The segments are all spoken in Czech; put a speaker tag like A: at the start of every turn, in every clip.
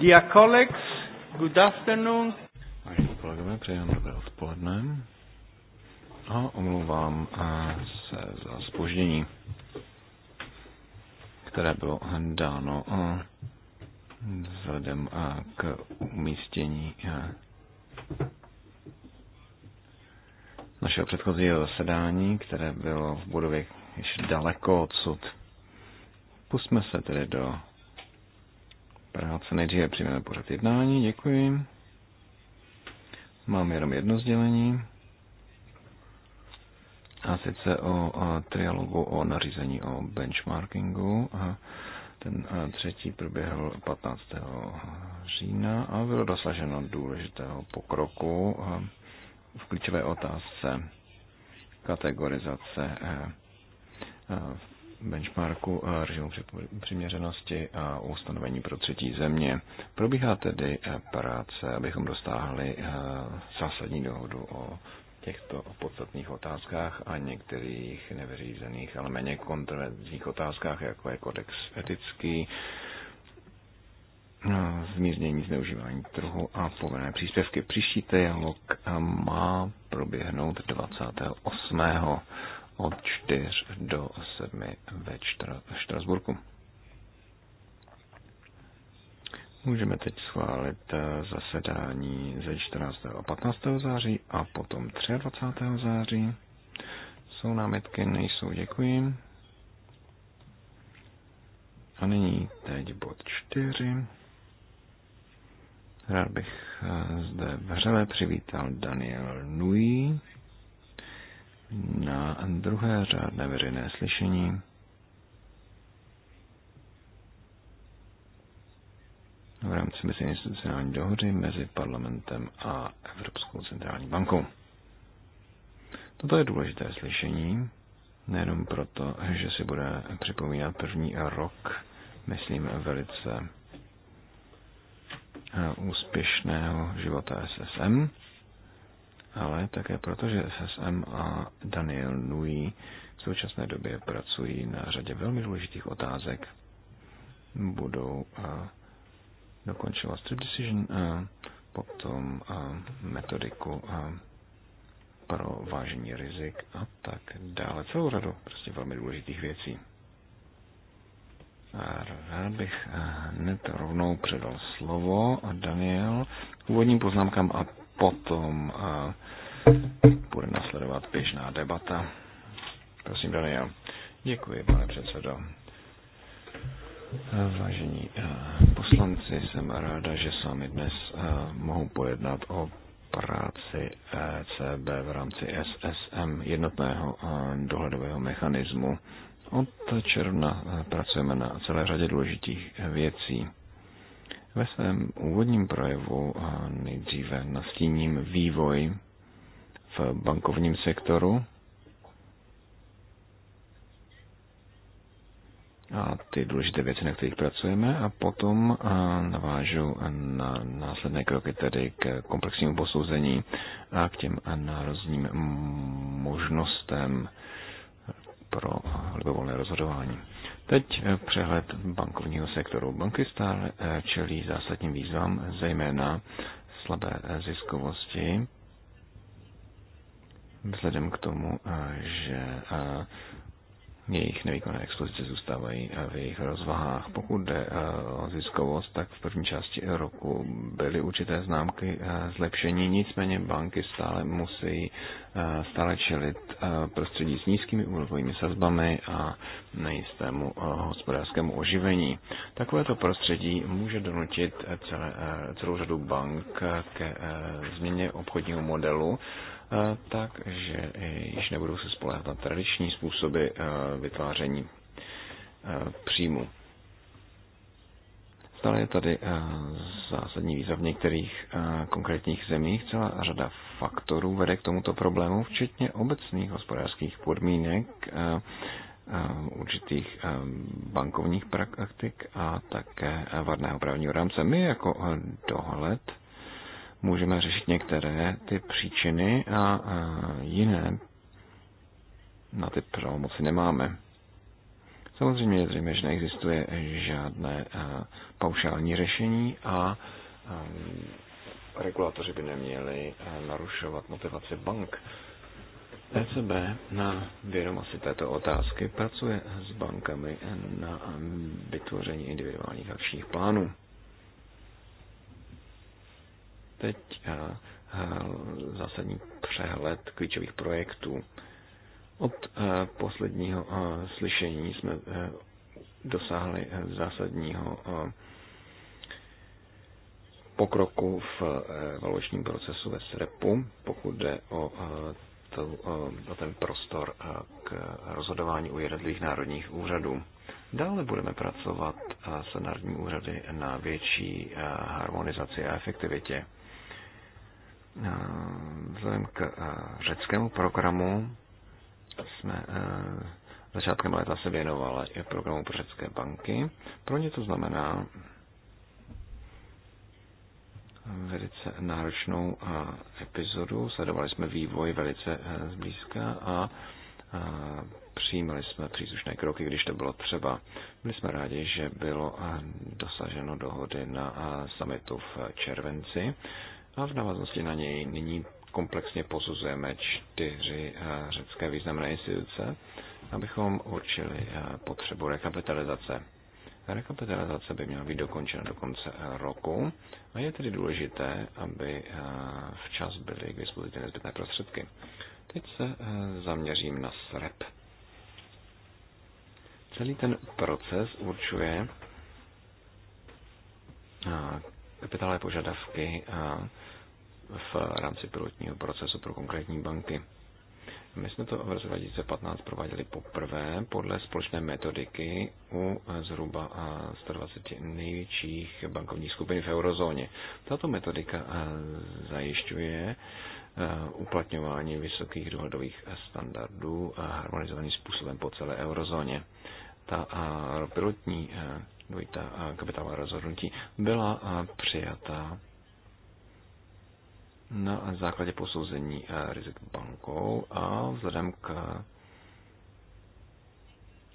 A: Dear
B: colleagues, good afternoon.
C: Vážení kolegové, přeji vám dobré odpoledne. A omlouvám eh, se za spoždění, které bylo dáno eh, vzhledem eh, k umístění našeho předchozího zasedání, které bylo v budově ještě daleko odsud. Pusme se tedy do práce. Nejdříve přijmeme pořad jednání, děkuji. Mám jenom jedno sdělení. A sice o, a, trialogu o nařízení o benchmarkingu. A ten a třetí proběhl 15. října a bylo dosaženo důležitého pokroku v klíčové otázce kategorizace v benchmarku eh, režimu přiměřenosti a ustanovení pro třetí země. Probíhá tedy eh, práce, abychom dostáhli eh, zásadní dohodu o těchto podstatných otázkách a některých nevyřízených, ale méně kontroverzních otázkách, jako je kodex etický, zmírnění zneužívání trhu a povinné příspěvky. Příští dialog má proběhnout 28 od 4 do 7 ve Štrasburku. Můžeme teď schválit eh, zasedání ze 14. a 15. září a potom 23. září. Jsou námitky? Nejsou, děkuji. A nyní teď bod 4. Rád bych eh, zde vřele přivítal Daniel Nui, na druhé řádné veřejné slyšení v rámci meziinstitucionální dohody mezi parlamentem a Evropskou centrální bankou. Toto je důležité slyšení, nejenom proto, že si bude připomínat první rok, myslím, velice eh, úspěšného života SSM, ale také proto, že SSM a Daniel Nui v současné době pracují na řadě velmi důležitých otázek. Budou a, eh, dokončovat strip decision, a, eh, potom a, eh, metodiku a, pro vážení rizik a tak dále. Celou řadu prostě velmi důležitých věcí. A rád bych hned rovnou předal slovo a Daniel úvodním poznámkám a potom eh, bude nasledovat běžná debata. Prosím, Daniel. Děkuji, pane předsedo. Eh, vážení eh, poslanci, jsem ráda, že s vámi dnes mohu pojednat o práci ECB v rámci SSM, jednotného dohledového mechanismu. Od června pracujeme na celé řadě důležitých věcí. Ve svém úvodním projevu nejdříve nastíním vývoj v bankovním sektoru a ty důležité věci, na kterých pracujeme, a potom navážu na následné kroky tedy k komplexnímu posouzení a k těm národním možnostem pro libovolné rozhodování. Teď eh, přehled bankovního sektoru. Banky stále eh, čelí zásadním výzvám, zejména slabé eh, ziskovosti, vzhledem k tomu, že jejich nevýkonné expozice zůstávají eh, v jejich rozvahách. Pokud jde eh, o ziskovost, tak v první části roku byly určité známky eh, zlepšení, nicméně banky stále musí stále čelit prostředí s nízkými úrokovými sazbami a nejistému hospodářskému oživení. Takovéto prostředí může donutit celé, celou řadu bank ke změně obchodního modelu, Eh, takže eh, již nebudou se spolehat na tradiční způsoby eh, vytváření příjmu. Stále je tady zásadní výzva v některých konkrétních zemích. Celá řada faktorů vede k tomuto problému, včetně obecných hospodářských podmínek, určitých bankovních praktik a také vadného právního rámce. My jako dohled můžeme řešit některé ty příčiny a jiné na ty pravomoci nemáme. Samozřejmě je zřejmé, že neexistuje žádné paušální řešení a regulatoři by neměli narušovat motivaci bank. ECB na vědomosti asi této otázky pracuje s bankami na vytvoření individuálních akčních plánů teď zásadní přehled klíčových projektů. Od posledního slyšení jsme e, dosáhli e, zásadního pokroku v e, evaluačním procesu ve SREPu, pokud jde o, tu, o ten prostor k rozhodování u jednotlivých národních úřadů. Dále budeme pracovat s národní úřady na větší harmonizaci a efektivitě vzhledem k řeckému programu jsme začátkem léta se věnovali i programu pro řecké banky. Pro ně to znamená velice náročnou epizodu. Sledovali jsme vývoj velice zblízka a přijímali jsme příslušné kroky, když to bylo třeba. Byli jsme rádi, že bylo dosaženo dohody na summitu v červenci, a v návaznosti na něj nyní komplexně posuzujeme čtyři eh, řecké významné instituce, abychom určili eh, potřebu rekapitalizace. Rekapitalizace by měla být dokončena do konce eh, roku a je tedy důležité, aby včas byly k dispozici nezbytné prostředky. Teď se zaměřím na SREP. Celý ten proces určuje kapitálové požadavky a v rámci pilotního procesu pro konkrétní banky. My jsme to v roce 2015 prováděli poprvé podle společné metodiky u zhruba 120 největších bankovních skupin v eurozóně. Tato metodika zajišťuje uplatňování vysokých dohledových standardů a harmonizovaným způsobem po celé eurozóně. Ta pilotní dvojitá kapitálová rozhodnutí byla přijata na základě posouzení eh, rizik bankou a vzhledem k eh,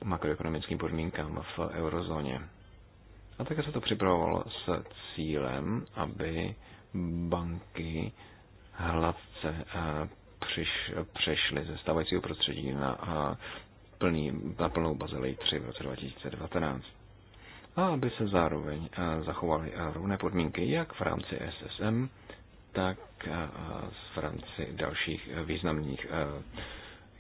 C: makroekonomickým podmínkám v eurozóně. A také se to připravovalo s cílem, aby banky hladce eh, přešly ze stávajícího prostředí na, plný, na plnou Bazilej 3 v roce 2019 a aby se zároveň zachovaly rovné podmínky jak v rámci SSM, tak eh, z Francii dalších eh, významných eh,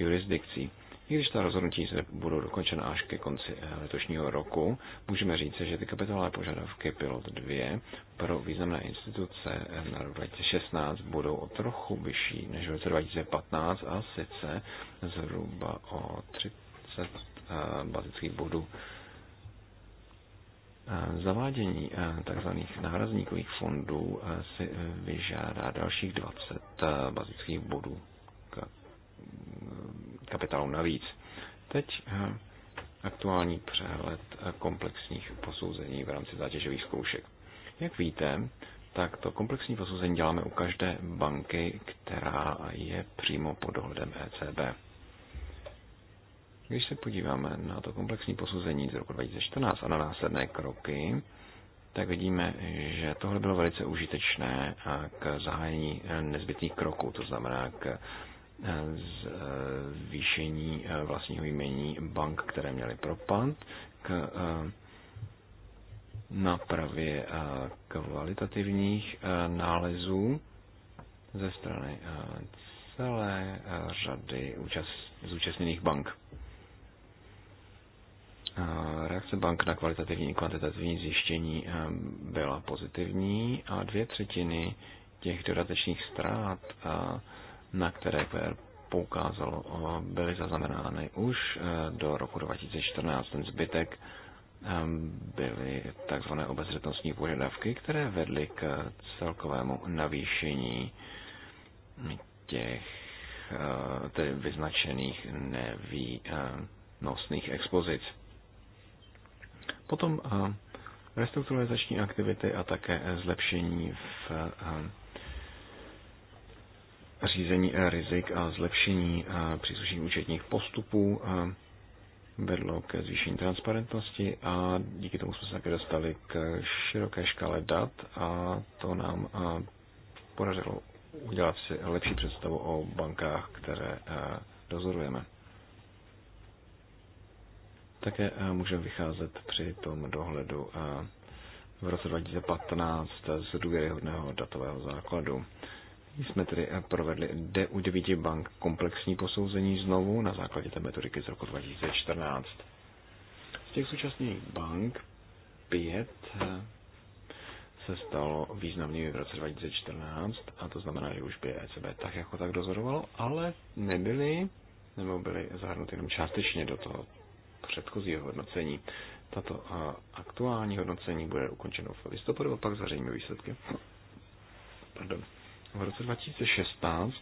C: jurisdikcí. I když ta rozhodnutí se budou dokončena až ke konci letošního roku, můžeme říct, že ty kapitálové požadavky Pilot 2 pro významné instituce na rok 2016 budou o trochu vyšší než v roce 2015 a sice zhruba o 30 bazických bodů Zavádění tzv. nárazníkových fondů si e, vyžádá dalších 20 e, bazických bodů e, kapitálu navíc. Teď aktuální přehled komplexních posouzení v rámci zátěžových zkoušek. Jak víte, tak to komplexní posouzení děláme u každé banky, která je přímo pod dohledem ECB. Když se podíváme na to komplexní posouzení z roku 2014 a na následné kroky, tak vidíme, že tohle bylo velice užitečné k zahájení nezbytných kroků, to znamená k eh, zvýšení eh, vlastního jmění bank, které měly propad, k eh, napravě kvalitativních nálezů ze strany celé řady zúčastněných bank. Reakce bank na kvalitativní i kvantitativní zjištění eh, byla pozitivní a dvě třetiny těch dodatečných ztrát, eh, na které QR poukázalo, eh, byly zaznamenány už do roku 2014. Ten zbytek byly takzvané obezřetnostní požadavky, které vedly k celkovému navýšení těch tedy vyznačených nevýnosných expozic. Potom eh, restrukturalizační aktivity a také eh, zlepšení v eh, řízení rizik a zlepšení příslušných účetních postupů vedlo ke zvýšení transparentnosti a díky tomu jsme se také dostali k široké škále dat a to nám podařilo udělat si lepší představu o bankách, které dozorujeme. Také eh, můžeme vycházet při tom dohledu eh, v roce 2015 eh, z důvěryhodného datového základu. Jsme tedy provedli D u devíti bank komplexní posouzení znovu na základě té metodiky z roku 2014. Z těch současných bank pět se stalo významnými v roce 2014, a to znamená, že už by ECB tak jako tak dozorovalo, ale nebyly nebo byly zahrnuty jenom částečně do toho předchozího hodnocení. Tato aktuální hodnocení bude ukončeno v listopadu a pak zařejmě výsledky. Pardon. V roce 2016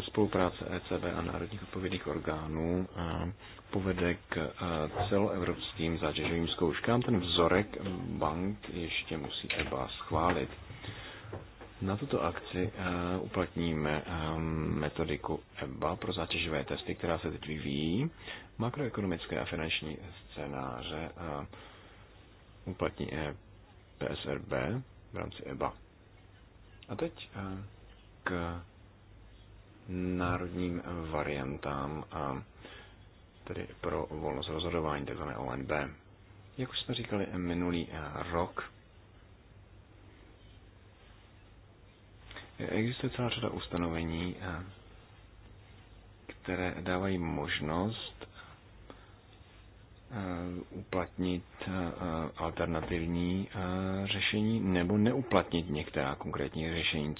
C: spolupráce ECB a národních odpovědných orgánů povede k celoevropským zátěžovým zkouškám. Ten vzorek bank ještě musí třeba schválit. Na tuto akci eh, uplatníme eh, metodiku EBA pro zátěžové testy, která se teď vyvíjí. Makroekonomické a finanční scénáře eh, uplatní PSRB v rámci EBA. A teď k národním variantám, tedy pro volnost rozhodování, takzvané ONB. Jak už jsme říkali minulý rok, Existuje celá řada ustanovení, eh, které dávají možnost eh, uplatnit eh, alternativní řešení nebo neuplatnit některá konkrétní řešení,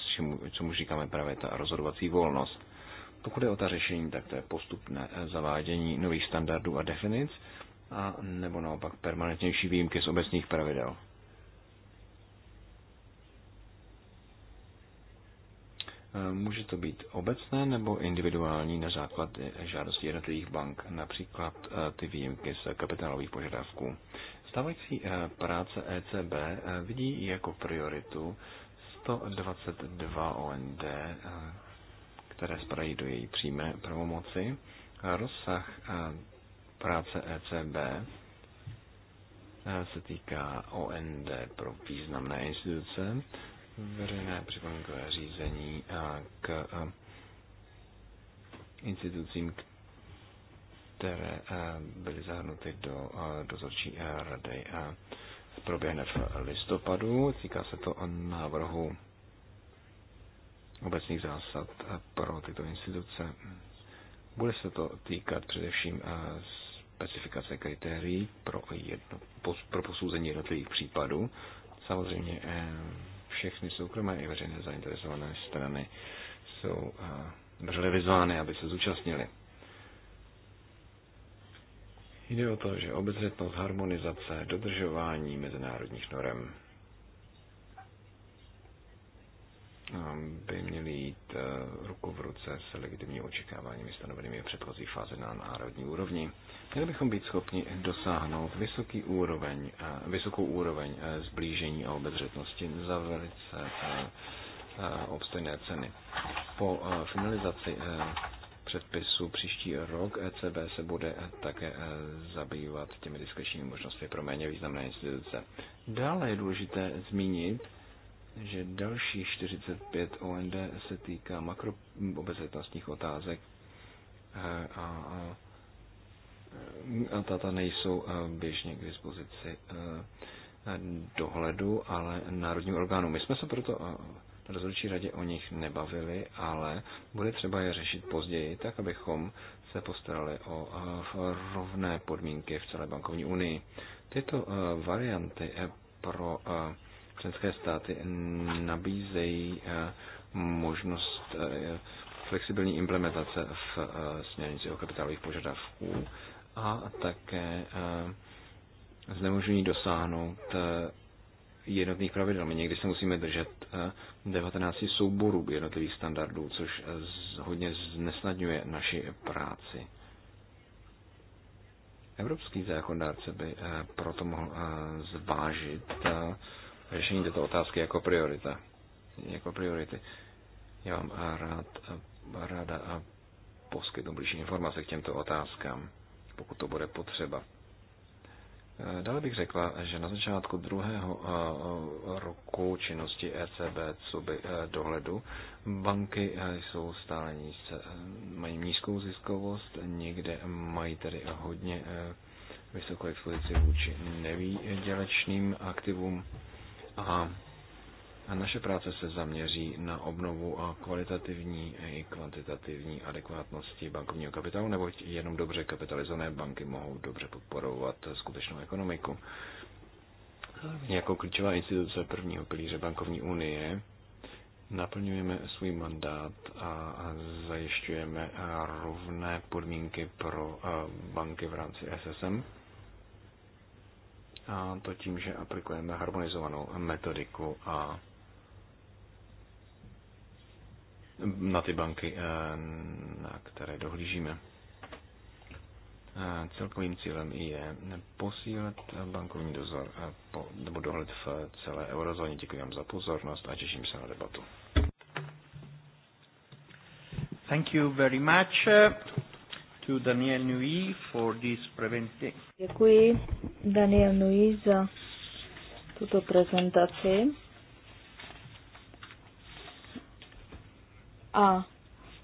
C: co mu říkáme právě ta rozhodovací volnost. Pokud je o ta řešení, tak to je postupné zavádění nových standardů a definic a nebo naopak permanentnější výjimky z obecných pravidel. Může to být obecné nebo individuální na základ žádosti jednotlivých bank, například eh, ty výjimky z kapitálových požadavků. Stávající eh, práce ECB eh, vidí jako prioritu 122 OND, které spadají do její přímé pravomoci. Rozsah práce ECB se týká OND pro významné instituce, veřejné připomínkové řízení k institucím, které byly zahrnuty do dozorčí rady a proběhne v listopadu. Týká se to návrhu obecných zásad pro tyto instituce. Bude se to týkat především specifikace kritérií pro, jedno, pro posouzení jednotlivých případů. Samozřejmě eh, všechny soukromé i veřejné zainteresované strany jsou eh, držely vyzvány, aby se zúčastnili. Jde o to, že obezřetnost harmonizace, dodržování mezinárodních norem Ehm, by měly jít eh, ruku v ruce s legitimními očekáváními stanovenými v předchozí fáze na národní úrovni. Měli bychom být schopni dosáhnout vysoký úroveň, eh, vysokou úroveň eh, zblížení a obezřetnosti za velice obstojné ceny. Po finalizaci předpisu příští rok ECB se bude také zabývat těmi diskrečními možnostmi pro méně významné instituce. Dále je důležité zmínit, že další 45 OND se týká makroobezřetnostních otázek eh, a, a, eh, a tata nejsou eh, běžně k dispozici dohledu, ale národním orgánu. My jsme se proto na rozhodčí radě o nich nebavili, ale bude třeba je řešit později, tak abychom se postarali o rovné podmínky v celé bankovní unii. Tyto varianty pro členské státy nabízejí eh, možnost eh, flexibilní implementace v eh, směrnici o kapitálových požadavků a také znemožňují dosáhnout jednotných pravidel. My někdy se musíme držet 19 souborů jednotlivých standardů, což hodně znesnadňuje naši práci. Evropský zákonodárce by proto mohl zvážit řešení této otázky jako priorita. Jako priority. Já vám a rád, a ráda a poskytnu blížší informace k těmto otázkám, pokud to bude potřeba. E, dále bych řekla, že na začátku druhého e, roku činnosti ECB by e, dohledu banky jsou stále nízce, mají nízkou ziskovost, někde mají tedy hodně vysokou expozici vůči nevýdělečným aktivům a naše práce se zaměří na obnovu a kvalitativní i kvantitativní adekvátnosti bankovního kapitálu, neboť jenom dobře kapitalizované banky mohou dobře podporovat skutečnou ekonomiku. Jako klíčová instituce prvního pilíře bankovní unie naplňujeme svůj mandát a zajišťujeme rovné podmínky pro banky v rámci SSM a to tím, že aplikujeme harmonizovanou metodiku a na ty banky, eh, na které dohlížíme. Eh, celkovým cílem je posílit bankovní dozor eh, nebo dohled v celé eurozóně. Děkuji vám za pozornost a těším se na debatu. Thank you very much. Daniel Nui, for this presentation.
D: Děkuji, Daniel Nui, za tuto prezentaci. A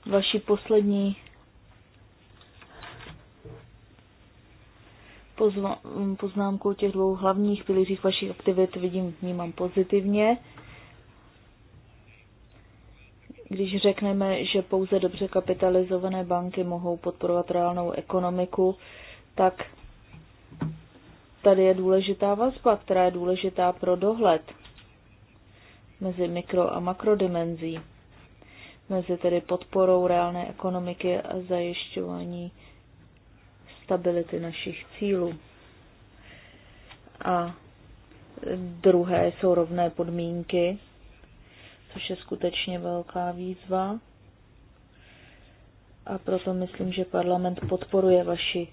D: vaši poslední poznámkou těch dvou hlavních pilířích vašich aktivit vidím, vnímám pozitivně když řekneme, že pouze dobře kapitalizované banky mohou podporovat reálnou ekonomiku, tak tady je důležitá vazba, která je důležitá pro dohled mezi mikro a makrodimenzí, mezi tedy podporou reálné ekonomiky a zajišťování stability našich cílů. A druhé jsou rovné podmínky což je skutečně velká výzva. A proto myslím, že parlament podporuje vaši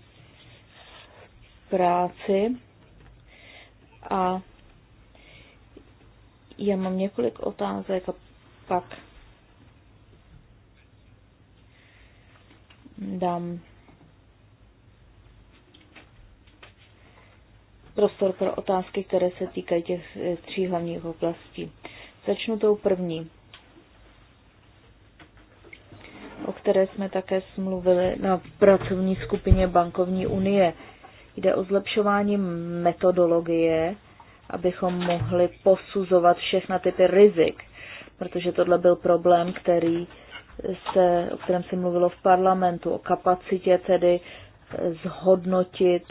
D: práci. A já mám několik otázek a pak dám prostor pro otázky, které se týkají těch eh, tří hlavních oblastí. Začnu tou první, o které jsme také smluvili na pracovní skupině bankovní unie. Jde o zlepšování metodologie, abychom mohli posuzovat všechna typy rizik, protože tohle byl problém, který se, o kterém se mluvilo v parlamentu, o kapacitě tedy zhodnotit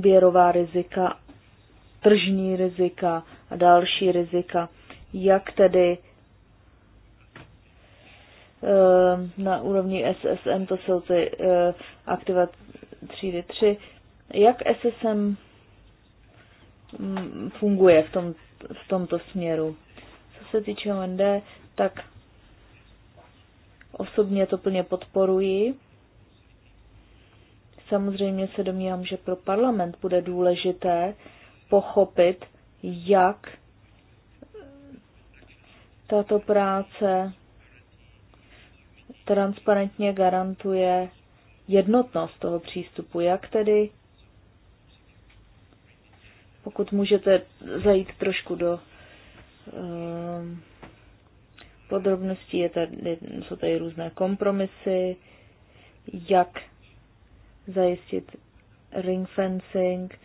D: věrová rizika, tržní rizika a další rizika jak tedy eh, na úrovni SSM, to jsou ty eh, aktiva třídy 3, jak SSM mm, funguje v, tom, v tomto směru. Co se týče OND, tak osobně to plně podporuji. Samozřejmě se domnívám, že pro parlament bude důležité pochopit, jak tato práce transparentně garantuje jednotnost toho přístupu, jak tedy pokud můžete zajít trošku do um, podrobností, je tady, jsou tady různé kompromisy, jak zajistit ring fencing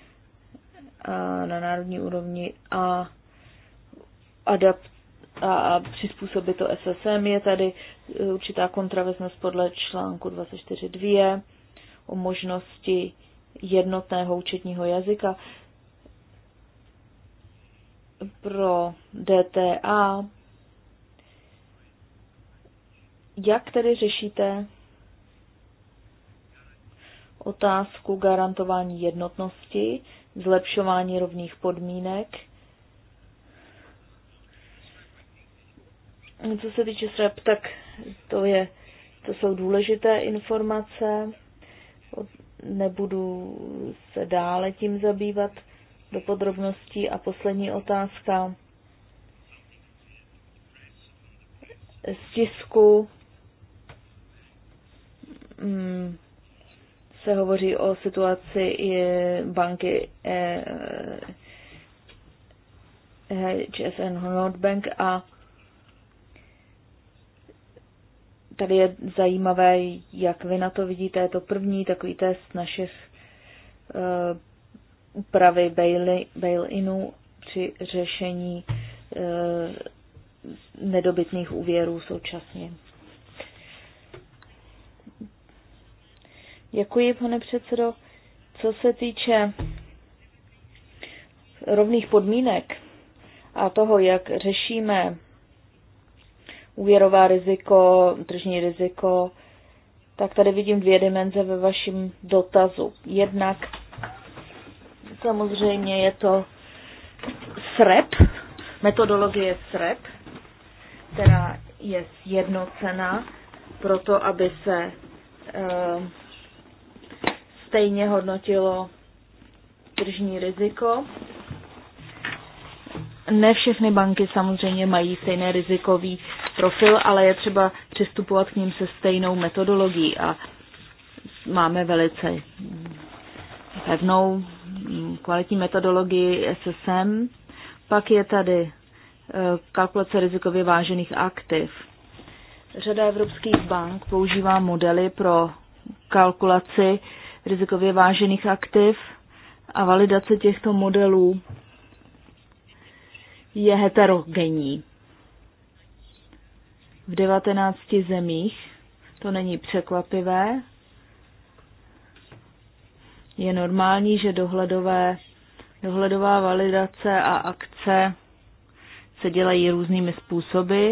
D: a na národní úrovni a adapt, a přizpůsobit to SSM. Je tady e, určitá kontraveznost podle článku 24.2 o možnosti jednotného účetního jazyka. Pro DTA, jak tedy řešíte otázku garantování jednotnosti, zlepšování rovných podmínek Co se týče SREP, tak to, je, to jsou důležité informace. Nebudu se dále tím zabývat do podrobností. A poslední otázka. Z tisku mm, se hovoří o situaci i banky HSN eh, eh, Nordbank a tady je zajímavé, jak vy na to vidíte. Je to první takový test našich uh, úpravy bail-inů při řešení uh, nedobytných úvěrů současně. Děkuji, pane předsedo. Co se týče rovných podmínek a toho, jak řešíme úvěrová riziko, tržní riziko, tak tady vidím dvě dimenze ve vašem dotazu. Jednak samozřejmě je to SREP, metodologie SREP, která je sjednocena to aby se e, stejně hodnotilo tržní riziko ne všechny banky samozřejmě mají stejné rizikový profil, ale je třeba přistupovat k ním se stejnou metodologií a máme velice pevnou mm, kvalitní metodologii SSM. Pak je tady eh, kalkulace rizikově vážených aktiv. Řada evropských bank používá modely pro kalkulaci rizikově vážených aktiv a validace těchto modelů je heterogenní. V 19 zemích to není překvapivé. Je normální, že dohledové, dohledová validace a akce se dělají různými způsoby,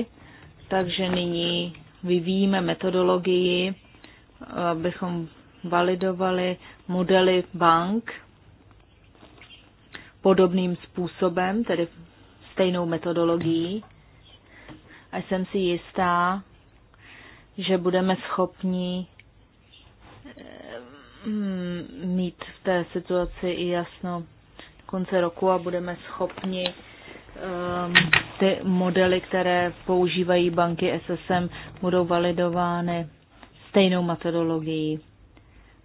D: takže nyní vyvíjíme metodologii, abychom validovali modely bank podobným způsobem, tedy stejnou metodologií a jsem si jistá, že budeme schopni eh, mm, mít v té situaci i jasno konce roku a budeme schopni um, ty modely, které používají banky SSM, budou validovány stejnou metodologií.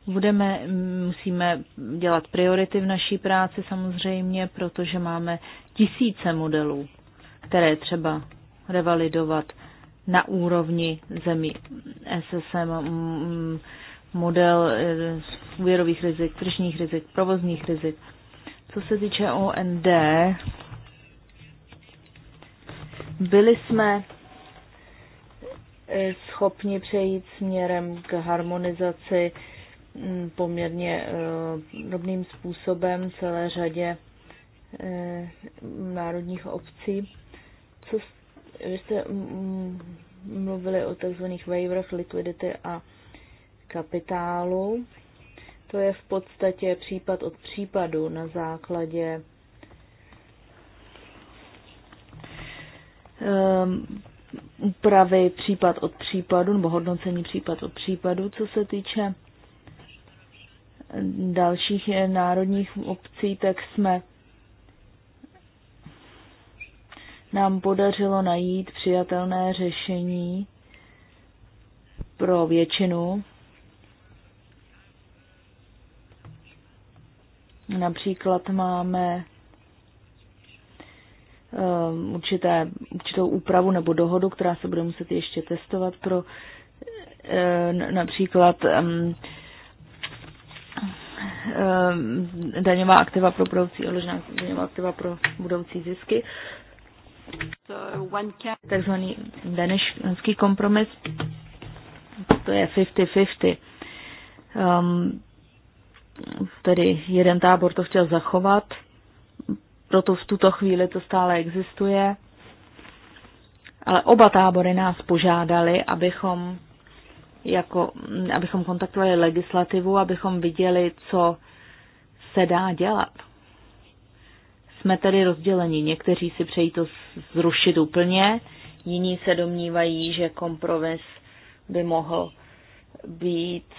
D: Budeme, musíme dělat priority v naší práci samozřejmě, protože máme tisíce modelů, které třeba revalidovat na úrovni zemí SSM, mm, model eh, úvěrových rizik, tržních rizik, provozních rizik. Co se týče OND, byli jsme eh, schopni přejít směrem k harmonizaci Mm, poměrně eh, drobným způsobem celé řadě eh, národních obcí. Co, vy jste mm, mm, mluvili o tzv. waivers liquidity a kapitálu. To je v podstatě případ od případu na základě ehm, úpravy případ od případu nebo hodnocení případ od případu, co se týče dalších národních obcí, tak jsme nám podařilo najít přijatelné řešení pro většinu. Například máme eh, určité, určitou úpravu nebo dohodu, která se bude muset ještě testovat pro eh, například mm, Eh, daňová aktiva pro budoucí odložená daňová aktiva pro budoucí zisky. Takzvaný danišský kompromis, to je 50-50. Um, ehm, tedy jeden tábor to chtěl zachovat, proto v tuto chvíli to stále existuje. Ale oba tábory nás požádali, abychom jako, abychom kontaktovali legislativu, abychom viděli, co se dá dělat. Jsme tedy rozděleni. Někteří si přejí to zrušit úplně, jiní se domnívají, že kompromis by mohl být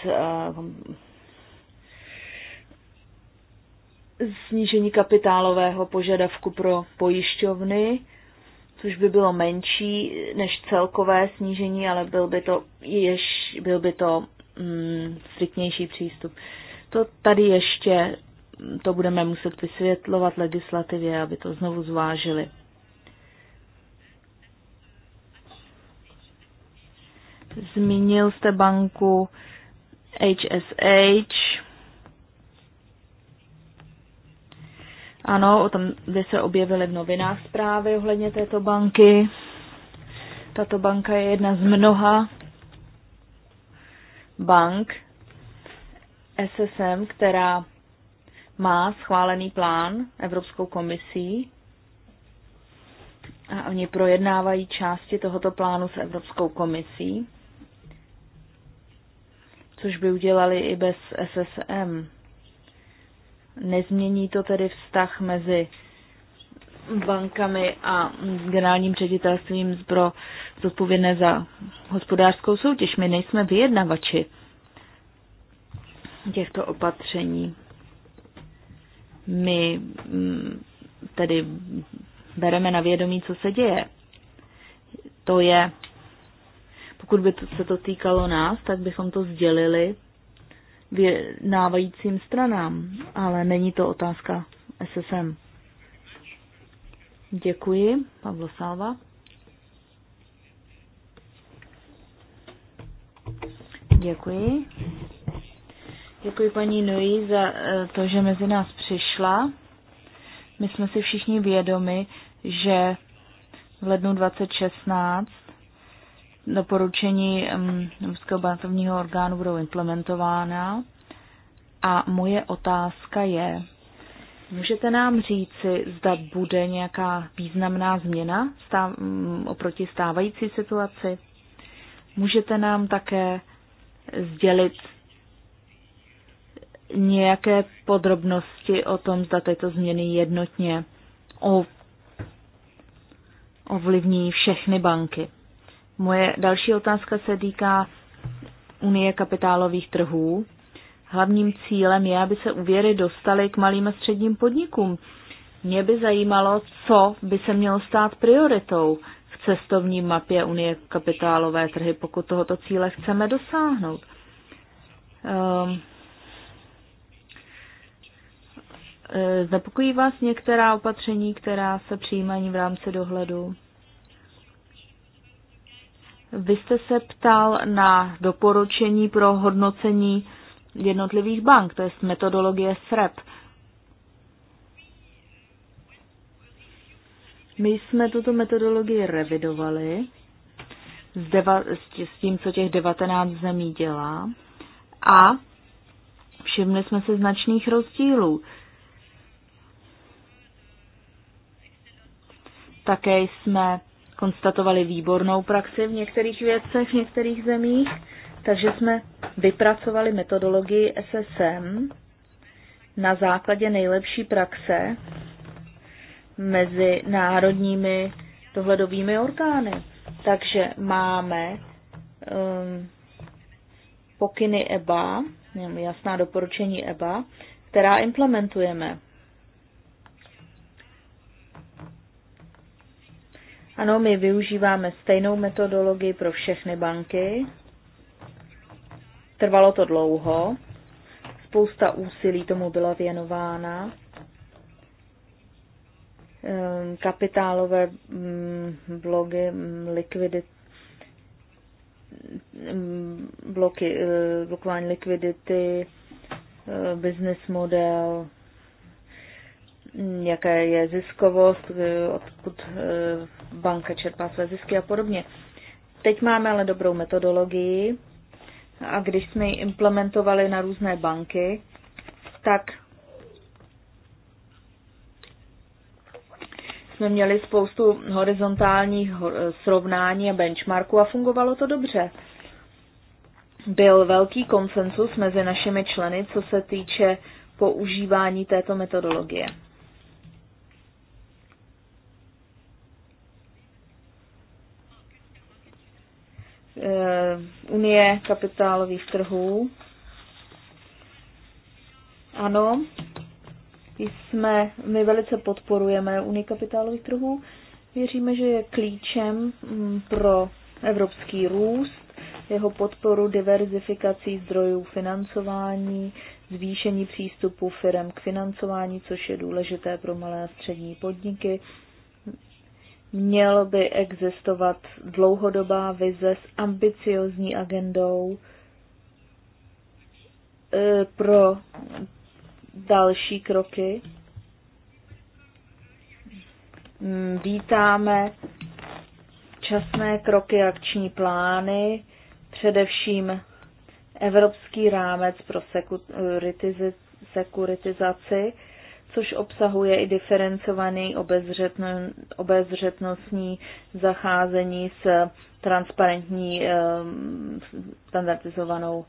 D: snížení eh, kapitálového požadavku pro pojišťovny, což by bylo menší než celkové snížení, ale byl by to jež byl by to mm, striktnější přístup. To tady ještě mm, to budeme muset vysvětlovat legislativě, aby to znovu zvážili. Zmínil jste banku HSH. Ano, o tom, kde se objevily v novinách zprávy ohledně této banky. Tato banka je jedna z mnoha, bank SSM, která má schválený plán Evropskou komisí a oni projednávají části tohoto plánu s Evropskou komisí, což by udělali i bez SSM. Nezmění to tedy vztah mezi bankami a generálním ředitelstvím zbro zodpovědné za hospodářskou soutěž. My nejsme vyjednavači těchto opatření. My mm, tedy bereme na vědomí, co se děje. To je, pokud by se to týkalo nás, tak bychom to sdělili vyjednávajícím stranám, ale není to otázka SSM. Děkuji, Pavlo Salva. Děkuji. Děkuji paní Nui za eh, to, že mezi nás přišla. My jsme si všichni vědomi, že v lednu 2016 doporučení mm, Evropského bankovního orgánu budou implementována. A moje otázka je, Můžete nám říci, zda bude nějaká významná změna stáv, oproti stávající situaci? Můžete nám také sdělit nějaké podrobnosti o tom, zda tyto změny jednotně ovlivní všechny banky. Moje další otázka se týká Unie kapitálových trhů. Hlavním cílem je, aby se úvěry dostaly k malým a středním podnikům. Mě by zajímalo, co by se mělo stát prioritou v cestovní mapě Unie kapitálové trhy, pokud tohoto cíle chceme dosáhnout. Um, Zapokojí vás některá opatření, která se přijímají v rámci dohledu? Vy jste se ptal na doporučení pro hodnocení jednotlivých bank, to je metodologie SREP. My jsme tuto metodologii revidovali s, deva, s tím, co těch 19 zemí dělá a všimli jsme se značných rozdílů. Také jsme konstatovali výbornou praxi v některých věcech, v některých zemích takže jsme vypracovali metodologii SSM na základě nejlepší praxe mezi národními dohledovými orgány. Takže máme um, pokyny EBA, jasná doporučení EBA, která implementujeme. Ano, my využíváme stejnou metodologii pro všechny banky, Trvalo to dlouho, spousta úsilí tomu byla věnována. Ehm, kapitálové mm, blogy, mm, likvidity, mm, bloky, eh, blokování likvidity, eh, business model, jaká je ziskovost, eh, odkud banka čerpá své zisky a podobně. Teď máme ale dobrou metodologii, a když jsme ji implementovali na různé banky, tak jsme měli spoustu horizontálních srovnání a benchmarků a fungovalo to dobře. Byl velký konsensus mezi našimi členy, co se týče používání této metodologie. Eh, Unie kapitálových trhů. Ano, jsme, my velice podporujeme Unii kapitálových trhů. Věříme, že je klíčem mm, pro evropský růst, jeho podporu diverzifikací zdrojů financování, zvýšení přístupu firm k financování, což je důležité pro malé a střední podniky, Mělo by existovat dlouhodobá vize s ambiciozní agendou e, pro další kroky. Mm, vítáme časné kroky akční plány, především evropský rámec pro eh, sekuritizaci což obsahuje i diferencovaný obezřetnostní zacházení s transparentní ehm, standardizovanou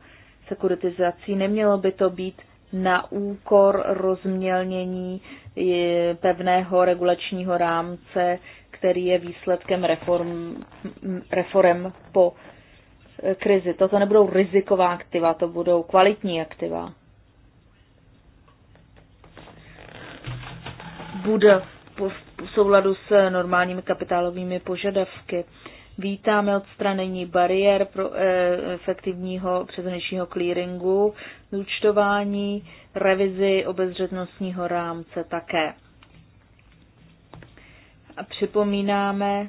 D: sekuritizací. Nemělo by to být na úkor rozmělnění pevného regulačního rámce, který je výsledkem reform, reform po e, krizi. Toto nebudou riziková aktiva, to budou kvalitní aktiva. bude v souladu s normálními kapitálovými požadavky. Vítáme odstranění bariér pro eh, efektivního přeshraničního clearingu, zúčtování, revizi obezřetnostního rámce také. A připomínáme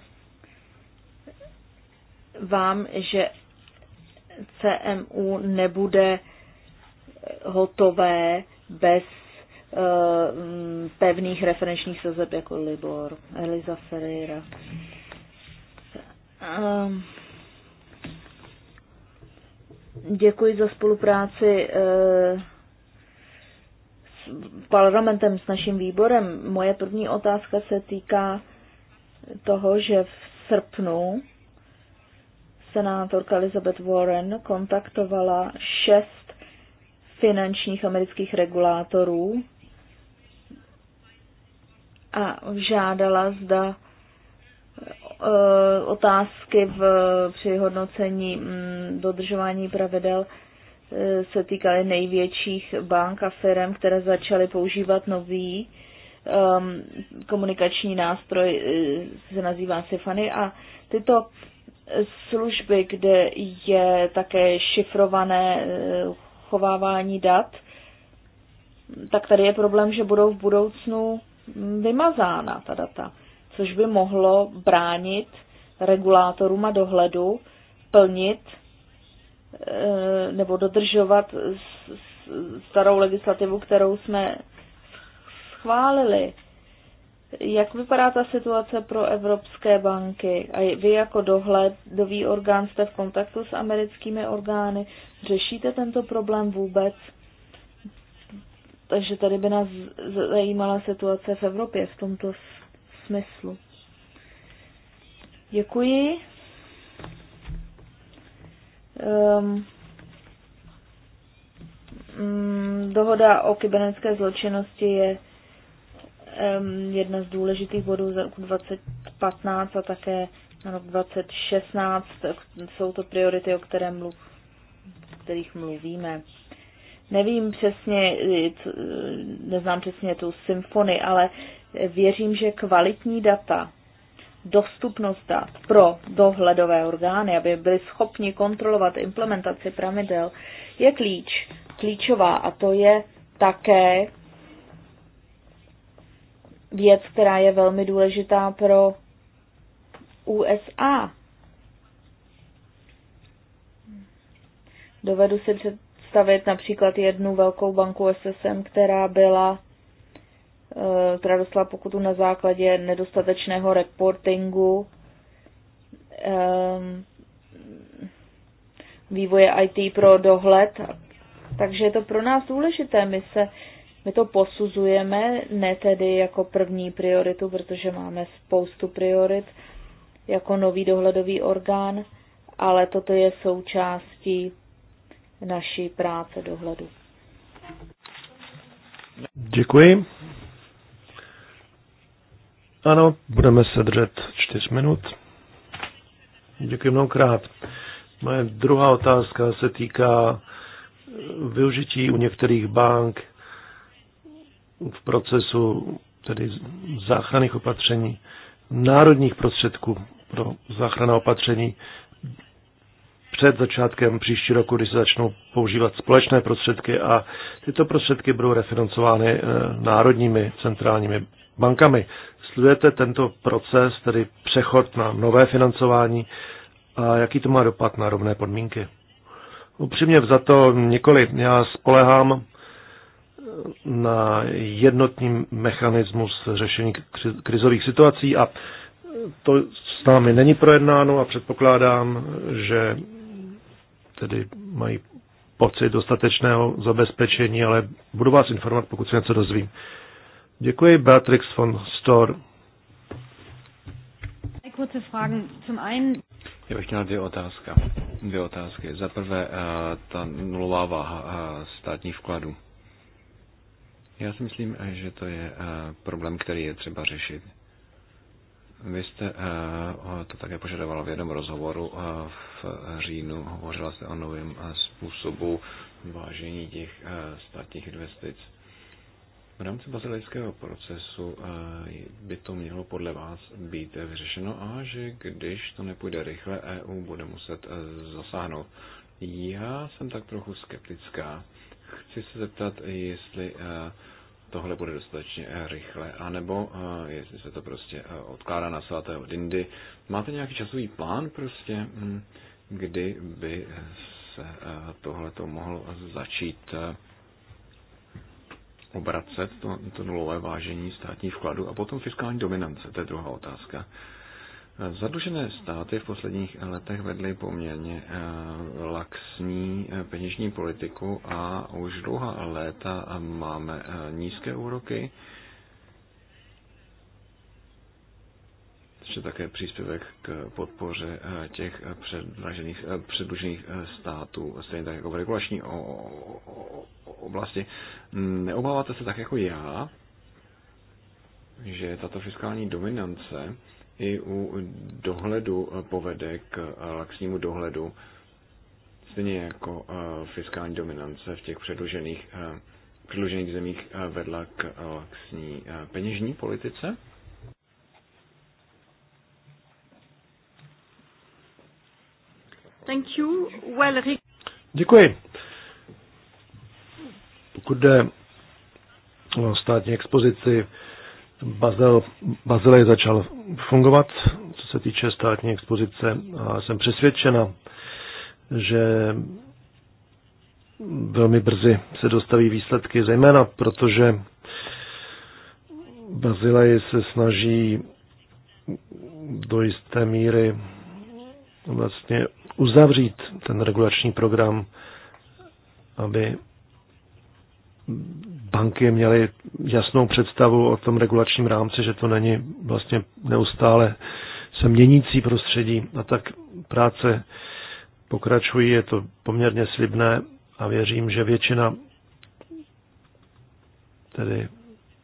D: vám, že CMU nebude hotové bez Eh, pevných referenčních sazeb jako Libor, Eliza Ferreira. Ehm, děkuji za spolupráci eh, s parlamentem, s naším výborem. Moje první otázka se týká toho, že v srpnu senátorka Elizabeth Warren kontaktovala šest finančních amerických regulátorů a žádala, zda e, otázky v, přihodnocení mm, dodržování pravidel e, se týkaly největších bank a firm, které začaly používat nový um, komunikační nástroj, e, se nazývá Sifany a tyto služby, kde je také šifrované chovávání dat, tak tady je problém, že budou v budoucnu vymazána ta data, což by mohlo bránit regulátorům a dohledu plnit eh, nebo dodržovat starou legislativu, kterou jsme schválili. Jak vypadá ta situace pro evropské banky? A vy jako dohledový orgán jste v kontaktu s americkými orgány? Řešíte tento problém vůbec? Takže tady by nás zajímala situace v Evropě v tomto smyslu. Děkuji. Um, dohoda o kybernetické zločinnosti je um, jedna z důležitých bodů za roku 2015 a také na rok 2016. Jsou to priority, o které mluv, o kterých mluvíme. Nevím přesně, neznám přesně tu symfony, ale věřím, že kvalitní data, dostupnost dat pro dohledové orgány, aby byli schopni kontrolovat implementaci pravidel, je klíč, klíčová a to je také věc, která je velmi důležitá pro USA. Dovedu si před, představit například jednu velkou banku SSM, která byla eh, která dostala pokutu na základě nedostatečného reportingu ehm, vývoje IT pro dohled. Takže je to pro nás důležité. My, se, my to posuzujeme ne tedy jako první prioritu, protože máme spoustu priorit jako nový dohledový orgán, ale toto je součástí naší práce dohledu.
B: Děkuji. Ano, budeme se držet čtyř minut. Děkuji mnohokrát. Moje druhá otázka se týká využití u některých bank v procesu tedy záchranných opatření, národních prostředků pro záchranné opatření před začátkem příští roku, když se začnou používat společné prostředky a tyto prostředky budou refinancovány eh, národními centrálními bankami. Sledujete tento proces, tedy přechod na nové financování a jaký to má dopad na rovné podmínky? Upřímně za to nikoli. Já spolehám eh, na jednotný mechanismus řešení krizových situací a to s námi není projednáno a předpokládám, že tedy mají pocit dostatečného zabezpečení, ale budu vás informovat, pokud se něco dozvím. Děkuji, Beatrix von Stor. Já bych měl dvě otázka. Dvě otázky.
C: Za prvé, eh, ta nulová váha eh, státních vkladů. Já si myslím, eh, že to je problém, který je třeba řešit. Vy jste eh, to také požadovala v jednom rozhovoru eh, v říjnu. Hovořila jste o novém eh, způsobu vážení těch státních investic. V rámci bazilického procesu by to mělo podle vás být vyřešeno a že když to nepůjde rychle, EU bude muset zasáhnout. Já jsem tak trochu skeptická. Chci se zeptat, jestli tohle bude dostatečně eh, rychle, anebo eh, jestli se to prostě eh, odkládá na svatého dindy. Máte nějaký časový plán prostě, hm, kdy by se tohle to mohlo začít obracet, to, to nulové vážení státních vkladů a potom fiskální dominance, to je druhá otázka. Zadlužené státy v posledních letech vedly poměrně eh, laxní eh, peněžní politiku a už dlouhá léta máme eh, nízké úroky, ještě také příspěvek k podpoře těch předlužených států, stejně tak jako v regulační oblasti. Neobáváte se tak jako já, že tato fiskální dominance i u dohledu eh, povede k eh, laxnímu dohledu, stejně jako eh, fiskální dominance v těch předlužených, předlužených zemích vedla k laxní peněžní politice?
D: Thank you. Well,
B: Děkuji. Pokud jde o státní expozici, Bazel, je začal fungovat, co se týče státní expozice a jsem přesvědčena, že velmi brzy se dostaví výsledky, zejména protože Bazilej se snaží do jisté míry vlastně uzavřít ten regulační program, aby banky měly jasnou představu o tom regulačním rámci, že to není vlastně neustále se měnící prostředí a tak práce pokračují, je to poměrně slibné a věřím, že většina tedy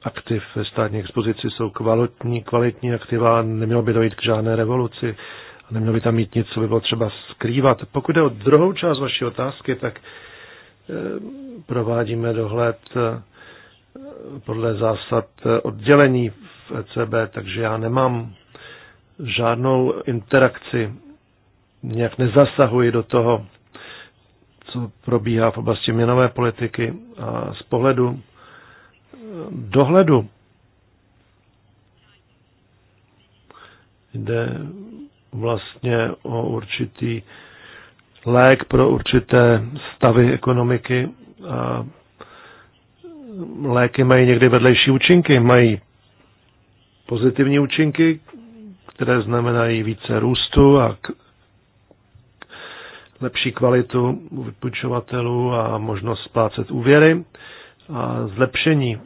B: aktiv ve státní expozici jsou kvalitní, kvalitní aktiva, nemělo by dojít k žádné revoluci a nemělo by tam mít nic, co by bylo třeba skrývat. Pokud je o druhou část vaší otázky, tak eh, provádíme dohled eh, podle zásad oddělení v ECB, takže já nemám žádnou interakci, nějak nezasahuji do toho, co probíhá v oblasti měnové politiky a z pohledu eh, dohledu jde vlastně o určitý lék pro určité stavy ekonomiky a léky mají někdy vedlejší účinky. Mají pozitivní účinky, které znamenají více růstu a k lepší kvalitu vypůjčovatelů a možnost splácet úvěry a zlepšení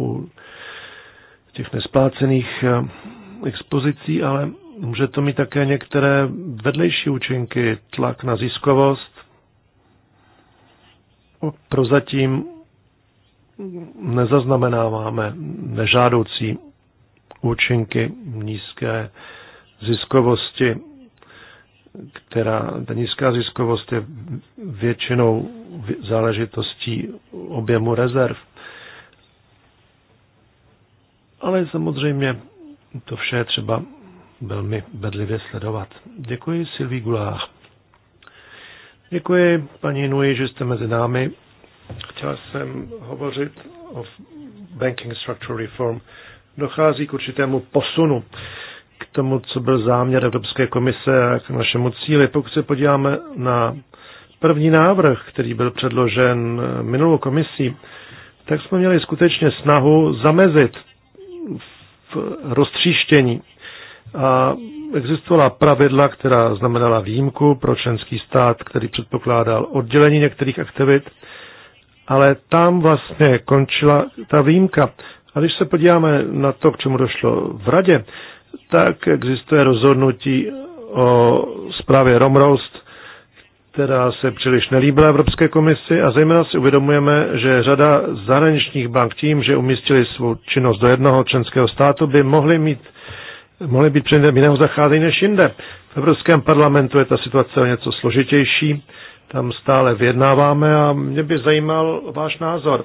B: u těch nesplácených eh, expozicí, ale může to mít také některé vedlejší účinky, tlak na ziskovost, prozatím nezaznamenáváme nežádoucí účinky nízké ziskovosti, která, ta nízká ziskovost je většinou záležitostí objemu rezerv. Ale samozřejmě to vše je třeba velmi bedlivě sledovat. Děkuji Silví Gulách. Děkuji, paní Nui, že jste mezi námi. Chtěl jsem hovořit o banking structural reform. Dochází k určitému posunu k tomu, co byl záměr Evropské komise a k našemu cíli. Pokud se podíváme na první návrh, který byl předložen minulou komisí, tak jsme měli skutečně snahu zamezit v roztříštění a existovala pravidla, která znamenala výjimku pro členský stát, který předpokládal oddělení některých aktivit, ale tam vlastně končila ta výjimka. A když se podíváme na to, k čemu došlo v radě, tak existuje rozhodnutí o zprávě Romrost, která se příliš nelíbila Evropské komisi a zejména si uvědomujeme, že řada zahraničních bank tím, že umístili svou činnost do jednoho členského státu, by mohly mít mohly být předmětem jiného zacházení než jinde. V Evropském parlamentu je ta situace o něco složitější, tam stále vyjednáváme a mě by zajímal váš názor.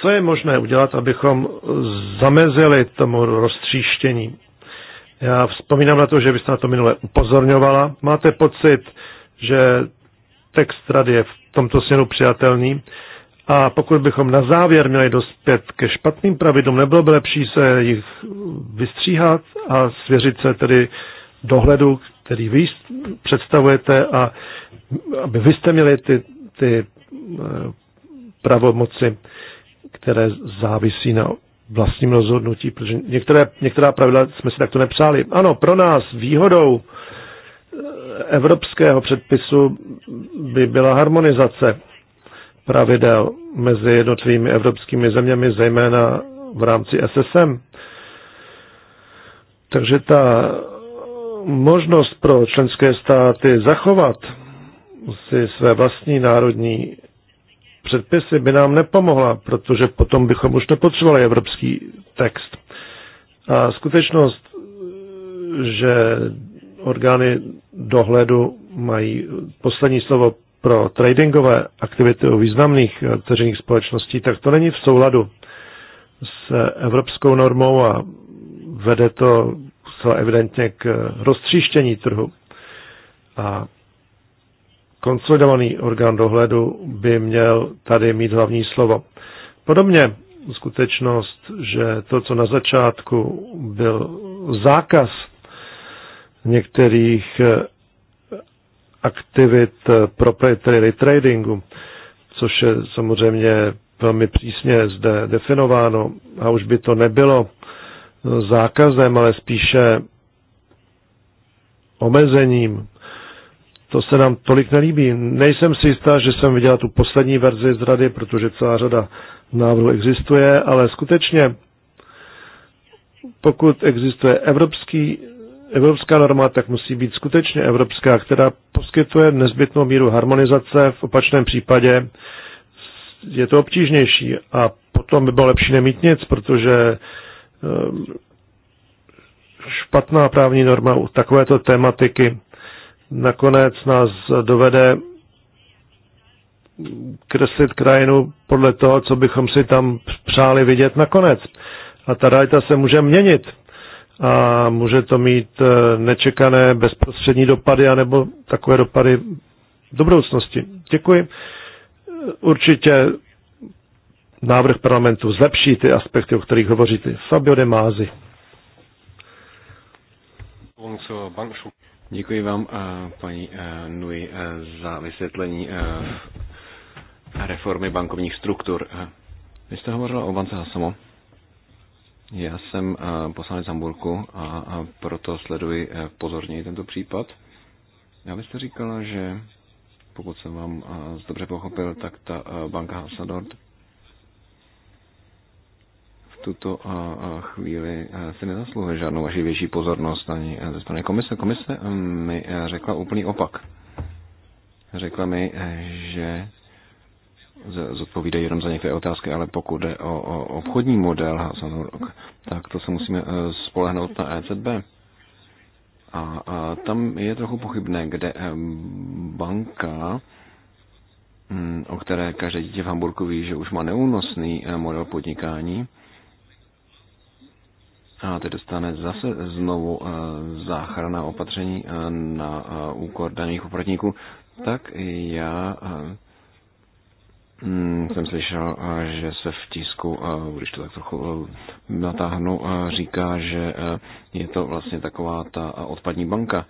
B: Co je možné udělat, abychom zamezili tomu roztříštění? Já vzpomínám na to, že vy jste na to minule upozorňovala. Máte pocit, že text rady je v tomto směru přijatelný a pokud bychom na závěr měli dospět ke špatným pravidlům, nebylo by lepší se jich vystříhat a svěřit se tedy dohledu, který vy představujete a aby vy jste měli ty, ty eh, pravomoci, které závisí na vlastním rozhodnutí, protože některé, některá pravidla jsme si takto nepřáli. Ano, pro nás výhodou eh, evropského předpisu by byla harmonizace pravidel mezi jednotlivými evropskými zeměmi, zejména v rámci SSM. Takže ta možnost pro členské státy zachovat si své vlastní národní předpisy by nám nepomohla, protože potom bychom už nepotřebovali evropský text. A skutečnost, že orgány dohledu mají poslední slovo pro tradingové aktivity u významných eh, ceřinných společností, tak to není v souladu s eh, evropskou normou a vede to zcela evidentně k eh, roztříštění trhu. A konsolidovaný orgán dohledu by měl tady mít hlavní slovo. Podobně skutečnost, že to, co na začátku byl zákaz některých aktivit eh, proprietary retradingu, což je samozřejmě velmi přísně zde definováno a už by to nebylo eh, zákazem, ale spíše omezením. To se nám tolik nelíbí. Nejsem si jistá, že jsem viděla tu poslední verzi z rady, protože celá řada návrhů existuje, ale skutečně pokud existuje evropský evropská norma tak musí být skutečně evropská, která poskytuje nezbytnou míru harmonizace, v opačném případě je to obtížnější a potom by bylo lepší nemít nic, protože eh, špatná právní norma u takovéto tématiky nakonec nás dovede kreslit krajinu podle toho, co bychom si tam přáli vidět nakonec. A ta realita se může měnit a může to mít eh, nečekané bezprostřední dopady anebo takové dopady do budoucnosti. Děkuji. Určitě návrh parlamentu zlepší ty aspekty, o kterých hovoříte. Fabio De Mázi.
C: Děkuji vám, eh, paní eh, Nui, za vysvětlení reformy bankovních struktur. Vy jste hovořila o bance Hasamo. Já jsem eh, poslanec Hamburku a proto sleduji eh, pozorněji tento případ. Já byste říkala, že pokud jsem vám eh, dobře pochopil, tak ta banka Hasadort v tuto chvíli si nezasluhuje žádnou vaši větší pozornost ani ze strany komise. Komise mm, mi řekla úplný opak. Řekla mi, že zodpovídají jenom za některé otázky, ale pokud jde o, o obchodní model, tak to se musíme eh, spolehnout na ECB. A, a tam je trochu pochybné, kde eh, banka, hm, o které každé dítě v Hamburgu ví, že už má neúnosný eh, model podnikání, a teď dostane zase znovu záchrana opatření na úkor daných poplatníků, tak já Hmm, jsem slyšel, eh, že se v tisku, eh, když to tak trochu eh, natáhnu, říká, že je to vlastně taková ta odpadní banka.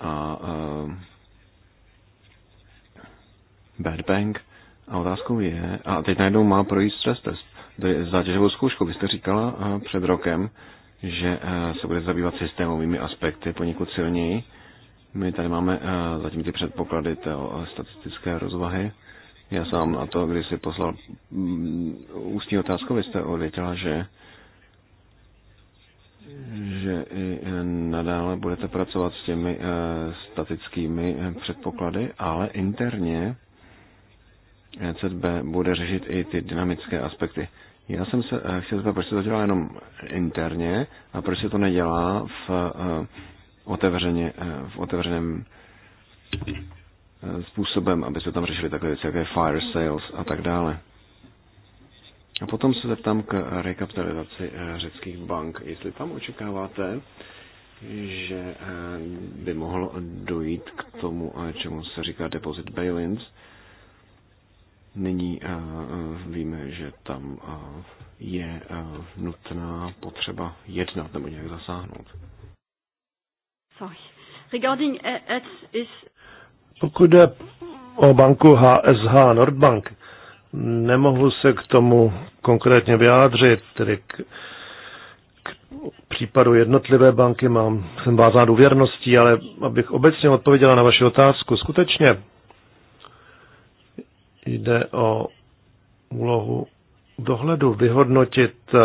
C: A bad bank. A otázkou je, a teď najednou má projít stres test, zátěžovou zkoušku. Vy jste říkala před rokem, že se bude zabývat systémovými aspekty poněkud silněji. My tady máme zatím ty předpoklady té statistické rozvahy já sám na to, když jsi poslal mm, ústní otázku, vy jste odvětila, že že i nadále budete pracovat s těmi eh, statickými eh, předpoklady, ale interně ECB bude řešit i ty dynamické aspekty. Já jsem se eh, chtěl zeptat, proč se to dělá jenom interně a proč se to nedělá v, otevřeně, v otevřeném Eh, způsobem, aby se tam řešily takové věci, jako je fire sales a tak dále. A potom se zeptám k rekapitalizaci eh, řeckých bank. Jestli tam očekáváte, že eh, by mohlo dojít k tomu, čemu se říká deposit bail-ins. Nyní víme, že tam je nutná potřeba jednat nebo nějak zasáhnout.
D: Sorry. Regarding ads is
B: pokud jde o banku HSH Nordbank, nemohu se k tomu konkrétně vyjádřit, tedy k, k případu jednotlivé banky mám, jsem vázán důvěrností, ale abych obecně odpověděla na vaši otázku, skutečně jde o úlohu dohledu vyhodnotit eh,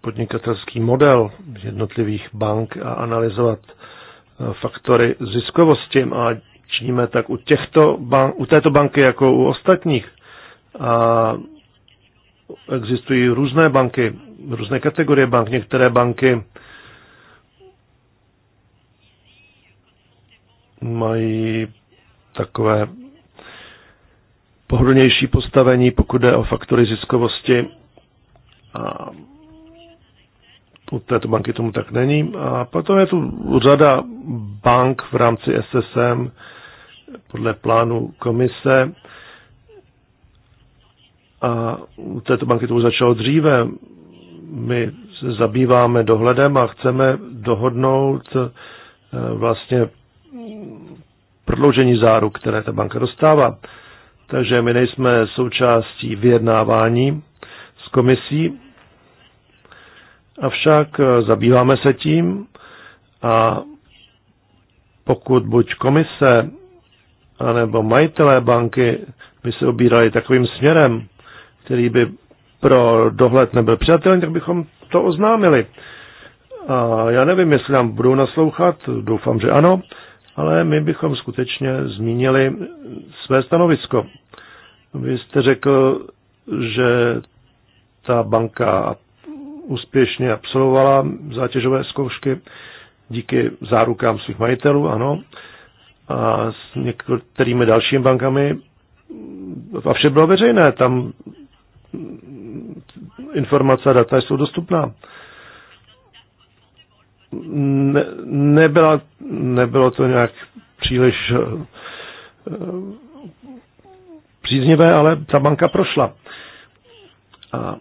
B: podnikatelský model jednotlivých bank a analyzovat eh, faktory ziskovosti a činíme tak u, těchto bank, u této banky jako u ostatních. A existují různé banky, různé kategorie bank. Některé banky mají takové pohodlnější postavení, pokud jde o faktory ziskovosti. A u této banky tomu tak není. A potom je tu řada bank v rámci SSM, podle plánu komise. A u této banky to už začalo dříve. My se zabýváme dohledem a chceme dohodnout eh, vlastně prodloužení záruk, které ta banka dostává. Takže my nejsme součástí vyjednávání s komisí, avšak eh, zabýváme se tím a pokud buď komise anebo majitelé banky by se obírali takovým směrem, který by pro dohled nebyl přijatelný, tak bychom to oznámili. A já nevím, jestli nám budou naslouchat, doufám, že ano, ale my bychom skutečně zmínili své stanovisko. Vy jste řekl, že ta banka úspěšně absolvovala zátěžové zkoušky díky zárukám svých majitelů, ano a s některými dalšími bankami a vše bylo veřejné, tam informace a data jsou dostupná. Ne, nebyla, nebylo to nějak příliš eh, příznivé, ale ta banka prošla. A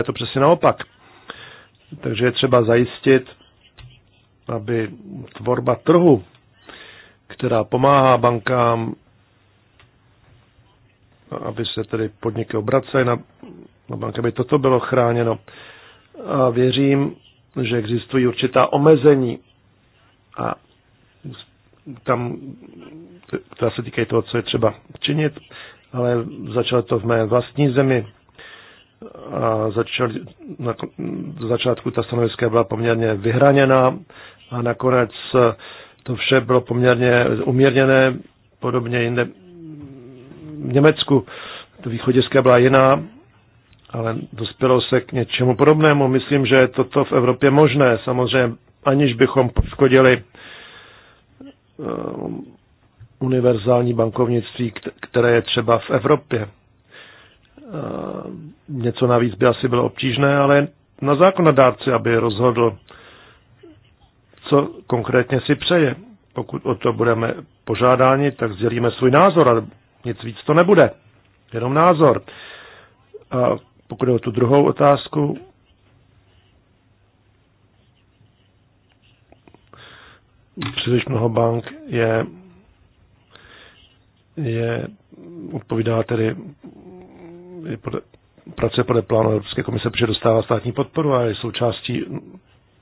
B: je to přesně naopak. Takže je třeba zajistit, aby tvorba trhu, která pomáhá bankám, aby se tedy podniky obracely na, na banky, aby toto bylo chráněno. A věřím, že existují určitá omezení a tam, která se týkají toho, co je třeba činit, ale začalo to v mé vlastní zemi, a začali, na začátku ta stanoviska byla poměrně vyhraněna a nakonec eh, to vše bylo poměrně umírněné, podobně jinde v Německu. To východiska byla jiná, ale dospělo se k něčemu podobnému. Myslím, že je toto v Evropě možné, samozřejmě aniž bychom poškodili eh, univerzální bankovnictví, které je třeba v Evropě. Eh, něco navíc by asi bylo obtížné, ale na zákonodárci, aby rozhodl, co konkrétně si přeje. Pokud o to budeme požádáni, tak sdělíme svůj názor a nic víc to nebude. Jenom názor. A pokud je o tu druhou otázku, příliš mnoho bank je, je odpovídá tedy pod, pracuje podle plánu Evropské komise, protože dostává státní podporu a je součástí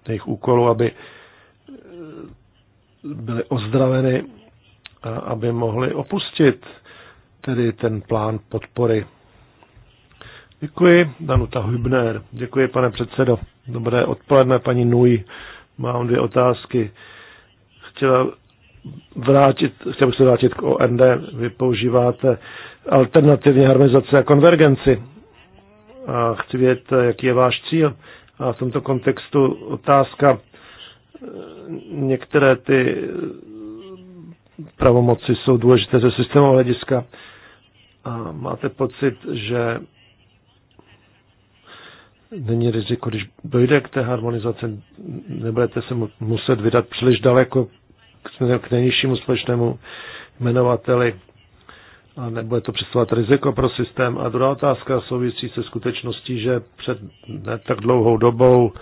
B: jejich úkolů, aby eh, byly ozdraveny, a aby mohli opustit tedy ten plán podpory. Děkuji, Danuta Hübner. Děkuji, pane předsedo. Dobré odpoledne, paní Nui. Mám dvě otázky. Chtěla vrátit, chtěl bych se vrátit k OND. Vy používáte alternativní harmonizaci a konvergenci. A chci vědět, jaký je váš cíl. A v tomto kontextu otázka, některé ty pravomoci jsou důležité ze systémového hlediska. A máte pocit, že není riziko, když dojde k té harmonizaci, nebudete se muset vydat příliš daleko k nejnižšímu společnému jmenovateli a nebude to představovat riziko pro systém. A druhá otázka souvisí se skutečností, že před ne tak dlouhou dobou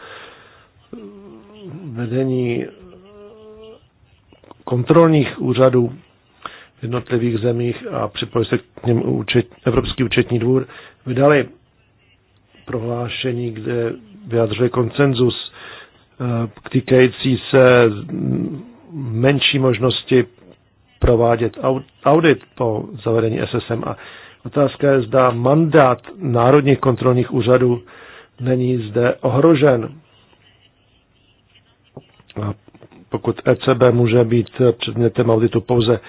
B: vedení kontrolních úřadů v jednotlivých zemích a připojil se k něm účet, Evropský účetní dvůr, vydali prohlášení, kde vyjadřuje koncenzus eh, týkající se menší možnosti provádět audit po zavedení SSM. A otázka je, zda mandát národních kontrolních úřadů není zde ohrožen. A pokud ECB může být předmětem auditu pouze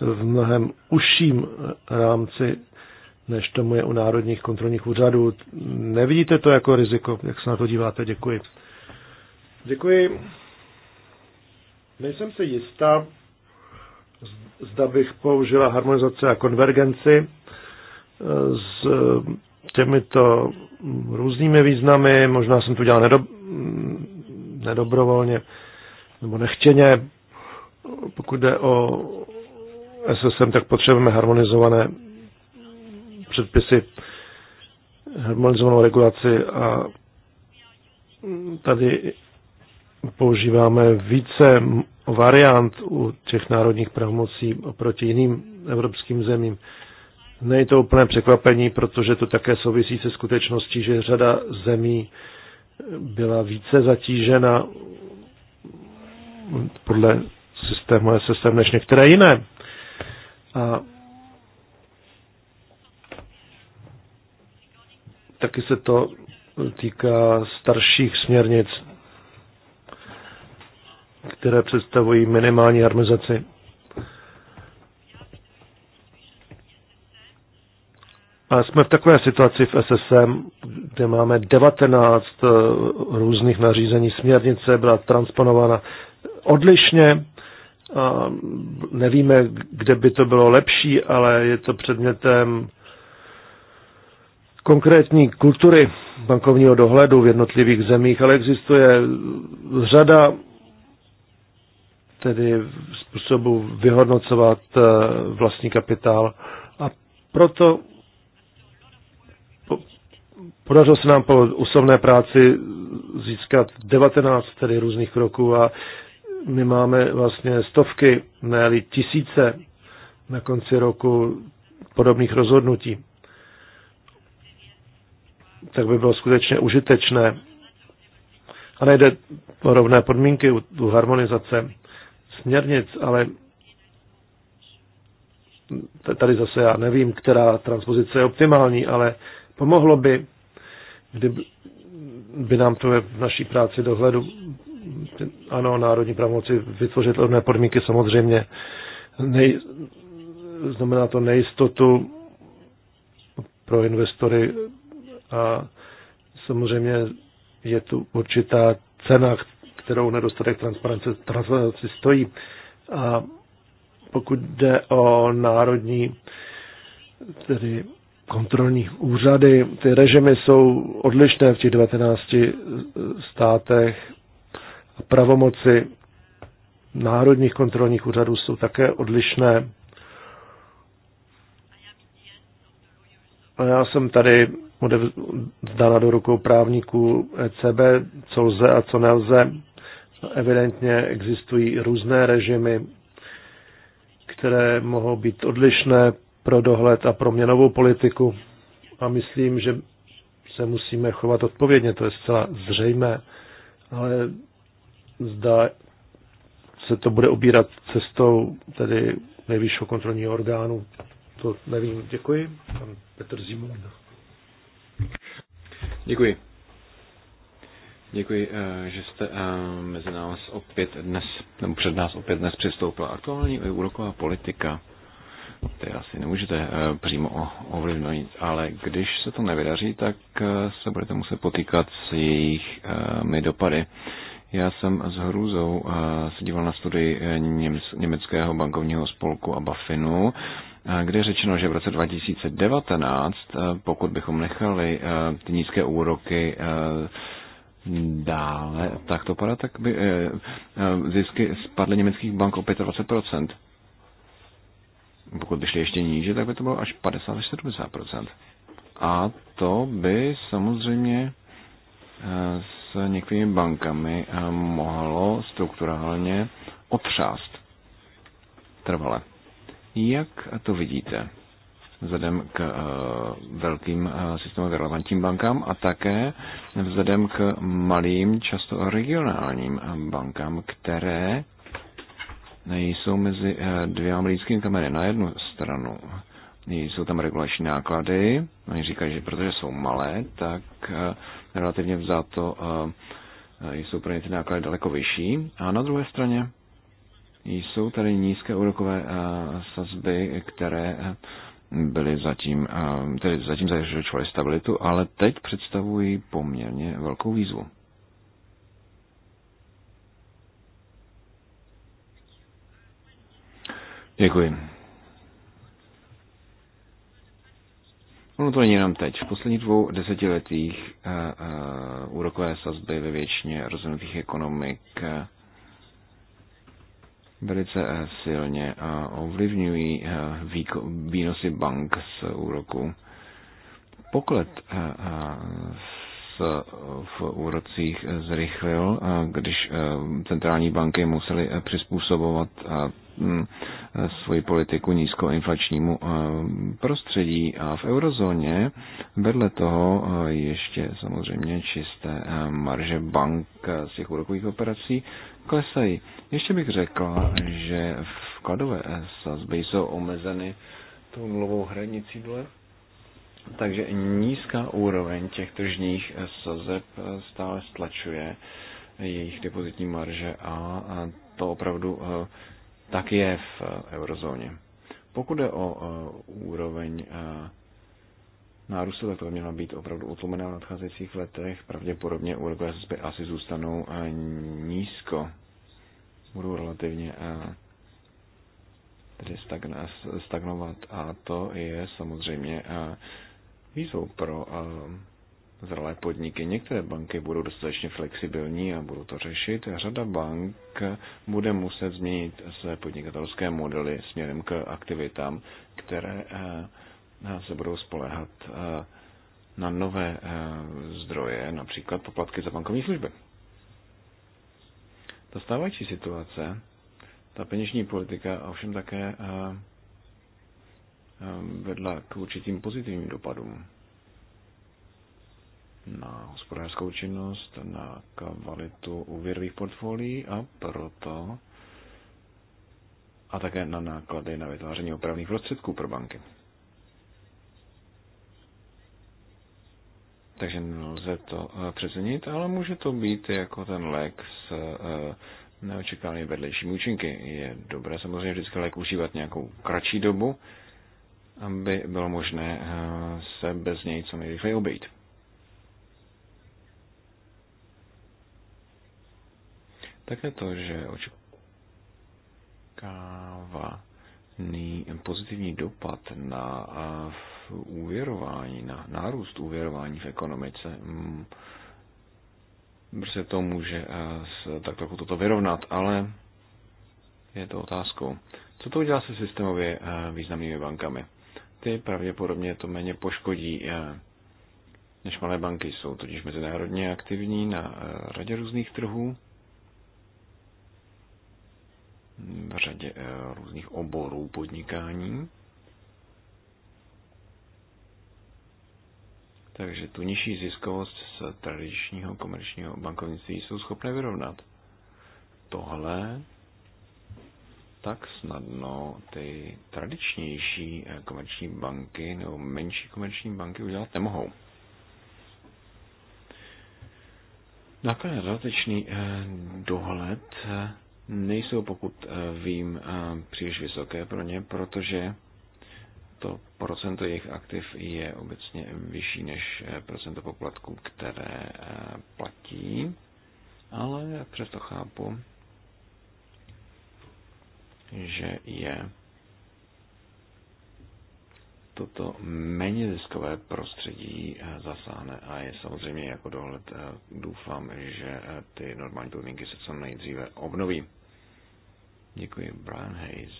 B: v mnohem užším rámci, než tomu je u národních kontrolních úřadů. Nevidíte to jako riziko? Jak se na to díváte? Děkuji. Děkuji. Nejsem si jistá, zda bych použila harmonizace a konvergenci eh, s eh, těmito různými významy. Možná jsem to udělal nedob- nedobrovolně nebo nechtěně. Pokud jde o SSM, tak potřebujeme harmonizované předpisy, harmonizovanou regulaci a tady používáme více variant u těch národních pravomocí oproti jiným evropským zemím. Není to úplné překvapení, protože to také souvisí se skutečností, že řada zemí byla více zatížena podle systému SSM než některé jiné. A taky se to týká starších směrnic které představují minimální harmonizaci. A jsme v takové situaci v SSM, kde máme 19 eh, různých nařízení. Směrnice byla transponována odlišně. A nevíme, kde by to bylo lepší, ale je to předmětem konkrétní kultury bankovního dohledu v jednotlivých zemích, ale existuje řada tedy způsobu vyhodnocovat eh, vlastní kapitál. A proto podařilo se nám po úsobné práci získat 19 tedy různých kroků a my máme vlastně stovky, ne tisíce na konci roku podobných rozhodnutí. Tak by bylo skutečně užitečné. A nejde o rovné podmínky u, u harmonizace směrnic, ale tady zase já nevím, která transpozice je optimální, ale pomohlo by, kdyby by nám to v naší práci dohledu, ano, národní pravomoci vytvořit odné podmínky samozřejmě, nej, znamená to nejistotu pro investory a samozřejmě je tu určitá cena, kterou nedostatek transparence transparenci stojí. A pokud jde o národní tedy kontrolní úřady, ty režimy jsou odlišné v těch 19 státech a pravomoci národních kontrolních úřadů jsou také odlišné. A já jsem tady odevzdána do rukou právníků ECB, co lze a co nelze Evidentně existují různé režimy, které mohou být odlišné pro dohled a pro měnovou politiku. A myslím, že se musíme chovat odpovědně, to je zcela zřejmé, ale zda se to bude obírat cestou tedy nejvyššího kontrolního orgánu. To nevím. Děkuji. Pan Petr Zimon.
C: Děkuji. Děkuji, eh, že jste eh, mezi nás opět dnes, nebo před nás opět dnes přistoupila aktuální úroková politika. To asi nemůžete eh, přímo ovlivnit, ale když se to nevydaří, tak se budete muset potýkat s jejich dopady. Já jsem s hrůzou se díval na studii německého bankovního spolku a Bafinu, kde je řečeno, že v roce 2019, pokud bychom nechali ty nízké úroky dále tak to padá, tak by eh, eh, zisky spadly německých bank o 25%. Pokud by šly ještě níže, tak by to bylo až 50 až 70%. A to by samozřejmě eh, s některými bankami mohlo strukturálně otřást trvale. Jak to vidíte? vzhledem k eh, velkým eh, systémově relevantním bankám a také vzhledem k malým, často regionálním eh, bankám, které jsou mezi dvěma mlínskými kamery. Na jednu stranu jsou tam regulační náklady, oni říkají, že protože jsou malé, tak relativně vzato jsou pro ně ty náklady daleko vyšší. A na druhé straně jsou tady nízké úrokové sazby, které byly zatím, tedy zatím zajišťovaly stabilitu, ale teď představují poměrně velkou výzvu. Děkuji. Ono to není jenom teď. V posledních dvou desetiletích uh, uh, úrokové sazby ve většině rozvinutých ekonomik uh, velice eh, silně a ovlivňují eh, výnosy bank z úroku. Poklet eh, v úrocích zrychlil, když centrální banky musely přizpůsobovat Mm, svoji politiku nízkoinflačnímu eh, prostředí. A v eurozóně vedle toho eh, ještě samozřejmě čisté eh, marže bank z těch úrokových operací klesají. Ještě bych řekl, že vkladové sazby jsou omezeny tou nulovou hranicí dole takže nízká úroveň těch tržních sazeb stále stlačuje jejich depozitní marže a to opravdu tak je v eh, eurozóně. Pokud je o eh, úroveň eh, nárůstu, tak to by mělo být opravdu utlumené v nadcházejících letech. Pravděpodobně úrokové sazby asi zůstanou nízko. Budou relativně tedy stagnovat a to je samozřejmě výzvou pro zralé podniky. Některé banky budou dostatečně flexibilní a budou to řešit. A řada bank bude muset změnit své podnikatelské modely směrem k aktivitám, které eh, se budou spolehat eh, na nové eh, zdroje, například poplatky za bankovní služby. Ta stávající situace, ta peněžní politika ovšem také vedla k určitým pozitivním dopadům na hospodářskou činnost, na kvalitu úvěrových portfolií a proto a také na náklady na vytváření opravných prostředků pro banky. Takže nelze to eh, přecenit, ale může to být jako ten lék s eh, neočekanými vedlejšími účinky. Je dobré samozřejmě vždycky lék užívat nějakou kratší dobu, aby bylo možné eh, se bez něj co nejrychleji obejít. Také to, že očekává pozitivní dopad na úvěrování, na nárůst úvěrování v ekonomice, brzy mm, to může tak trochu toto vyrovnat, ale je to otázkou. Co to udělá se systémově významnými bankami? Ty pravděpodobně to méně poškodí než malé banky. Jsou totiž mezinárodně aktivní na radě různých trhů v řadě eh, různých oborů podnikání. Takže tu nižší ziskovost z tradičního komerčního bankovnictví jsou schopné vyrovnat. Tohle tak snadno ty tradičnější eh, komerční banky nebo menší komerční banky udělat nemohou. Nakonec dodatečný eh, dohled nejsou, pokud eh, vím, eh, příliš vysoké pro ně, protože to procento jejich aktiv je obecně vyšší než eh, procento poplatků, které platí, ale přesto chápu, že je toto méně ziskové prostředí zasáhne a je samozřejmě jako dohled doufám, že ty normální podmínky se co nejdříve obnoví. Děkuji, Brian Hayes.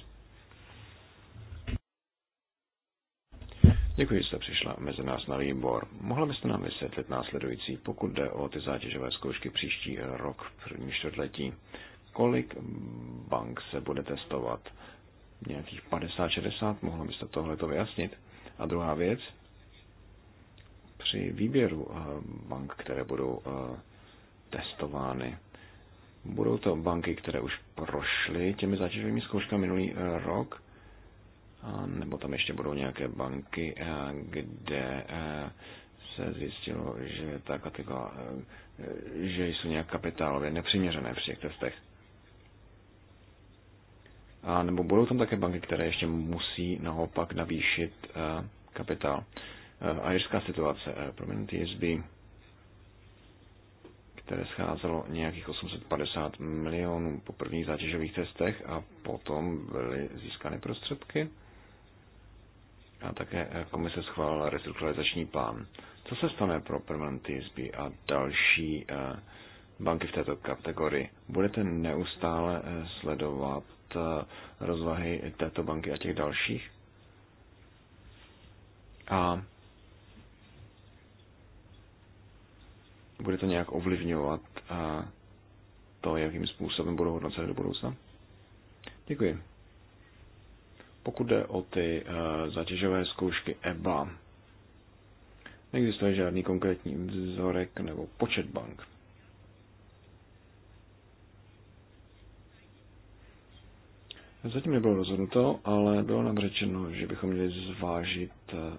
C: Děkuji, že jste přišla mezi nás na výbor. Mohla byste nám vysvětlit následující, pokud jde o ty zátěžové zkoušky příští rok v první čtvrtletí. Kolik bank se bude testovat? Nějakých 50-60? Mohla byste tohle to vyjasnit? A druhá věc, při výběru eh, bank, které budou eh, testovány, Budou to banky, které už prošly těmi zátěžovými zkouškami minulý eh, rok, a nebo tam ještě budou nějaké banky, eh, kde eh, se zjistilo, že ta kategorie, že jsou nějak kapitálově nepřiměřené při těch testech. A nebo budou tam také banky, které ještě musí naopak navýšit kapitál. A jirská situace, prominent ISB, které scházelo nějakých 850 milionů po prvních zátěžových testech a potom byly získány prostředky. A také komise schválila restrukturalizační plán. Co se stane pro Permanent TSB a další eh, banky v této kategorii? Budete neustále eh, sledovat eh, rozvahy této banky a těch dalších? A Bude to nějak ovlivňovat to, jakým způsobem budou hodnoceny do budoucna? Děkuji. Pokud jde o ty uh, zatěžové zkoušky EBA, neexistuje žádný konkrétní vzorek nebo počet bank. Zatím nebylo rozhodnuto, ale bylo nám řečeno, že bychom měli zvážit eh,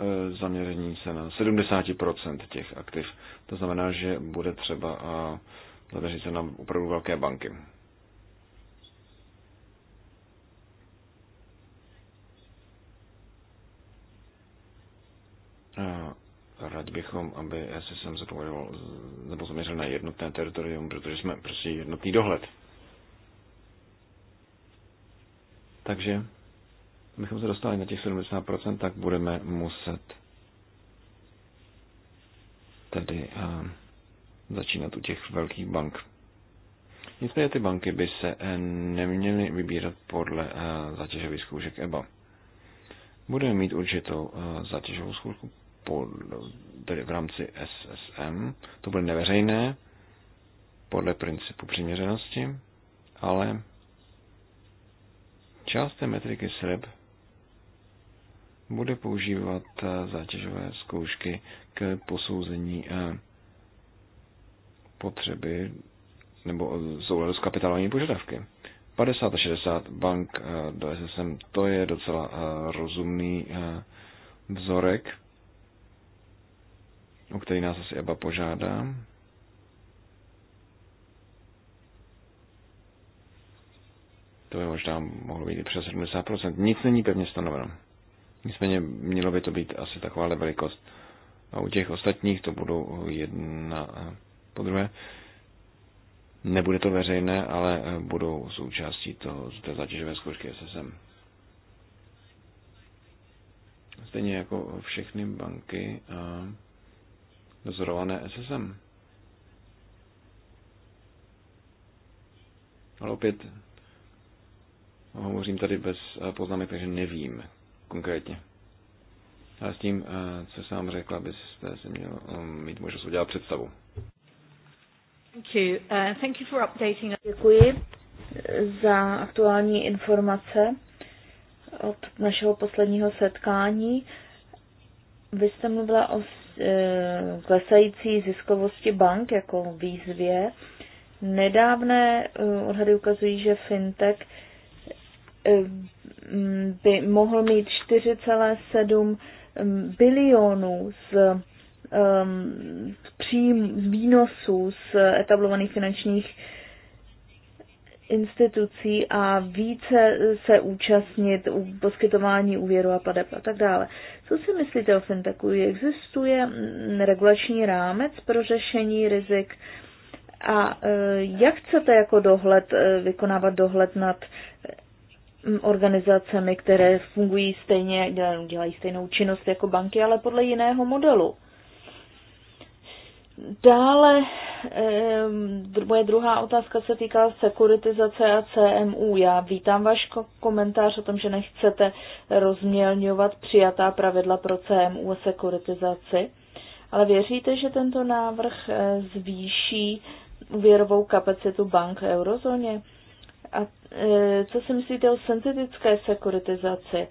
C: Eh, zaměření se na 70% těch aktiv. To znamená, že bude třeba eh, zaměřit se na opravdu velké banky. Eh, rád bychom, aby SSM zapověděl nebo zaměřil na jednotné teritorium, protože jsme prostě jednotný dohled. Takže abychom se dostali na těch 70%, tak budeme muset tedy uh, začínat u těch velkých bank. Nicméně ty banky by se eh, neměly vybírat podle eh, zátěžových zkoušek EBA. Budeme mít určitou zatěžovou zkoušku pod, tedy v rámci SSM. To bude neveřejné podle principu přiměřenosti, ale část té metriky SREB bude používat eh, zátěžové zkoušky k posouzení eh, potřeby nebo souladu s kapitálovými požadavky. 50 a 60 bank eh, do SSM, to je docela rozumný vzorek, o který nás asi EBA požádá. To by možná mohlo být i přes 70%. Nic není pevně stanoveno. Nicméně mělo by to být asi taková velikost. A u těch ostatních to budou jedna po druhé. Nebude to veřejné, ale eh, budou součástí toho, té zátěžové zkoušky SSM. Stejně jako všechny banky a dozorované SSM. Ale opět hovořím tady bez eh, poznámek, takže nevím, konkrétně. A s tím, eh, co jsem vám řekl, abyste se měl eh, mít možnost udělat představu.
D: Thank you. Uh, thank you for updating. Děkuji za aktuální informace od našeho posledního setkání. Vy jste mluvila o e, klesající ziskovosti bank jako výzvě. Nedávné e, odhady ukazují, že fintech e, by mohl mít 4,7 um, bilionů z um, z výnosů z etablovaných finančních institucí a více se účastnit u poskytování úvěru a padeb a tak dále. Co si myslíte o fintechu? Existuje mm, regulační rámec pro řešení rizik a e, jak chcete jako dohled e, vykonávat dohled nad Mm, organizacemi, které fungují stejně, dělají stejnou činnost jako banky, ale podle jiného modelu. Dále moje druhá otázka se týká sekuritizace a CMU. Já vítám váš komentář o tom, že nechcete rozmělňovat přijatá pravidla pro CMU a sekuritizaci, ale věříte, že tento návrh eh, zvýší úvěrovou kapacitu bank v eurozóně? A e, co si myslíte o syntetické sekuritizaci?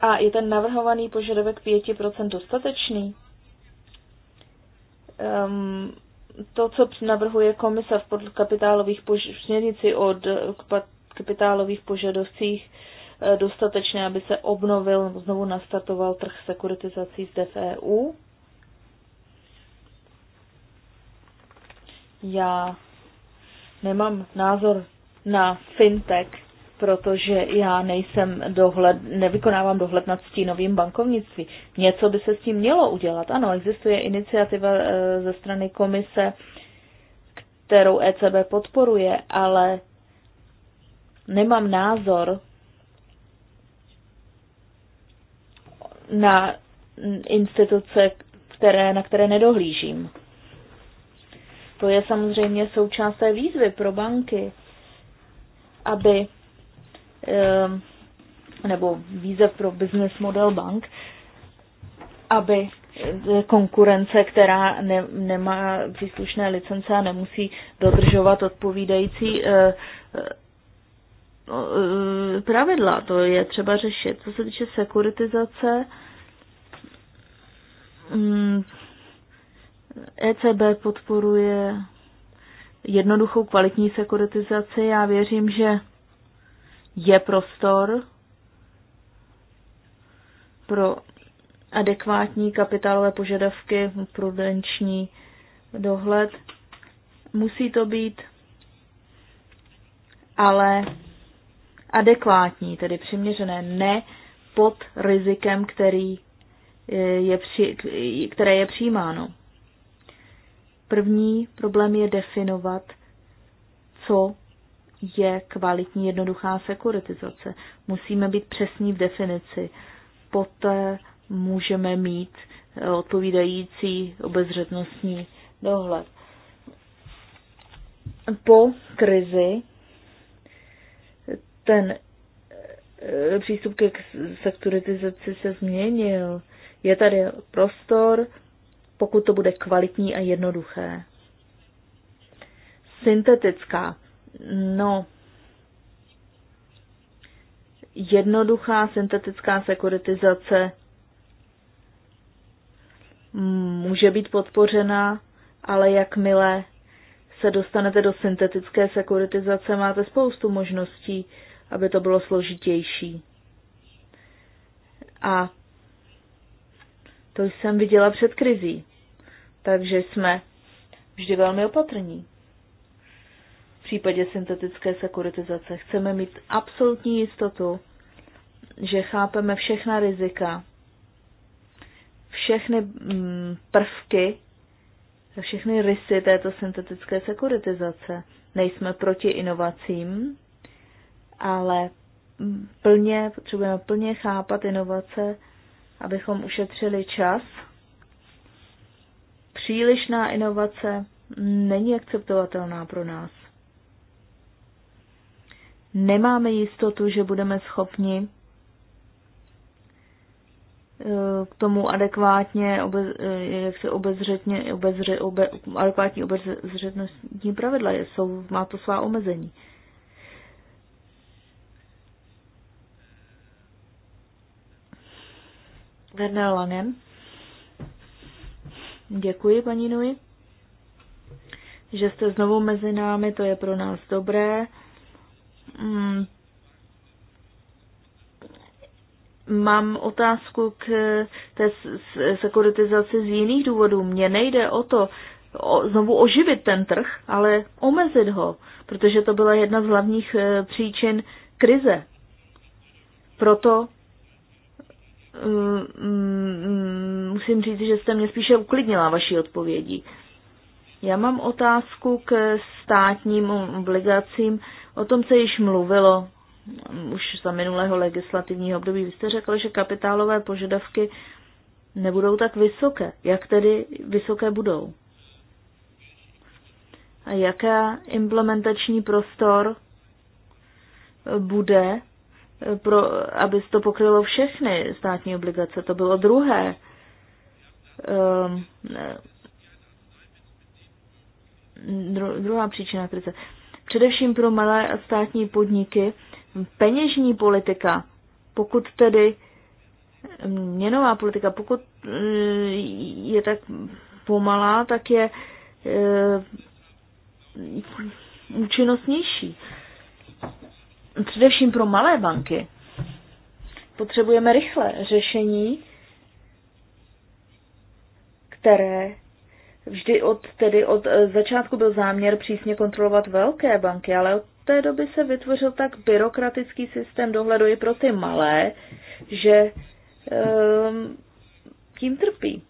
D: A je ten navrhovaný požadavek 5% dostatečný? Um, to, co navrhuje komise v kapitálových pož- směrnici kapitálových požadovcích, e, dostatečné, aby se obnovil, znovu nastartoval trh sekuritizací zde v EU. Já nemám názor na fintech, protože já nejsem dohled, nevykonávám dohled nad stínovým bankovnictví. Něco by se s tím mělo udělat. Ano, existuje iniciativa eh, ze strany komise, kterou ECB podporuje, ale nemám názor na instituce, které, na které nedohlížím. To je samozřejmě součást té výzvy pro banky, aby ehm, nebo výzev pro business model bank, aby e, konkurence, která ne, nemá příslušné licence a nemusí dodržovat odpovídající e, e, no, pravidla. To je třeba řešit. Co se týče sekuritizace, mm, ECB podporuje jednoduchou kvalitní sekuritizaci. Já věřím, že je prostor pro adekvátní kapitálové požadavky, prudenční dohled. Musí to být ale adekvátní, tedy přiměřené, ne pod rizikem, který eh, je při, které je přijímáno. První problém je definovat, co je kvalitní jednoduchá sekuritizace. Musíme být přesní v definici. Poté můžeme mít eh, odpovídající obezřetnostní dohled. Po krizi ten eh, přístup ke sekuritizaci se změnil. Je tady prostor pokud to bude kvalitní a jednoduché. Syntetická. No, jednoduchá syntetická sekuritizace může být podpořena, ale jakmile se dostanete do syntetické sekuritizace, máte spoustu možností, aby to bylo složitější. A to jsem viděla před krizí. Takže jsme vždy velmi opatrní. V případě syntetické sekuritizace chceme mít absolutní jistotu, že chápeme všechna rizika, všechny mm, prvky, všechny rysy této syntetické sekuritizace. Nejsme proti inovacím, ale mm, plně, potřebujeme plně chápat inovace, abychom ušetřili čas Přílišná inovace není akceptovatelná pro nás. Nemáme jistotu, že budeme schopni eh, k tomu adekvátně, obez, eh, jak se obezřetně, obezře, obe, adekvátní obezřetnostní pravidla jsou, má to svá omezení. Werner Langen. Děkuji, paní Nui, že jste znovu mezi námi, to je pro nás dobré. Mm. Mám otázku k té sekuritizaci z jiných důvodů. Mně nejde o to o, znovu oživit ten trh, ale omezit ho, protože to byla jedna z hlavních eh, příčin krize. Proto Mm, musím říct, že jste mě spíše uklidnila vaší odpovědí. Já mám otázku k státním obligacím. O tom se již mluvilo mm, už za minulého legislativního období. Vy jste řekl, že kapitálové požadavky nebudou tak vysoké. Jak tedy vysoké budou? A jaká implementační prostor bude pro, aby to pokrylo všechny státní obligace. To bylo druhé. Um, dru, druhá příčina krize. Především pro malé a státní podniky peněžní politika, pokud tedy ehm, měnová politika, pokud ehm, je tak pomalá, tak je účinnostnější nižší především pro malé banky. Potřebujeme rychle řešení, které vždy od, tedy od eh, začátku byl záměr přísně kontrolovat velké banky, ale od té doby se vytvořil tak byrokratický systém dohledu i pro ty malé, že um, tím trpí.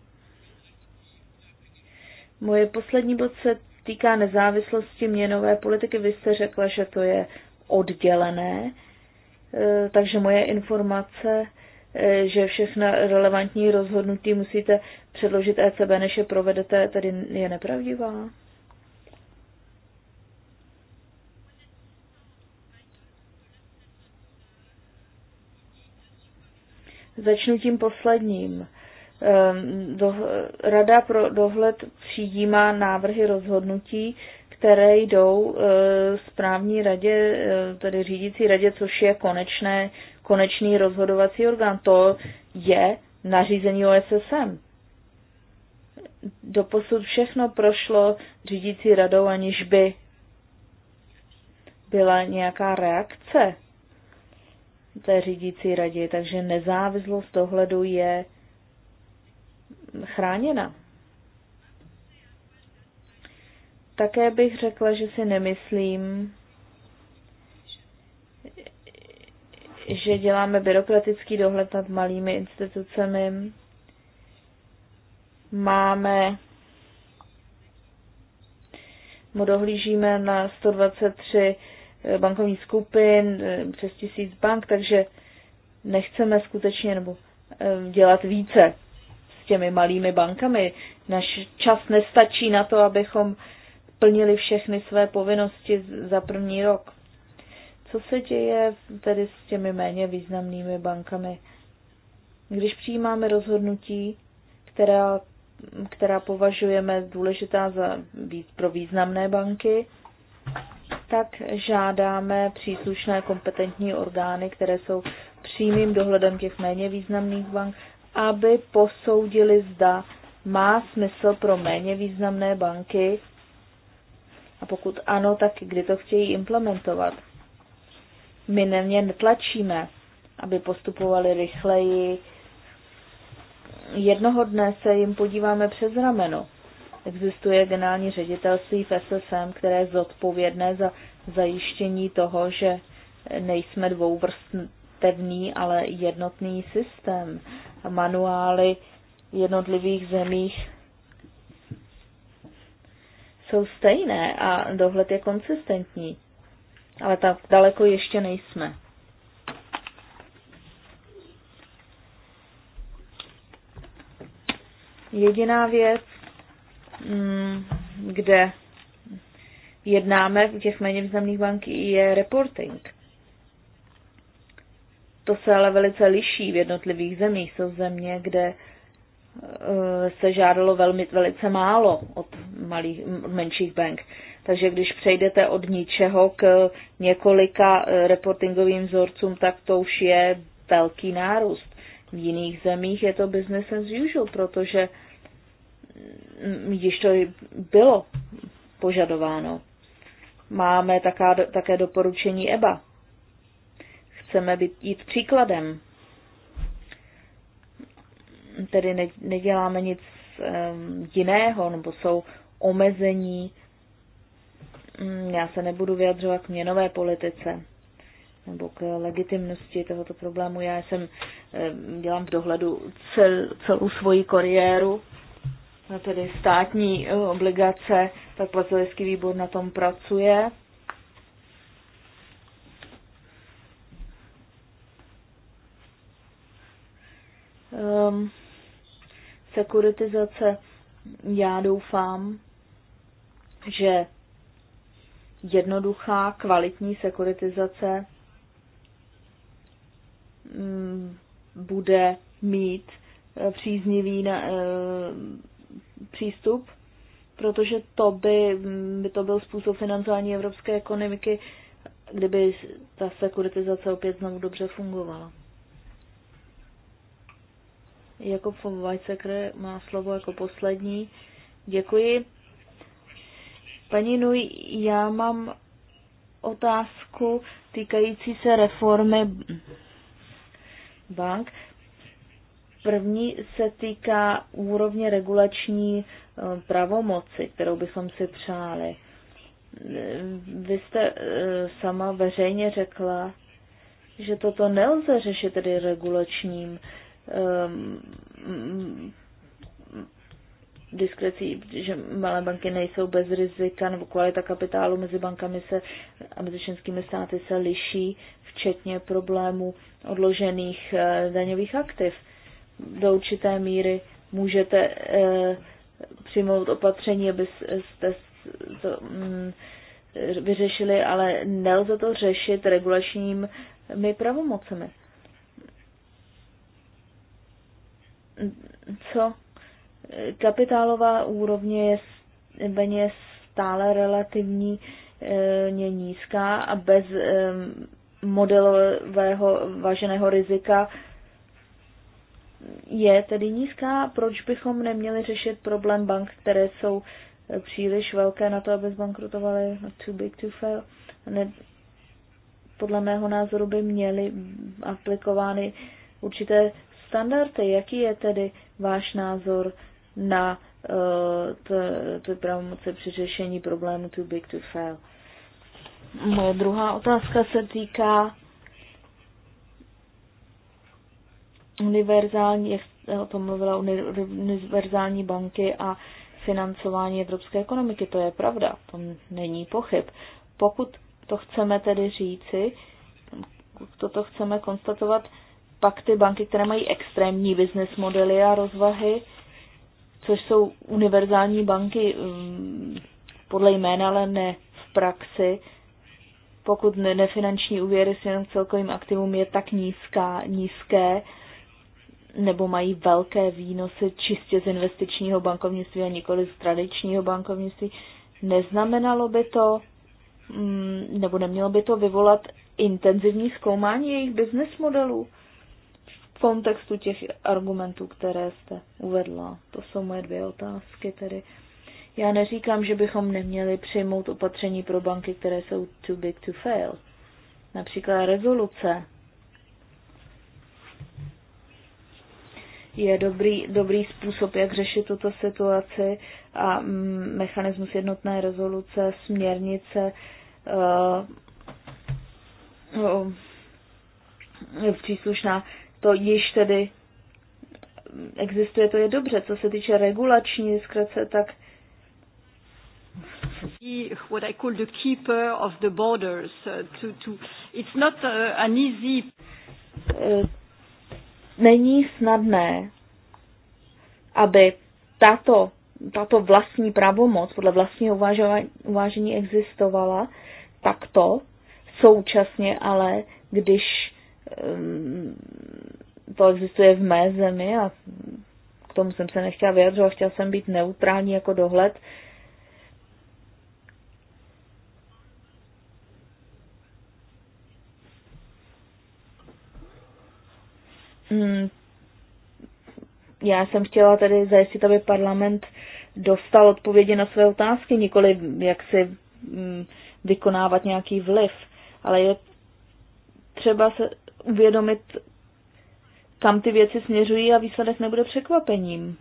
D: Moje poslední bod se týká nezávislosti měnové politiky. Vy jste řekla, že to je oddělené, e, takže moje informace, e, že všechna relevantní rozhodnutí musíte předložit ECB, než je provedete, tedy je nepravdivá. Začnu tím posledním. Ehm, Rada pro dohled přijímá návrhy rozhodnutí, které jdou eh, správní radě, eh, tedy řídící radě, což je konečné, konečný rozhodovací orgán. To je nařízení OSSM. Doposud všechno prošlo řídící radou, aniž by byla nějaká reakce té řídící radě, takže nezávislost dohledu je chráněna. Také bych řekla, že si nemyslím, že děláme byrokratický dohled nad malými institucemi. Máme, mu dohlížíme na 123 eh, bankovních skupin, eh, přes tisíc bank, takže nechceme skutečně nebo eh, dělat více s těmi malými bankami. Náš čas nestačí na to, abychom plnili všechny své povinnosti za první rok. Co se děje tedy s těmi méně významnými bankami? Když přijímáme rozhodnutí, která, která považujeme důležitá za, pro významné banky, tak žádáme příslušné kompetentní orgány, které jsou přímým dohledem těch méně významných bank, aby posoudili, zda má smysl pro méně významné banky a pokud ano, tak kdy to chtějí implementovat? My na ně netlačíme, aby postupovali rychleji. Jednoho dne se jim podíváme přes rameno. Existuje generální ředitelství v SSM, které je zodpovědné za zajištění toho, že nejsme dvouvrstevný, ale jednotný systém. Manuály jednotlivých zemích jsou stejné a dohled je konsistentní. Ale tak daleko ještě nejsme. Jediná věc, mm, kde jednáme v těch méně významných bank, je reporting. To se ale velice liší v jednotlivých zemích. Jsou země, kde Eh, se žádalo velmi, velice málo od malých, menších bank. Takže když přejdete od ničeho k několika eh, reportingovým vzorcům, tak to už je velký nárůst. V jiných zemích je to business as usual, protože již mm, to bylo požadováno. Máme taká, také doporučení EBA. Chceme být, jít příkladem tedy ne, neděláme nic um, jiného, nebo jsou omezení. Mm, já se nebudu vyjadřovat k měnové politice nebo k legitimnosti tohoto problému. Já jsem, dělám v dohledu cel, celou svoji kariéru, tedy státní eh, obligace, tak Bazilejský výbor na tom pracuje. Um, sekuritizace. Já doufám, že jednoduchá, kvalitní sekuritizace mm, bude mít eh, příznivý na, e, přístup, protože to by, mm, by to byl způsob financování evropské ekonomiky, kdyby ta sekuritizace opět znovu dobře fungovala. Jakob von Weizsäcker má slovo jako poslední. Děkuji. Paní Nuj, já mám otázku týkající se reformy bank. První se týká úrovně regulační eh, pravomoci, kterou bychom si přáli. Vy jste eh, sama veřejně řekla, že toto nelze řešit tedy regulačním um, diskrecí, že malé banky nejsou bez rizika, nebo kvalita kapitálu mezi bankami se a mezi členskými státy se liší, včetně problémů odložených e, daňových aktiv. Do určité míry můžete e, přijmout opatření, abyste to mm, vyřešili, ale nelze to řešit regulačními pravomocemi. co eh, kapitálová úrovně je, je stále relativní je eh, nízká a bez modelového váženého rizika je tedy nízká. Proč bychom neměli řešit problém bank, které jsou eh, příliš velké na to, aby zbankrutovaly too big to fail. Ne, podle mého názoru by měly aplikovány určité standardy. Jaký je tedy váš názor na eh, ty pravomoce při řešení problému too big to fail? Moje druhá otázka se týká univerzální, jak o tom mluvila, univerzální banky a financování evropské ekonomiky. To je pravda, to není pochyb. Pokud to chceme tedy říci, toto chceme konstatovat, pak ty banky, které mají extrémní business modely a rozvahy, což jsou univerzální banky mm, podle jména, ale ne v praxi, pokud nefinanční úvěry s jenom celkovým aktivum je tak nízká, nízké, nebo mají velké výnosy čistě z investičního bankovnictví a nikoli z tradičního bankovnictví, neznamenalo by to, mm, nebo nemělo by to vyvolat intenzivní zkoumání jejich business modelů? kontextu těch argumentů, které jste uvedla. To jsou moje dvě otázky tedy. Já neříkám, že bychom neměli přijmout opatření pro banky, které jsou too big to fail. Například rezoluce je dobrý, dobrý způsob, jak řešit tuto situaci a mm, mechanismus jednotné rezoluce, směrnice, uh, uh, příslušná to již tedy existuje, to je dobře. Co se týče regulační zkratce, tak what I call the keeper of the borders uh, to, to it's not uh, an easy eh, není snadné, aby tato, tato vlastní pravomoc podle vlastního uvážení existovala takto současně, ale když ehm, to existuje v mé zemi a k tomu jsem se nechtěla vyjadřovat, chtěla jsem být neutrální jako dohled. Hmm. Já jsem chtěla tedy zajistit, aby parlament dostal odpovědi na své otázky, nikoli jak si hmm, vykonávat nějaký vliv, ale je třeba se uvědomit, kam ty věci směřují a výsledek nebude překvapením.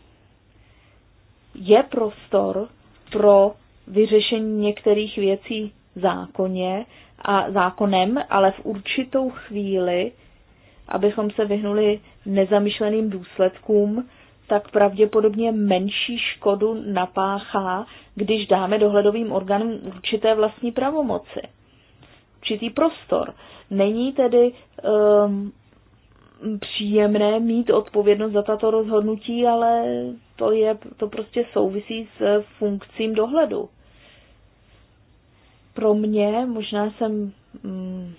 D: Je prostor pro vyřešení některých věcí zákoně a zákonem, ale v určitou chvíli, abychom se vyhnuli nezamýšleným důsledkům, tak pravděpodobně menší škodu napáchá, když dáme dohledovým orgánům určité vlastní pravomoci, určitý prostor. Není tedy um, příjemné mít odpovědnost za tato rozhodnutí, ale to, je, to prostě souvisí s funkcím dohledu. Pro mě, možná jsem, mm,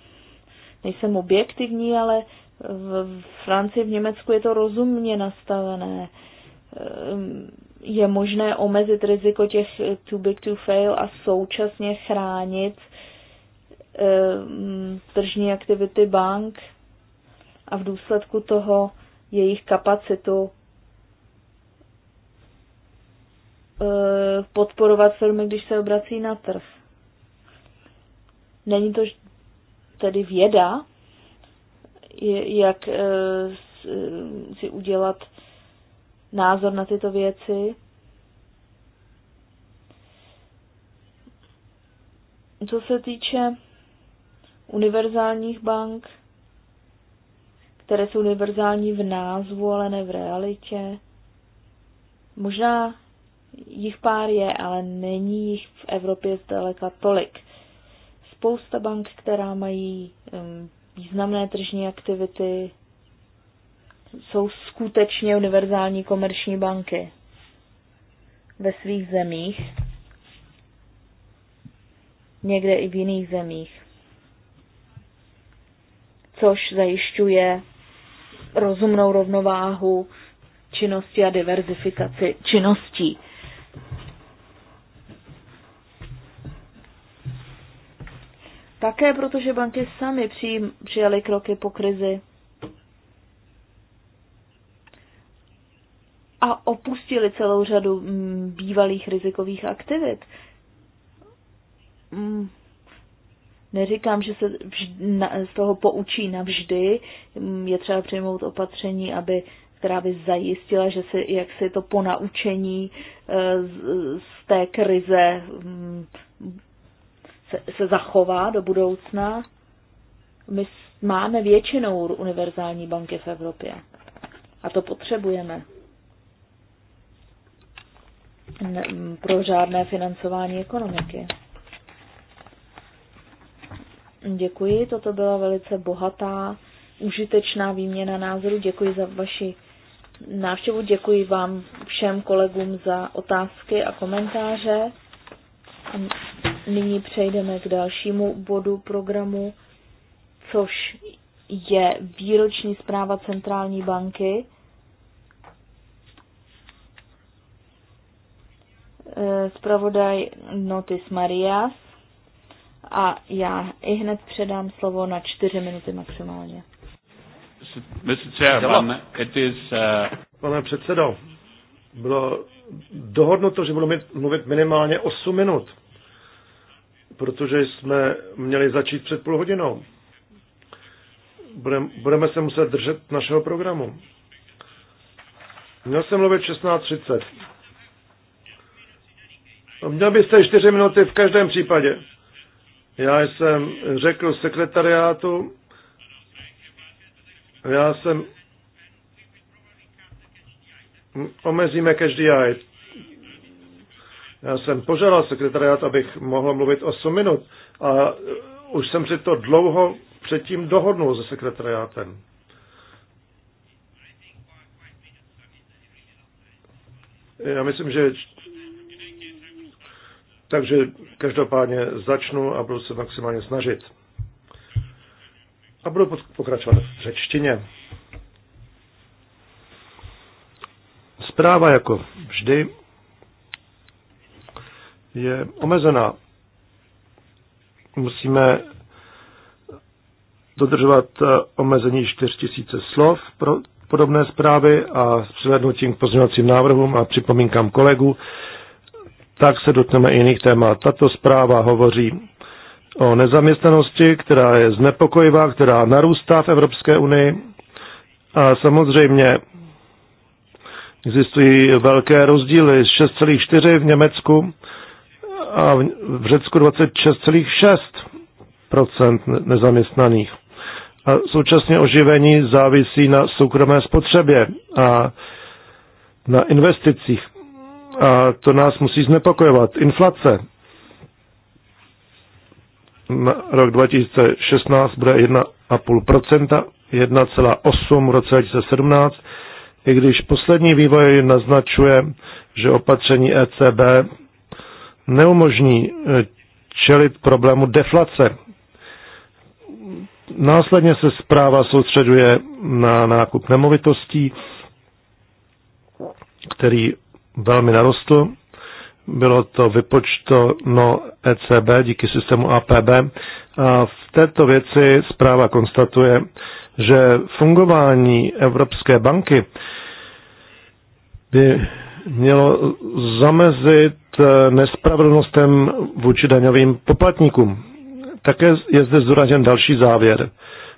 D: nejsem objektivní, ale v Francii, v Německu je to rozumně nastavené. Ehm, je možné omezit riziko těch too big to fail a současně chránit ehm, tržní aktivity bank, a v důsledku toho jejich kapacitu e, podporovat firmy, když se obrací na trh. Není to tedy věda, jak e, e, si udělat názor na tyto věci. Co se týče univerzálních bank, které jsou univerzální v názvu, ale ne v realitě. Možná jich pár je, ale není jich v Evropě zdaleka tolik. Spousta bank, která mají um, významné tržní aktivity, jsou skutečně univerzální komerční banky ve svých zemích, někde i v jiných zemích, což zajišťuje rozumnou rovnováhu činnosti a diverzifikaci činností. Také protože banky sami přijaly kroky po krizi a opustili celou řadu mm, bývalých rizikových aktivit mm. Neříkám, že se z toho poučí navždy, je třeba přijmout opatření, aby která by zajistila, že se jak se to ponaučení eh, z té krize mm, se, se zachová do budoucna. My máme většinou univerzální banky v Evropě a to potřebujeme mm, pro žádné financování ekonomiky. Děkuji, toto byla velice bohatá, užitečná výměna názoru. Děkuji za vaši návštěvu, děkuji vám všem kolegům za otázky a komentáře. A nyní přejdeme k dalšímu bodu programu, což je výroční zpráva centrální banky. Spravodaj eh, Notis Marias a já i hned předám slovo na čtyři minuty maximálně.
C: Uh,
B: Pane předsedo, bylo dohodnuto, že budu mluvit minimálně 8 minut, protože jsme měli začít před půl hodinou. Budeme, se muset držet našeho programu. Měl jsem mluvit 16.30. Měl byste 4 minuty v každém případě. Já jsem řekl sekretariátu, já jsem omezíme každý jaj. Já jsem požádal sekretariát, abych mohl mluvit 8 minut a e, už jsem si to dlouho předtím dohodnul se sekretariátem. Já myslím, že takže každopádně začnu a budu se maximálně snažit. A budu pokračovat v řečtině. Zpráva jako vždy je omezená. Musíme dodržovat eh, omezení 4000 slov pro podobné zprávy a s k pozměňovacím návrhům a připomínkám kolegů tak se dotkneme i jiných témat. Tato zpráva hovoří o nezaměstnanosti, která je znepokojivá, která narůstá v Evropské unii. A samozřejmě existují velké rozdíly. 6,4 v Německu a v Řecku 26,6 nezaměstnaných. A současně oživení závisí na soukromé spotřebě a na investicích. A to nás musí znepokojovat. Inflace na rok 2016 bude 1,5%, 1,8% v roce 2017, i když poslední vývoj naznačuje, že opatření ECB neumožní eh, čelit problému deflace. Následně se zpráva soustředuje na nákup nemovitostí, který velmi narostl. Bylo to vypočteno ECB díky systému APB. A v této věci zpráva konstatuje, že fungování Evropské banky by mělo zamezit eh, nespravedlnostem vůči daňovým poplatníkům. Také je zde zdůražen další závěr.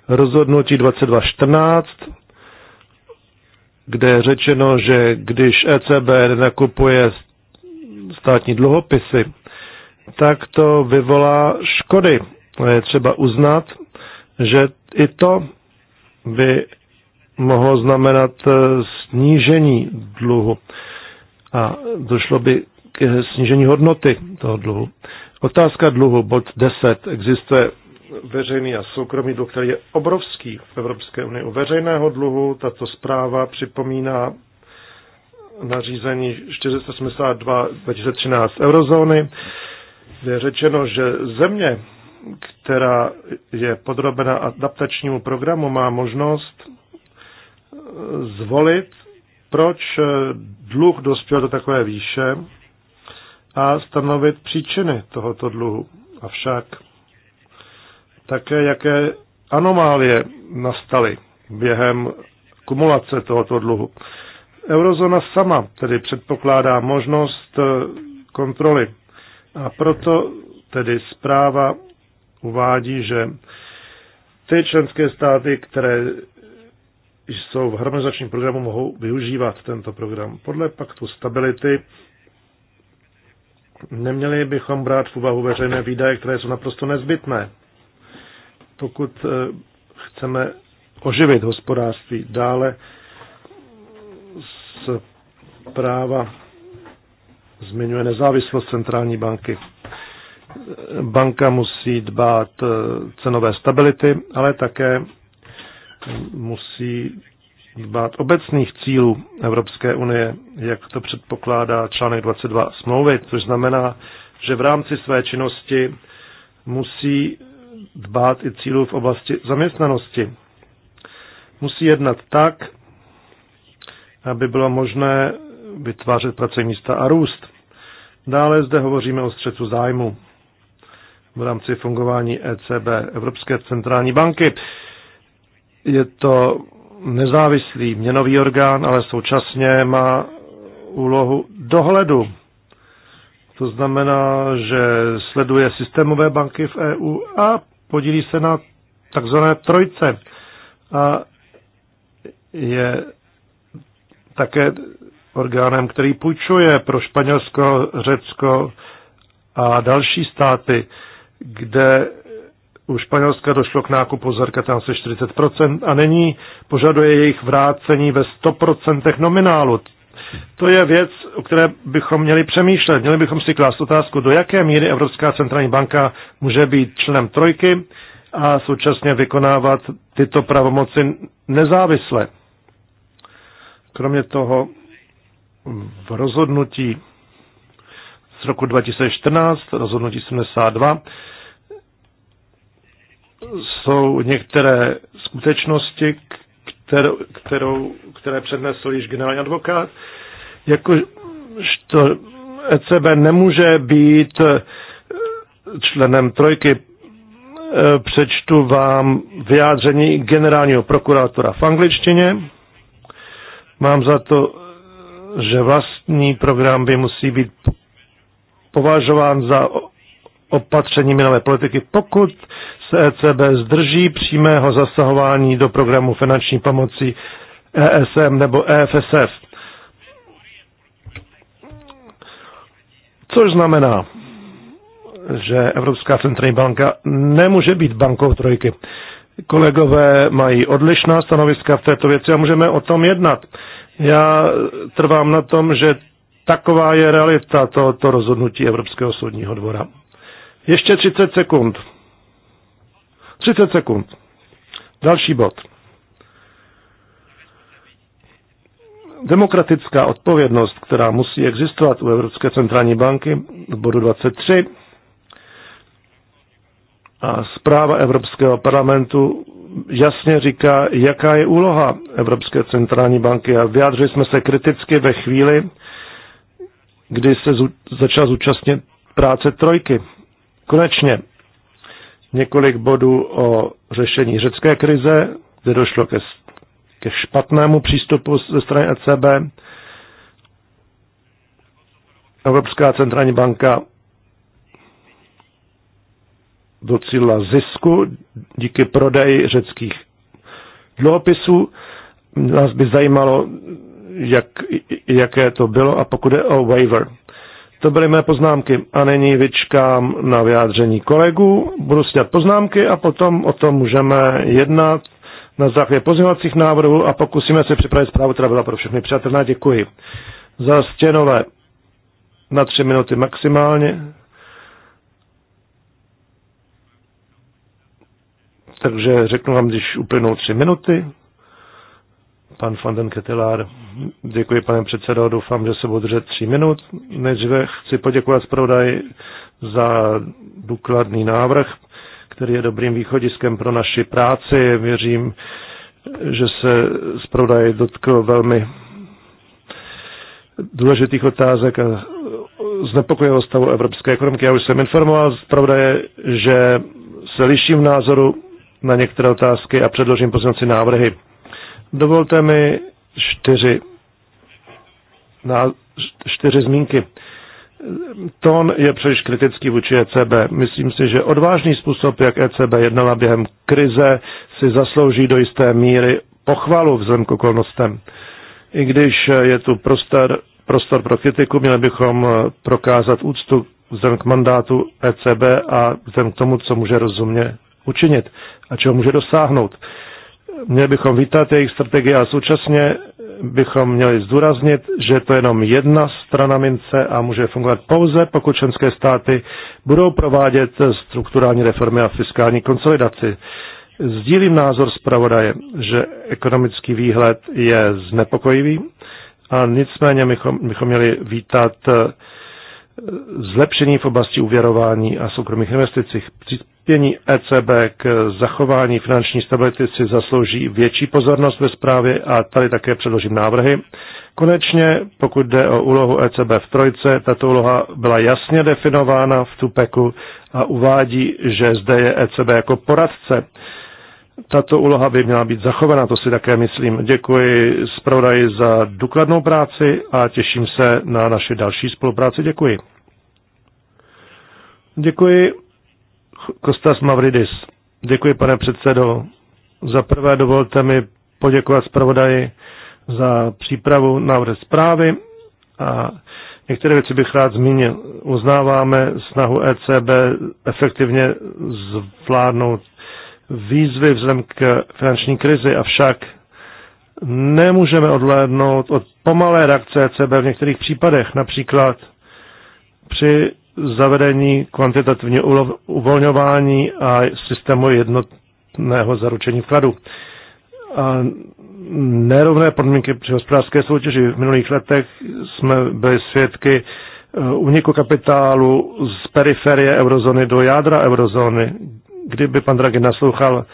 B: Rozhodnutí 2214 kde je řečeno, že když ECB nakupuje státní dluhopisy, tak to vyvolá škody. Je třeba uznat, že i to by mohlo znamenat eh, snížení dluhu a došlo by k snížení hodnoty toho dluhu. Otázka dluhu, bod 10. Existuje veřejný a soukromý dluh, který je obrovský v Evropské unii. U veřejného dluhu tato zpráva připomíná nařízení 482 2013 eurozóny, je řečeno, že země, která je podrobena adaptačnímu programu, má možnost zvolit, proč dluh dospěl do takové výše a stanovit příčiny tohoto dluhu. Avšak také jaké anomálie nastaly během kumulace tohoto dluhu. Eurozona sama tedy předpokládá možnost eh, kontroly a proto tedy zpráva uvádí, že ty členské státy, které jsou v harmonizačním programu, mohou využívat tento program. Podle paktu stability neměli bychom brát v úvahu veřejné výdaje, které jsou naprosto nezbytné pokud eh, chceme oživit hospodářství. Dále z práva zmiňuje nezávislost centrální banky. Banka musí dbát eh, cenové stability, ale také musí dbát obecných cílů Evropské unie, jak to předpokládá článek 22 smlouvy, což znamená, že v rámci své činnosti musí dbát i cílů v oblasti zaměstnanosti. Musí jednat tak, aby bylo možné vytvářet pracovní místa a růst. Dále zde hovoříme o střetu zájmu v rámci fungování ECB, Evropské centrální banky. Je to nezávislý měnový orgán, ale současně má úlohu dohledu. To znamená, že sleduje systémové banky v EU a podílí se na takzvané trojce a je také orgánem, který půjčuje pro Španělsko, Řecko a další státy, kde u Španělska došlo k nákupu tam se 40% a nyní požaduje jejich vrácení ve 100% nominálu. To je věc, o které bychom měli přemýšlet. Měli bychom si klást otázku, do jaké míry Evropská centrální banka může být členem trojky a současně vykonávat tyto pravomoci nezávisle. Kromě toho v rozhodnutí z roku 2014, rozhodnutí 72, jsou některé skutečnosti, kterou, kterou, které přednesl již generální advokát, jakožto ECB nemůže být eh, členem trojky. Eh, přečtu vám vyjádření generálního prokurátora v angličtině. Mám za to, že vlastní program by musí být považován za opatření minové politiky, pokud se ECB zdrží přímého zasahování do programu finanční pomoci ESM nebo EFSF. Což znamená, že Evropská centrální banka nemůže být bankou trojky. Kolegové mají odlišná stanoviska v této věci a můžeme o tom jednat. Já trvám na tom, že taková je realita tohoto rozhodnutí Evropského soudního dvora. Ještě 30 sekund. 30 sekund. Další bod. Demokratická odpovědnost, která musí existovat u Evropské centrální banky, bodu 23, a zpráva Evropského parlamentu jasně říká, jaká je úloha Evropské centrální banky a vyjádřili jsme se kriticky ve chvíli, kdy se začal zúčastnit práce trojky. Konečně několik bodů o řešení řecké krize, kde došlo ke, ke špatnému přístupu ze strany ECB. Evropská centrální banka docílila zisku díky prodeji řeckých dluhopisů. Nás by zajímalo, jak, jaké to bylo a pokud je o waiver. To byly mé poznámky a nyní vyčkám na vyjádření kolegů, budu snět poznámky a potom o tom můžeme jednat na základě pozměňovacích návrhů a pokusíme se připravit zprávu, která byla pro všechny přátelná. Děkuji. Za stěnové na tři minuty maximálně. Takže řeknu vám, když uplynou tři minuty pan van den Ketelár. Děkuji, pane předsedo, doufám, že se budu držet tři minut. Nejdříve chci poděkovat zpravodaj za důkladný návrh, který je dobrým východiskem pro naši práci. Věřím, že se zpravodaj dotkl velmi důležitých otázek a znepokojivého stavu evropské ekonomiky. Já už jsem informoval zpravodaje, že se liším v názoru na některé otázky a předložím pozornosti návrhy. Dovolte mi čtyři, na, čtyři zmínky. Tón je příliš kritický vůči ECB. Myslím si, že odvážný způsob, jak ECB jednala během krize, si zaslouží do jisté míry pochvalu vzhledem k okolnostem. I když je tu prostor, prostor pro kritiku, měli bychom prokázat úctu vzhledem k mandátu ECB a vzhledem k tomu, co může rozumně učinit a čeho může dosáhnout. Měli bychom vítat jejich strategie a současně bychom měli zdůraznit, že to je jenom jedna strana mince a může fungovat pouze, pokud členské státy budou provádět strukturální reformy a fiskální konsolidaci. Sdílím názor zpravodaje, že ekonomický výhled je znepokojivý a nicméně bychom, bychom měli vítat zlepšení v oblasti uvěrování a soukromých investicích. Přispění ECB k zachování finanční stability si zaslouží větší pozornost ve zprávě a tady také předložím návrhy. Konečně, pokud jde o úlohu ECB v trojce, tato úloha byla jasně definována v Tupeku a uvádí, že zde je ECB jako poradce tato úloha by měla být zachovaná, to si také myslím. Děkuji zpravodaji za důkladnou práci a těším se na naše další spolupráci. Děkuji. Děkuji. Kostas Mavridis. Děkuji, pane předsedo. Za prvé dovolte mi poděkovat zpravodaji za přípravu návrh zprávy a některé věci bych rád zmínil. Uznáváme snahu ECB efektivně zvládnout výzvy vzhledem k finanční krizi, avšak nemůžeme odhlédnout od pomalé reakce ECB v některých případech, například při zavedení kvantitativního uvolňování a systému jednotného zaručení vkladu. A nerovné podmínky při hospodářské soutěži. V minulých letech jsme byli svědky uniku eh, kapitálu z periferie eurozóny do jádra eurozóny, kdyby pan Draghi naslouchal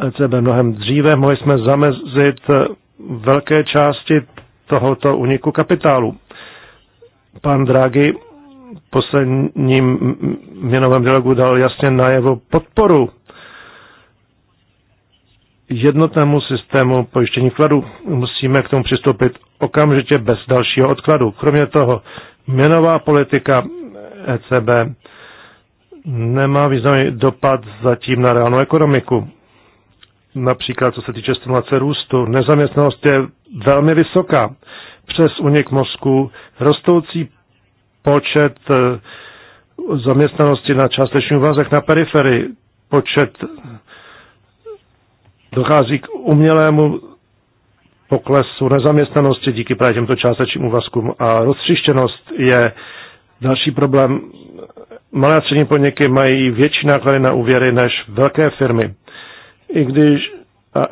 B: eh, ECB mnohem dříve, mohli jsme zamezit eh, velké části tohoto uniku kapitálu. Pan Draghi posledním měnovém dialogu dal jasně najevo podporu jednotnému systému pojištění vkladu. Musíme k tomu přistoupit okamžitě bez dalšího odkladu. Kromě toho, měnová politika ECB nemá významný dopad zatím na reálnou ekonomiku. Například co se týče stimulace růstu, nezaměstnanost je velmi vysoká. Přes unik mozku rostoucí počet eh, zaměstnanosti na částečný úvazek na periferii, počet eh, dochází k umělému poklesu nezaměstnanosti díky právě těmto částečným úvazkům a roztřištěnost je další problém malé a střední podniky mají větší náklady na úvěry než velké firmy. I když a,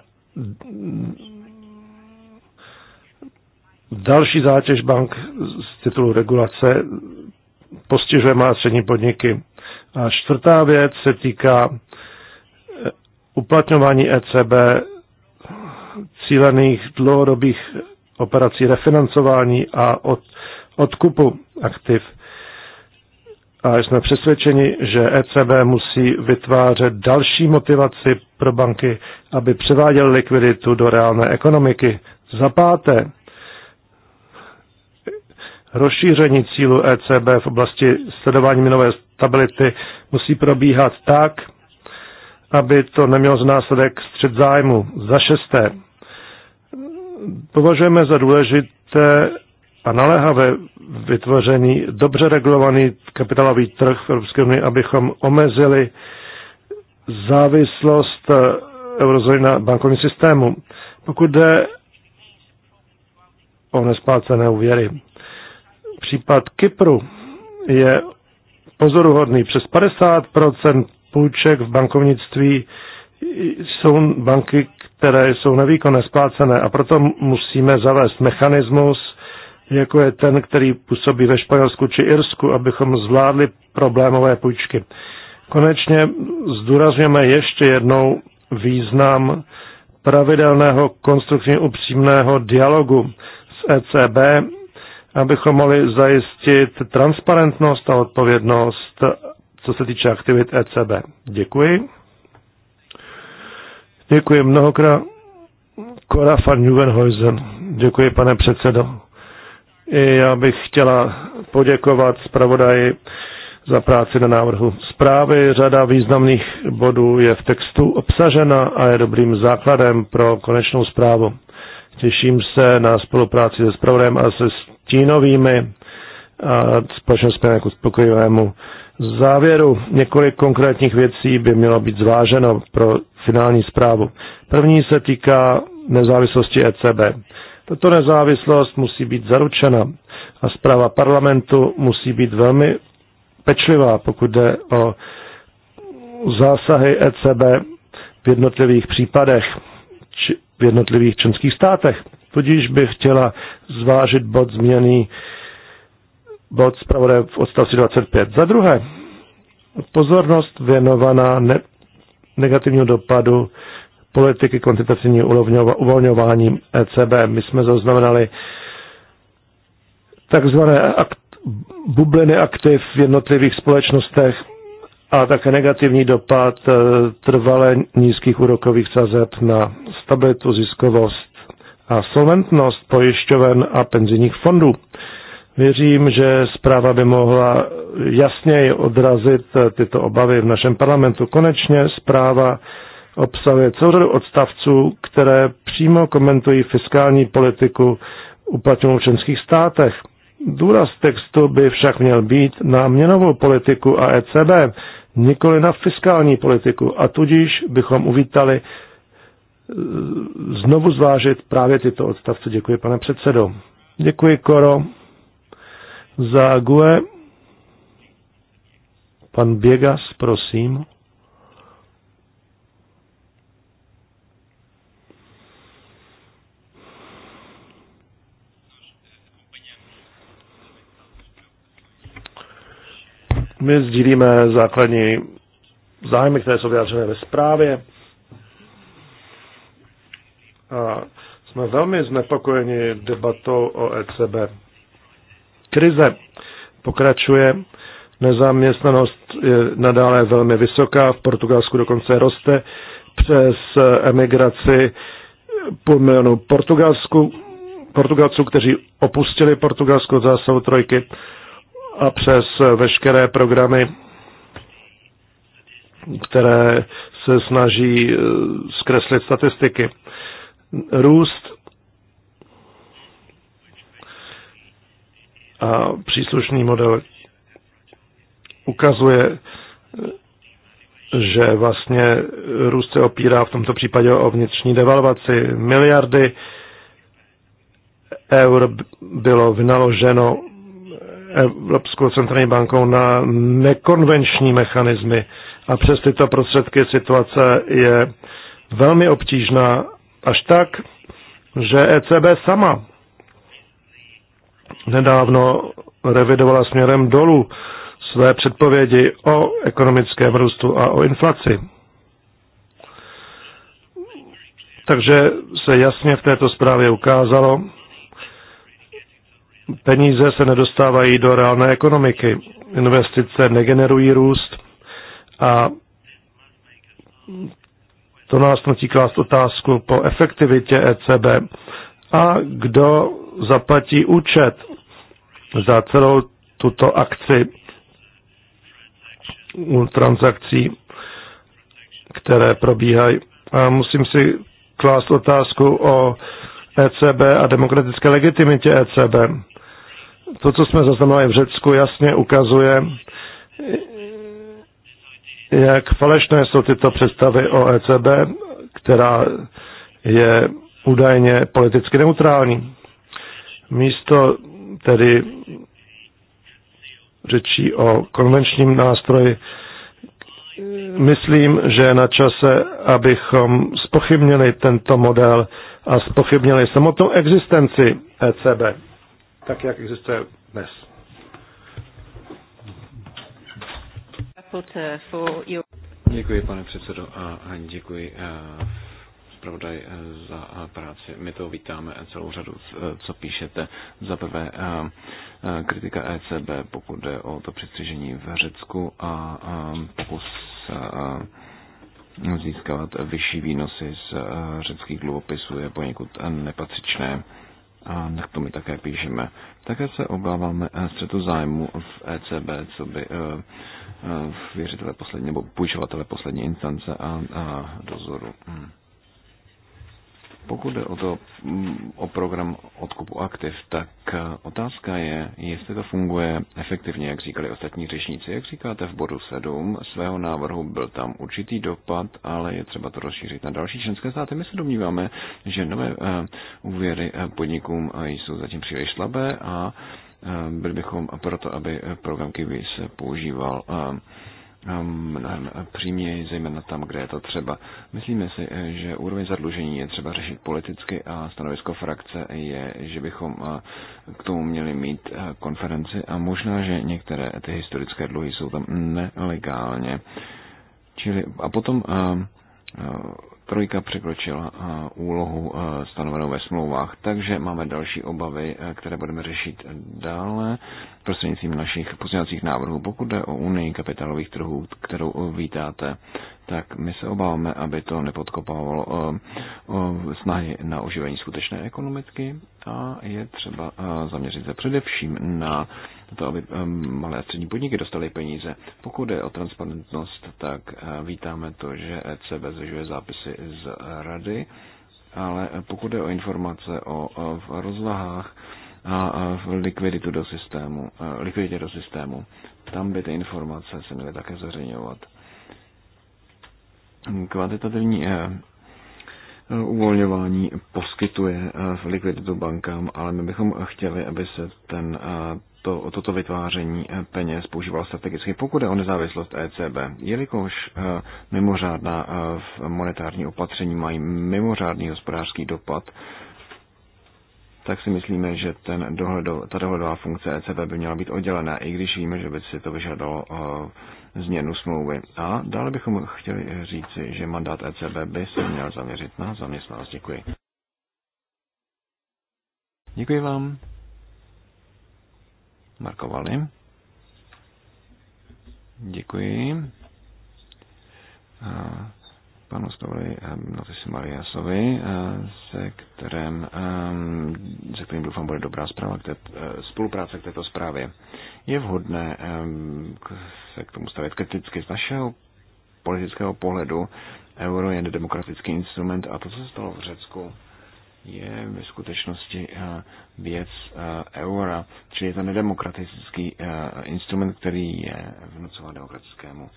B: další zátěž bank z titulu regulace postižuje malé a střední podniky. A čtvrtá věc se týká e, uplatňování ECB cílených dlouhodobých operací refinancování a od, odkupu aktiv a jsme přesvědčeni, že ECB musí vytvářet další motivaci pro banky, aby převáděly likviditu do reálné ekonomiky. Za páté, rozšíření cílu ECB v oblasti sledování minové stability musí probíhat tak, aby to nemělo z následek střed zájmu. Za šesté, považujeme za důležité a naléhavé vytvořený dobře regulovaný kapitálový trh v Evropské unii, abychom omezili závislost eh, eurozóny na bankovním systému. Pokud jde o nesplácené úvěry. Případ Kypru je pozoruhodný. Přes 50% půjček v bankovnictví jsou banky, které jsou nevýkonné, splácené a proto musíme zavést mechanismus, jako je ten, který působí ve Španělsku či Irsku, abychom zvládli problémové půjčky. Konečně zdůrazněme ještě jednou význam pravidelného konstrukčně upřímného dialogu s ECB, abychom mohli zajistit transparentnost a odpovědnost, co se týče aktivit ECB. Děkuji. Děkuji mnohokrát. Kora van Juvenhuizen. Děkuji, pane předsedo. I já bych chtěla poděkovat zpravodaji za práci na návrhu zprávy. Řada významných bodů je v textu obsažena a je dobrým základem pro konečnou zprávu. Těším se na spolupráci se zpravodajem a se stínovými a společně jsme k jako uspokojivému závěru. Několik konkrétních věcí by mělo být zváženo pro finální zprávu. První se týká nezávislosti ECB. Tato nezávislost musí být zaručena a zpráva parlamentu musí být velmi pečlivá, pokud jde o zásahy ECB v jednotlivých případech či v jednotlivých členských státech. Tudíž bych chtěla zvážit bod změny bod zpravodaje v odstavci 25. Za druhé, pozornost věnovaná ne- negativního dopadu politiky kvantitativního uvolňování ECB. My jsme zaznamenali takzvané akt, bubliny aktiv v jednotlivých společnostech a také negativní dopad e, trvale nízkých úrokových sazeb na stabilitu, ziskovost a solventnost pojišťoven a penzijních fondů. Věřím, že zpráva by mohla jasněji odrazit e, tyto obavy v našem parlamentu. Konečně zpráva obsahuje celou řadu odstavců, které přímo komentují fiskální politiku uplatňovanou v členských státech. Důraz textu by však měl být na měnovou politiku a ECB, nikoli na fiskální politiku a tudíž bychom uvítali eh, znovu zvážit právě tyto odstavce. Děkuji, pane předsedo. Děkuji, Koro. Za GUE. Pan Běgas, prosím. My sdílíme základní zájmy, které jsou vyjádřené ve zprávě. A jsme velmi znepokojeni debatou o ECB. Krize pokračuje, nezaměstnanost je nadále velmi vysoká, v Portugalsku dokonce roste přes emigraci půl milionu Portugalsku, Portugalců, kteří opustili Portugalsko za trojky a přes veškeré programy, které se snaží eh, zkreslit statistiky. Růst a příslušný model ukazuje, že vlastně růst se opírá v tomto případě o vnitřní devalvaci. Miliardy eur bylo vynaloženo Evropskou centrální bankou na nekonvenční mechanismy a přes tyto prostředky situace je velmi obtížná až tak, že ECB sama nedávno revidovala směrem dolů své předpovědi o ekonomickém růstu a o inflaci. Takže se jasně v této zprávě ukázalo, peníze se nedostávají do reálné ekonomiky. Investice negenerují růst a to nás nutí klást otázku po efektivitě ECB a kdo zaplatí účet za celou tuto akci u transakcí, které probíhají. A musím si klást otázku o ECB a demokratické legitimitě ECB to, co jsme zaznamenali v Řecku, jasně ukazuje, jak falešné jsou tyto představy o ECB, která je údajně politicky neutrální. Místo tedy řečí o konvenčním nástroji, myslím, že je na čase, abychom spochybnili tento model a spochybnili samotnou existenci ECB tak jak existuje dnes.
C: Děkuji, pane předsedo, a děkuji zpravodaj za práci. My to vítáme celou řadu, co píšete. Za prvé kritika ECB, pokud jde o to přistřižení v Řecku a pokus získávat vyšší výnosy z řeckých dluhopisů je poněkud nepatřičné a to mi také píšeme. Také se obáváme eh, střetu zájmu v ECB, co by eh, eh, věřitele poslední nebo půjčovatele poslední instance a, a dozoru. Hmm. Pokud jde o, to, mm, o program odkupu aktiv, tak eh, otázka je, jestli to funguje efektivně, jak říkali ostatní řečníci. Jak říkáte v bodu 7 svého návrhu, byl tam určitý dopad, ale je třeba to rozšířit na další členské státy. My se domníváme, že nové eh, úvěry eh, podnikům jsou zatím příliš slabé a byli bychom proto, aby program Kiwi se používal mnohem ehm, příměji, zejména tam, kde je to třeba. Myslíme si, eh, že úroveň zadlužení je třeba řešit politicky a stanovisko frakce je, že bychom eh, k tomu měli mít eh, konferenci a možná, že některé ty historické dluhy jsou tam nelegálně. Čili, a potom ehm, trojka překročila eh, úlohu eh, stanovenou ve smlouvách. Takže máme další obavy, eh, které budeme řešit dále prostřednictvím našich pozměňovacích návrhů. Pokud jde o unii kapitálových trhů, kterou vítáte, tak my se obáváme, aby to nepodkopávalo snahy na oživení skutečné ekonomiky a je třeba zaměřit se především na na to, aby malé a střední podniky dostaly peníze. Pokud je o transparentnost, tak eh, vítáme to, že ECB zvyšuje zápisy z rady, ale pokud je o informace o, v rozvahách, a likviditu do systému, eh, likviditě do systému. Tam by ty informace se měly také zveřejňovat. Kvantitativní eh, uvolňování poskytuje likviditu bankám, ale my bychom chtěli, aby se ten to, o toto vytváření eh, peněz používal strategicky, pokud je o nezávislost ECB. Jelikož eh, mimořádná eh, monetární opatření mají mimořádný hospodářský dopad, tak si myslíme, že ten dohledo, ta dohledová funkce ECB by měla být oddělená, i když víme, že by si to vyžadalo změnu smlouvy. A dále bychom chtěli říci, že mandát ECB by se měl zaměřit na zaměstnanost. Děkuji. Děkuji vám markovali. Děkuji. A panu Stavrovi Notisi Mariasovi, se, kterým, se kterým doufám bude dobrá zpráva k té, e, spolupráce k této zprávě. Je vhodné e, se k tomu stavět kriticky z našeho politického pohledu. Euro je nedemokratický instrument a to, co se stalo v Řecku, je ve skutečnosti eh, věc eh, eura, čili je to nedemokratický eh, instrument, který je vnucován demokratickému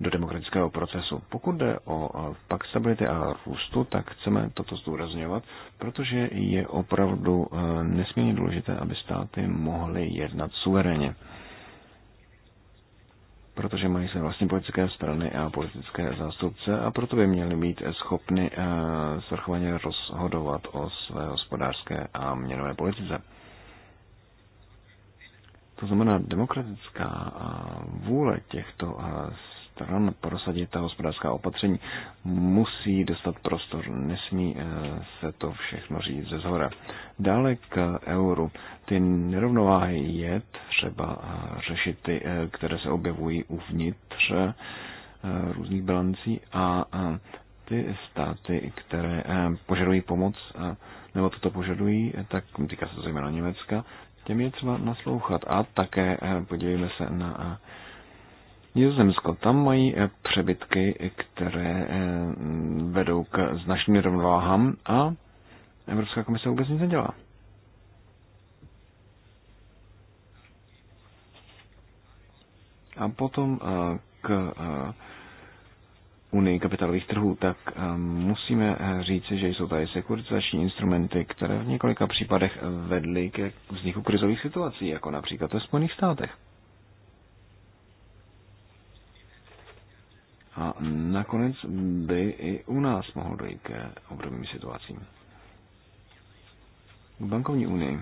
C: do demokratického procesu. Pokud jde o pak stability a růstu, tak chceme toto zdůrazňovat, protože je opravdu nesmírně důležité, aby státy mohly jednat suverénně protože mají své vlastní politické strany a politické zástupce a proto by měli být schopni eh, svrchovaně rozhodovat o své hospodářské a měnové politice. To znamená, demokratická eh, vůle těchto eh, stran prosadit ta hospodářská opatření, musí dostat prostor, nesmí eh, se to všechno říct ze zhora. Dále k euru. Ty nerovnováhy je třeba eh, řešit ty, eh, které se objevují uvnitř různých bilancí a ty státy, které požadují pomoc, nebo toto požadují, tak týká se to zejména Německa, těm je třeba naslouchat. A také podívejme se na Nizozemsko, tam mají eh, přebytky, které eh, vedou k značným rovnováhám a Evropská komise vůbec nic nedělá. A potom eh, k unii kapitálových trhů, tak musíme říci, že jsou tady sekuritizační instrumenty, které v několika případech vedly k vzniku krizových situací, jako například ve Spojených státech. A nakonec by i u nás mohlo dojít ke obdobným situacím. K bankovní unii.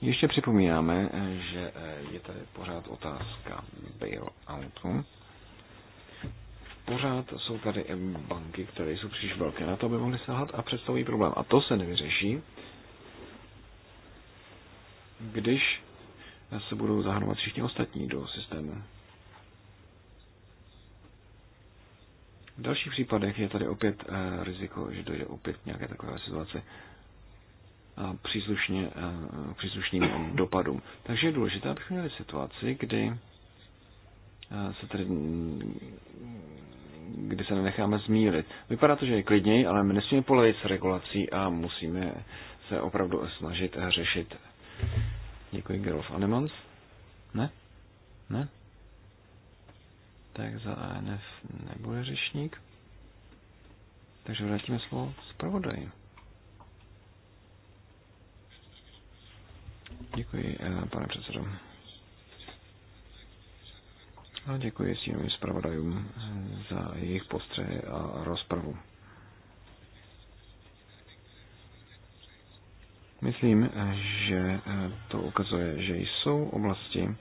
C: Ještě připomínáme, že je tady pořád otázka bailoutu. Pořád jsou tady banky, které jsou příliš velké na to, aby mohly selhat a představují problém. A to se nevyřeší, když se budou zahrnovat všichni ostatní do systému. V dalších případech je tady opět eh, riziko, že dojde opět nějaké takové situace a příslušně, eh, příslušným dopadům. Takže je důležité, abychom měli situaci, kdy eh, se tedy, kdy se nenecháme zmílit. Vypadá to, že je klidněji, ale my nesmíme polevit s regulací a musíme se opravdu snažit řešit. Děkuji, Gerolf Anemans. Ne? Ne? tak za ANF nebude řečník. Takže vrátíme slovo zpravodaji. Děkuji, eh, pane předsedo. A děkuji svým zpravodajům eh, za jejich postřehy a rozpravu. Myslím, eh, že to ukazuje, že jsou oblasti,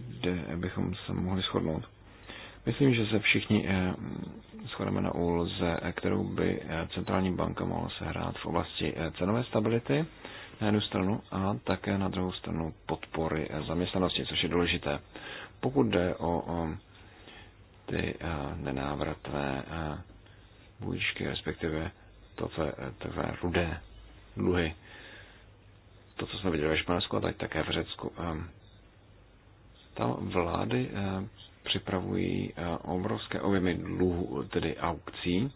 C: kde bychom se mohli shodnout. Myslím, že se všichni eh, shodeme na úloze, eh, kterou by eh, centrální banka mohla sehrát v oblasti cenové stability na jednu stranu a také na druhou stranu podpory zaměstnanosti, což je důležité. Pokud jde o ty nenávratné bůjčky, respektive to, co je takové rudé dluhy, to, co jsme viděli ve Španělsku a teď také v Řecku, tam vlády eh, připravují eh, obrovské objemy dluhu, tedy aukcí,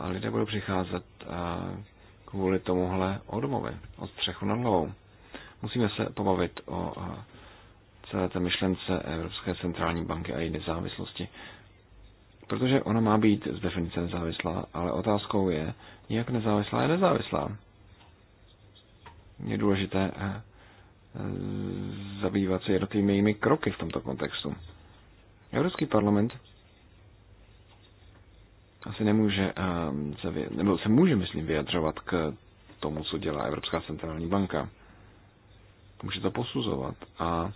C: a lidé budou přicházet eh, kvůli tomuhle o domovy, o střechu nad hlavou. Musíme se pobavit o celé té myšlence Evropské centrální banky a její nezávislosti. Protože ona má být z definice nezávislá, ale otázkou je, jak nezávislá je nezávislá. Je důležité zabývat se jednotlivými kroky v tomto kontextu. Evropský parlament asi nemůže eh, se, nebo se může, myslím, vyjadřovat k tomu, co dělá Evropská centrální banka. Může to posuzovat a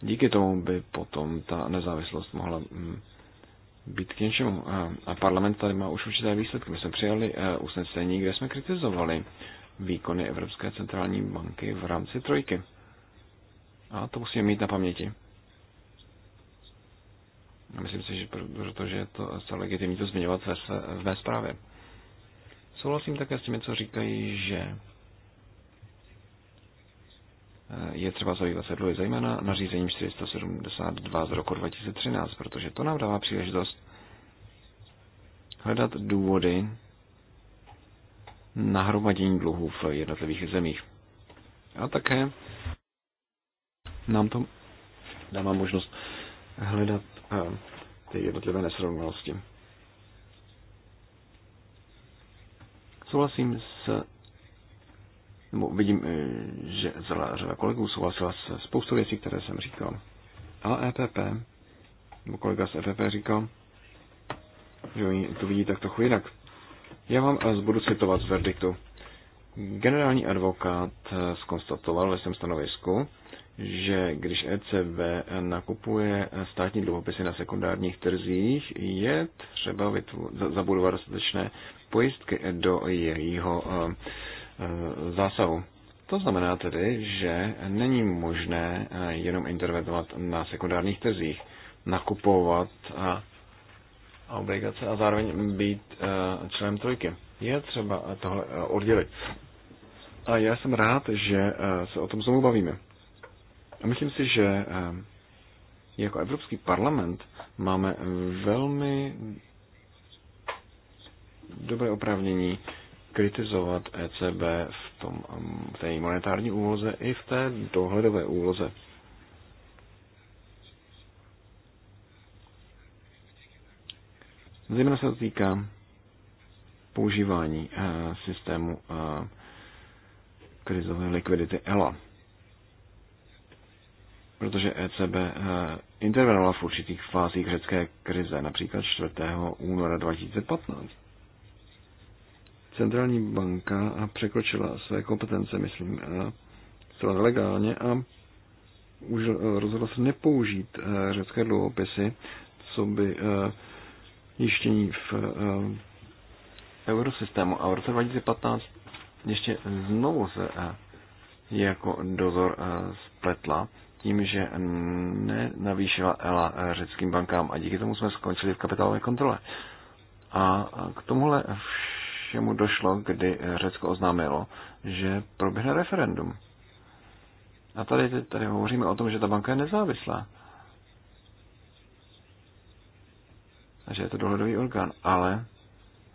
C: díky tomu by potom ta nezávislost mohla hm, být k něčemu. A parlament tady má už určité výsledky. My jsme přijali eh, usnesení, kde jsme kritizovali výkony Evropské centrální banky v rámci trojky. A to musíme mít na paměti. A myslím si, že protože je to zcela legitimní to zmiňovat ve, své, v mé zprávě. Souhlasím také s těmi, co říkají, že eh, je třeba zabývat se dluhy, zejména nařízením 472 z roku 2013, protože to nám dává příležitost hledat důvody nahromadění dluhů v jednotlivých zemích. A také nám to dává možnost hledat eh, ty jednotlivé nesrovnalosti. Souhlasím s nebo vidím, eh, že celá řada kolegů souhlasila s spoustou věcí, které jsem říkal. Ale EPP, nebo kolega z EPP říkal, že oni to vidí tak trochu jinak. Já vám eh, budu citovat z verdiktu. Generální advokát skonstatoval eh, ve svém stanovisku, že když ECB nakupuje eh, státní dluhopisy na sekundárních trzích, je třeba zabudovat dostatečné pojistky do jejího zásahu. To znamená tedy, že není možné jenom intervenovat na sekundárních trzích, nakupovat a a obligace a zároveň být eh, členem trojky. Je třeba tohle eh, oddělit. A já jsem rád, že eh, se o tom znovu bavíme. A myslím si, že jako Evropský parlament máme velmi dobré oprávnění kritizovat ECB v, tom, v té monetární úloze i v té dohledové úloze. Zejména se to týká používání eh, systému eh, krizové likvidity ELA. Protože ECB eh, intervenovala v určitých fázích řecké krize, například 4. února 2015. Centrální banka překročila své kompetence, myslím, zcela legálně a už rozhodla se nepoužít řecké dluhopisy, co by jištění v eh, eurosystému. A v roce 2015 ještě znovu se eh, jako dozor eh, spletla tím, že nenavýšila ELA řeckým bankám a díky tomu jsme skončili v kapitálové kontrole. A k tomuhle všemu došlo, kdy Řecko oznámilo, že proběhne referendum. A tady, tady hovoříme o tom, že ta banka je nezávislá. a že je to dohledový orgán, ale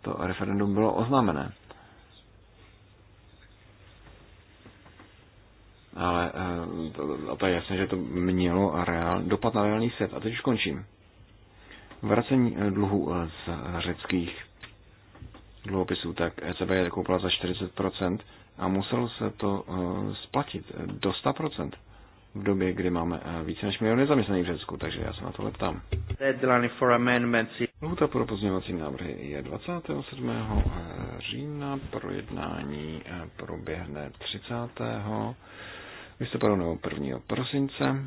C: to referendum bylo oznámené. Ale eh, a to je jasné, že to mělo reál, dopad na reálný svět. A teď už končím. Vracení eh, dluhu eh, z řeckých dluhopisů, tak ECB je koupila za 40% a muselo se to splatit do 100% v době, kdy máme eh, více než milion nezaměstnaných v Řecku, takže já se na to ptám. Lhuta pro pozměňovací návrhy je 27. Eh, října, projednání eh, proběhne 30. listopadu nebo 1. prosince.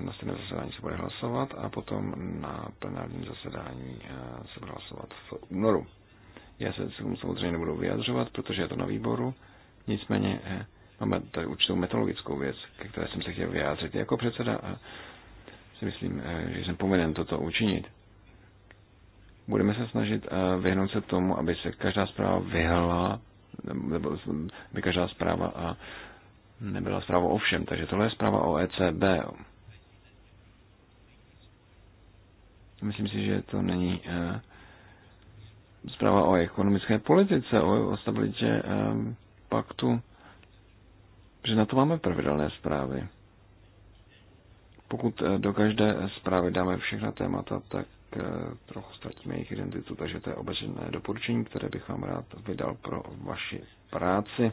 C: Na stejné zasedání se bude hlasovat a potom na plenárním zasedání se bude hlasovat v únoru. Já se samozřejmě nebudu vyjadřovat, protože je to na výboru Nicméně eh, máme tady určitou metodologickou věc, ke které jsem se chtěl vyjádřit. Jako předseda eh, si myslím, eh, že jsem povinen toto učinit. Budeme se snažit vyhnout se tomu, aby se každá zpráva vyhla, nebo by každá zpráva a nebyla zpráva o všem. Takže tohle je zpráva o ECB. Myslím si, že to není zpráva o ekonomické politice, o, stabilitě paktu, že na to máme pravidelné zprávy. Pokud eh, do každé zprávy dáme všechna témata, tak eh, trochu ztratíme jejich identitu, takže to je obecné doporučení, které bych vám rád vydal pro vaši práci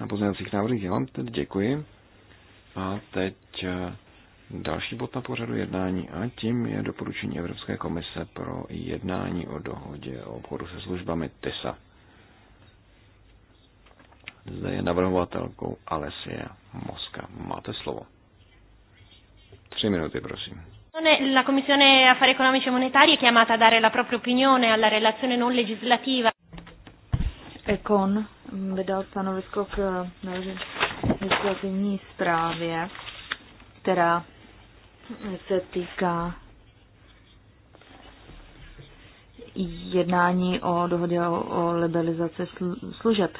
C: na pozměňovacích návrhích. Já vám tedy děkuji. A teď eh, další bod na pořadu jednání a tím je doporučení Evropské komise pro jednání o dohodě o obchodu se službami TISA. Zde je navrhovatelkou Alessia Moska. Máte slovo. Tři minuty, prosím.
D: La Commissione Affari Economici e Monetari
C: è chiamata a dare la propria opinione alla relazione non legislativa.
D: Econ vydal stanovisko k legislativní zprávě, která se týká jednání o dohodě o, o liberalizaci služeb.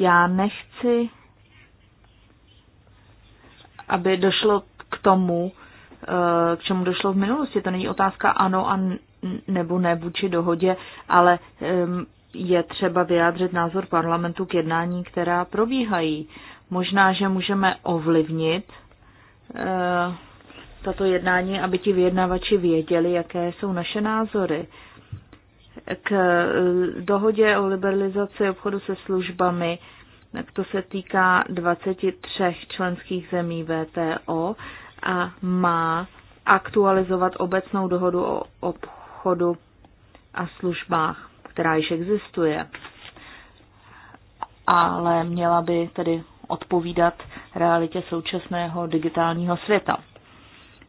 D: Já nechci, aby došlo k tomu, eh, k čemu došlo v minulosti. To není otázka ano a nebo ne vůči dohodě, ale je třeba vyjádřit názor parlamentu k jednání, která probíhají. Možná, že můžeme ovlivnit eh, tato jednání, aby ti vyjednavači věděli, jaké jsou naše názory k eh, dohodě o liberalizaci obchodu se službami, tak to se týká 23 členských zemí VTO a má aktualizovat obecnou dohodu o obchodu a službách, která již existuje. Ale měla by tedy odpovídat realitě současného digitálního světa.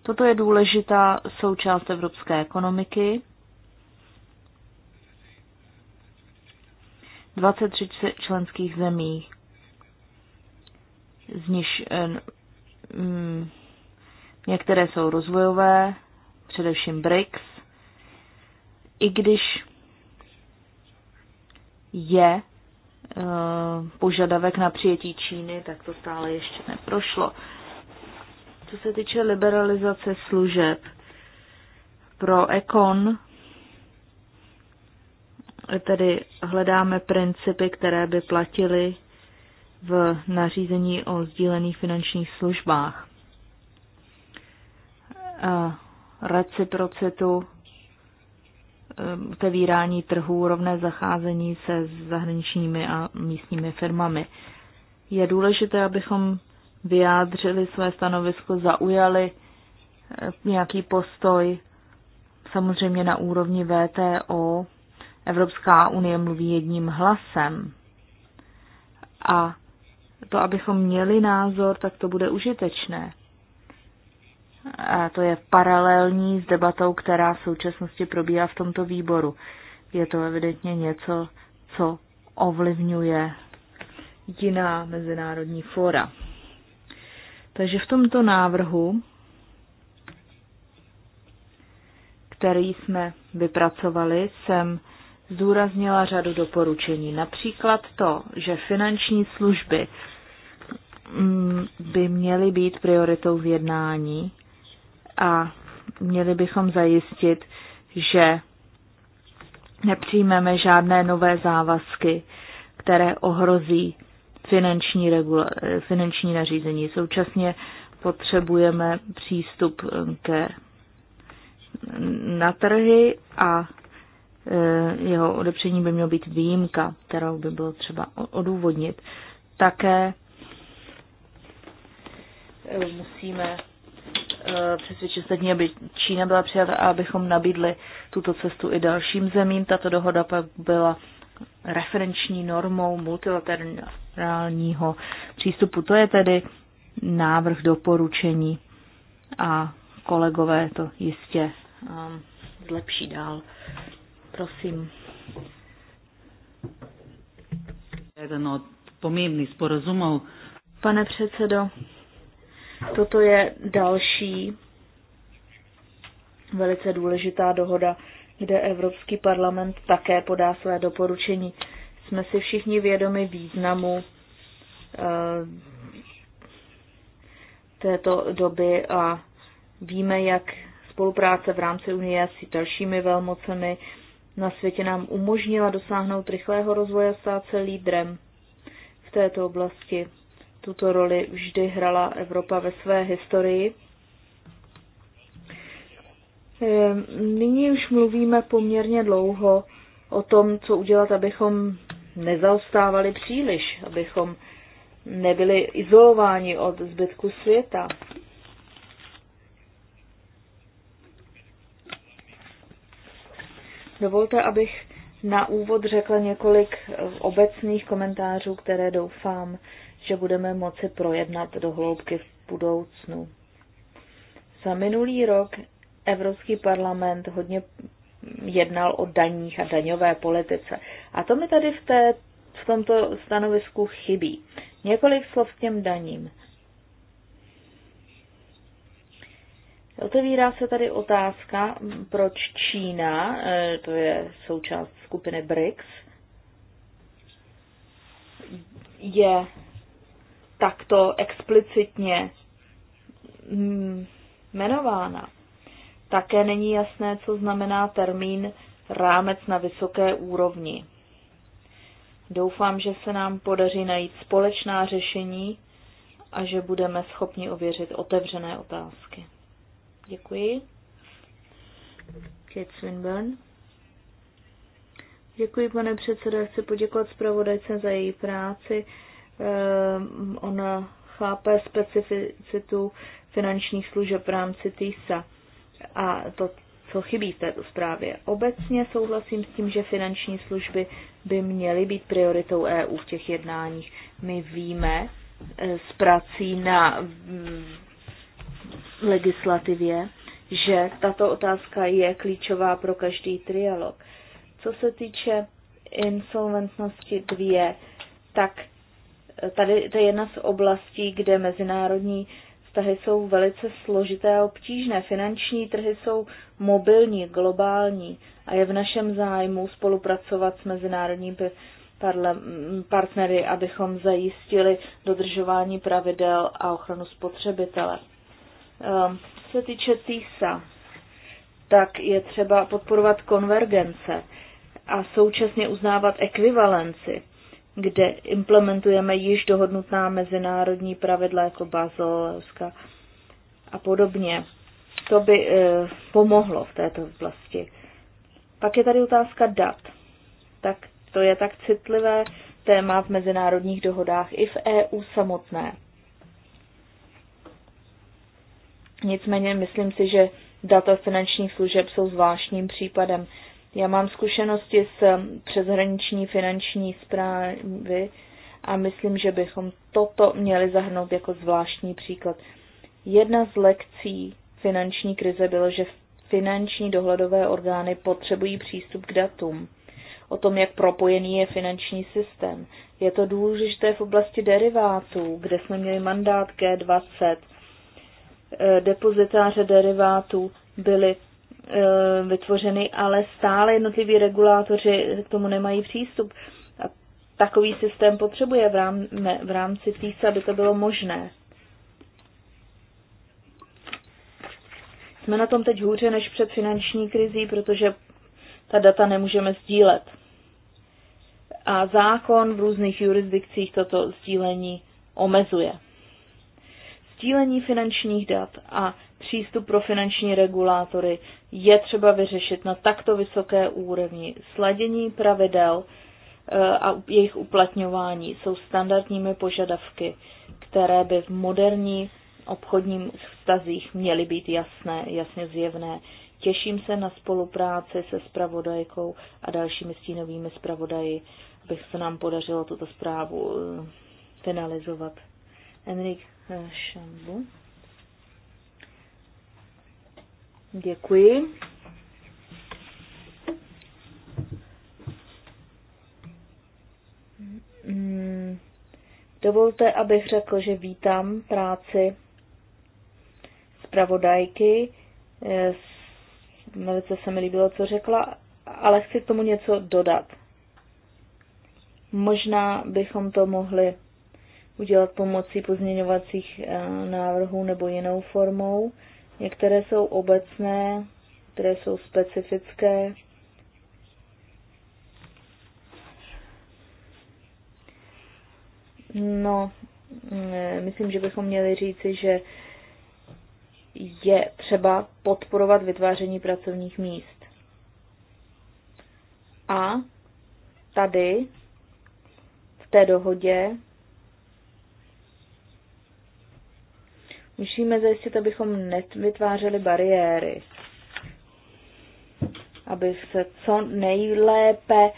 D: Toto je důležitá součást evropské ekonomiky 23 členských zemí, z nich eh, mm, některé jsou rozvojové, především BRICS, i když je eh, požadavek na přijetí Číny, tak to stále ještě neprošlo. Co se týče liberalizace služeb pro Econ, tedy hledáme principy, které by platily v nařízení o sdílených finančních službách. Reciprocitu, eh, otevírání trhů, rovné zacházení se zahraničními a místními firmami. Je důležité, abychom vyjádřili své stanovisko, zaujali eh, nějaký postoj, samozřejmě na úrovni VTO, Evropská unie mluví jedním hlasem. A to, abychom měli názor, tak to bude užitečné. A to je paralelní s debatou, která v současnosti probíhá v tomto výboru. Je to evidentně něco, co ovlivňuje jiná mezinárodní fora. Takže v tomto návrhu, který jsme vypracovali, jsem zdůraznila řadu doporučení. Například to, že finanční služby mm, by měly být prioritou v jednání a měli bychom zajistit, že nepřijmeme žádné nové závazky, které ohrozí finanční, regula- finanční nařízení. Současně potřebujeme přístup eh, ke na trhy a Eh, jeho odepření by mělo být výjimka, kterou by bylo třeba odůvodnit. Také eh, musíme eh, přesvědčit ostatní, aby Čína byla přijata a abychom nabídli tuto cestu i dalším zemím. Tato dohoda pak byla referenční normou multilaterálního přístupu. To je tedy návrh doporučení a kolegové to jistě um, zlepší dál. Prosím. Jeden od pomembných sporazumů. Pane předsedo, toto je další velice důležitá dohoda, kde Evropský parlament také podá své doporučení. Jsme si všichni vědomi významu eh, této doby a víme, jak spolupráce v rámci Unie s dalšími velmocemi na světě nám umožnila dosáhnout rychlého rozvoje a stát se lídrem v této oblasti. Tuto roli vždy hrala Evropa ve své historii. Ehm, nyní už mluvíme poměrně dlouho o tom, co udělat, abychom nezaostávali příliš, abychom nebyli izolováni od zbytku světa. Dovolte, abych na úvod řekla několik obecných komentářů, které doufám, že budeme moci projednat do hloubky v budoucnu. Za minulý rok Evropský parlament hodně jednal o daních a daňové politice. A to mi tady v, té, v tomto stanovisku chybí. Několik slov k těm daním. Otevírá se tady otázka, proč Čína, eh, to je součást skupiny BRICS, je takto explicitně hm, jmenována. Také není jasné, co znamená termín rámec na vysoké úrovni. Doufám, že se nám podaří najít společná řešení a že budeme schopni ověřit otevřené otázky. Děkuji. Kate Swinburne. Děkuji, pane předsedo. Já chci poděkovat zpravodajce za její práci. Ehm, ona chápe specificitu finančních služeb v rámci TISA a to, co chybí v této zprávě. Obecně souhlasím s tím, že finanční služby by měly být prioritou EU v těch jednáních. My víme z eh, prací na legislativě, že tato otázka je klíčová pro každý trialog. Co se týče insolventnosti dvě, tak eh, tady to je jedna z oblastí, kde mezinárodní vztahy jsou velice složité a obtížné. Finanční trhy jsou mobilní, globální a je v našem zájmu spolupracovat s mezinárodními partnery, abychom zajistili dodržování pravidel a ochranu spotřebitele. Ehm, co se týče TISA, tak je třeba podporovat konvergence a současně uznávat ekvivalenci, kde implementujeme již dohodnutá mezinárodní pravidla jako Basel, a podobně. To by eh, pomohlo v této oblasti. Pak je tady otázka dat. Tak to je tak citlivé téma v mezinárodních dohodách i v EU samotné. Nicméně myslím si, že data finančních služeb jsou zvláštním případem. Já mám zkušenosti s přeshraniční finanční zprávy a myslím, že bychom toto měli zahrnout jako zvláštní příklad. Jedna z lekcí finanční krize bylo, že finanční dohledové orgány potřebují přístup k datům o tom, jak propojený je finanční systém. Je to důležité v oblasti derivátů, kde jsme měli mandát G20 Eh, depozitáře derivátů byly eh, vytvořeny, ale stále jednotliví regulátoři k tomu nemají přístup. A takový systém potřebuje v, rám, ne, v rámci TISA, aby to bylo možné. Jsme na tom teď hůře než před finanční krizí, protože ta data nemůžeme sdílet. A zákon v různých jurisdikcích toto sdílení omezuje sdílení finančních dat a přístup pro finanční regulátory je třeba vyřešit na takto vysoké úrovni. Sladění pravidel eh, a jejich uplatňování jsou standardními požadavky, které by v moderní obchodním vztazích měly být jasné, jasně zjevné. Těším se na spolupráci se spravodajkou a dalšími stínovými spravodaji, abych se nám podařilo tuto zprávu eh, finalizovat. Enrique. Šambu. Děkuji. Hmm. Dovolte, abych řekl, že vítám práci zpravodajky. Velice se mi líbilo, co řekla, ale chci k tomu něco dodat. Možná bychom to mohli udělat pomocí pozměňovacích eh, návrhů nebo jinou formou. Některé jsou obecné, které jsou specifické. No, mm, eh, myslím, že bychom měli říci, že je třeba podporovat vytváření pracovních míst. A tady v té dohodě Musíme zajistit, abychom nevytvářeli bariéry, aby se co nejlépe,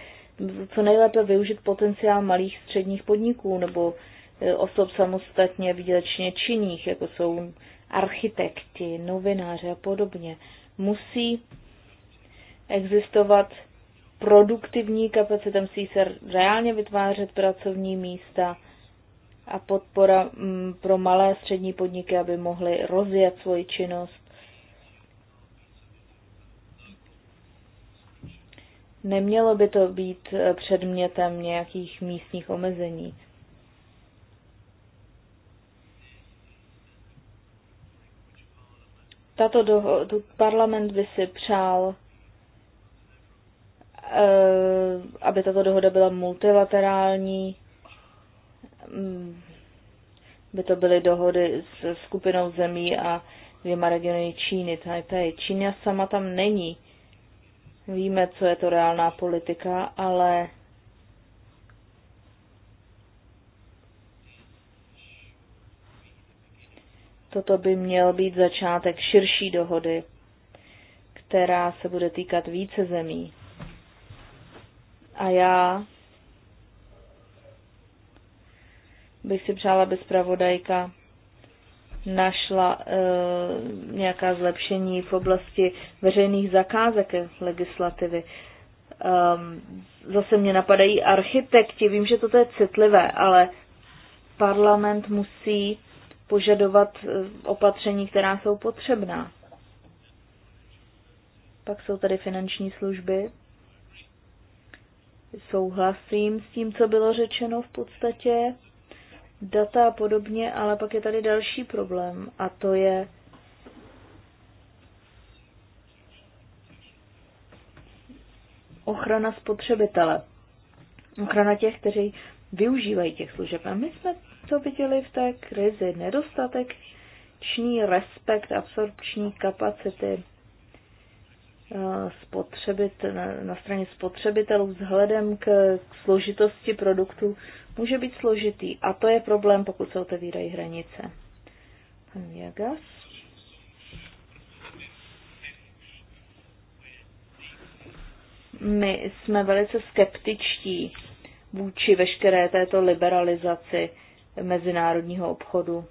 D: co nejlépe využít potenciál malých středních podniků nebo e, osob samostatně výdělečně činných, jako jsou architekti, novináři a podobně. Musí existovat produktivní kapacita, musí se reálně vytvářet pracovní místa, a podpora mm, pro malé a střední podniky, aby mohly rozjet svoji činnost. Nemělo by to být eh, předmětem nějakých místních omezení. Tato tu parlament by si přál, eh, aby tato dohoda byla multilaterální, Mm, by to byly dohody s skupinou zemí a dvěma regiony Číny, Taipei. Čína sama tam není. Víme, co je to reálná politika, ale toto by měl být začátek širší dohody, která se bude týkat více zemí. A já bych si přála, aby zpravodajka našla e, nějaká zlepšení v oblasti veřejných zakázek legislativy. E, zase mě napadají architekti, vím, že toto je citlivé, ale parlament musí požadovat eh, opatření, která jsou potřebná. Pak jsou tady finanční služby. Souhlasím s tím, co bylo řečeno v podstatě data a podobně, ale pak je tady další problém a to je ochrana spotřebitele. Ochrana těch, kteří využívají těch služeb. A my jsme to viděli v té krizi. Nedostatek respekt absorpční kapacity eh, spotřebit, na straně spotřebitelů vzhledem k složitosti produktů může být složitý a to je problém, pokud se otevírají hranice. Pan Jagas. My jsme velice skeptičtí vůči veškeré této liberalizaci mezinárodního obchodu.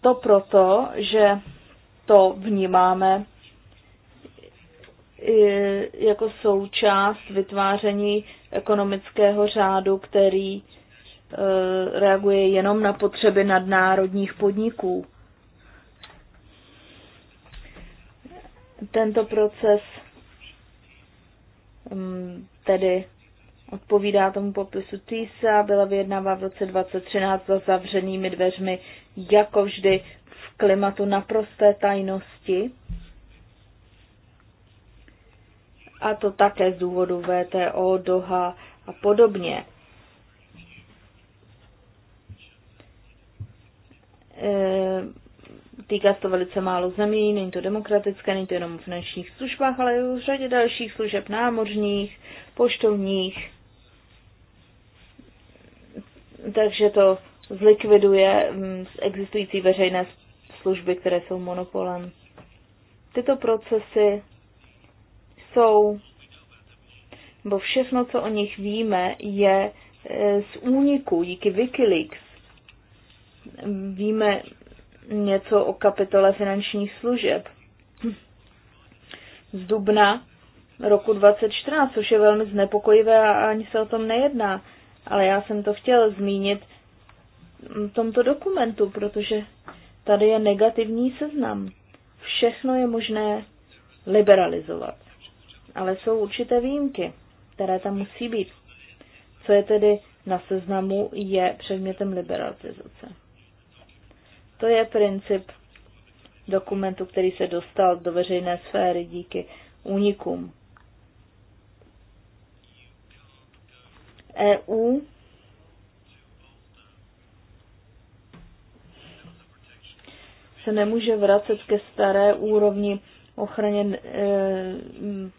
D: To proto, že to vnímáme jako součást vytváření ekonomického řádu, který e, reaguje jenom na potřeby nadnárodních podniků. Tento proces mm, tedy odpovídá tomu popisu TISA, byla vyjednává v roce 2013 za zavřenými dveřmi, jako vždy v klimatu naprosté tajnosti. a to také z důvodu VTO, Doha a podobně. E, týká se to velice málo zemí, není to demokratické, není to jenom v finančních službách, ale i v řadě dalších služeb námořních, poštovních. Takže to zlikviduje mm, existující veřejné služby, které jsou monopolem. Tyto procesy jsou, nebo všechno, co o nich víme, je e, z úniku díky Wikileaks. Víme něco o kapitole finančních služeb z dubna roku 2014, což je velmi znepokojivé a ani se o tom nejedná. Ale já jsem to chtěl zmínit v tomto dokumentu, protože tady je negativní seznam. Všechno je možné liberalizovat ale jsou určité výjimky, které tam musí být. Co je tedy na seznamu, je předmětem liberalizace. To je princip dokumentu, který se dostal do veřejné sféry díky únikům. EU se nemůže vracet ke staré úrovni ochraně e,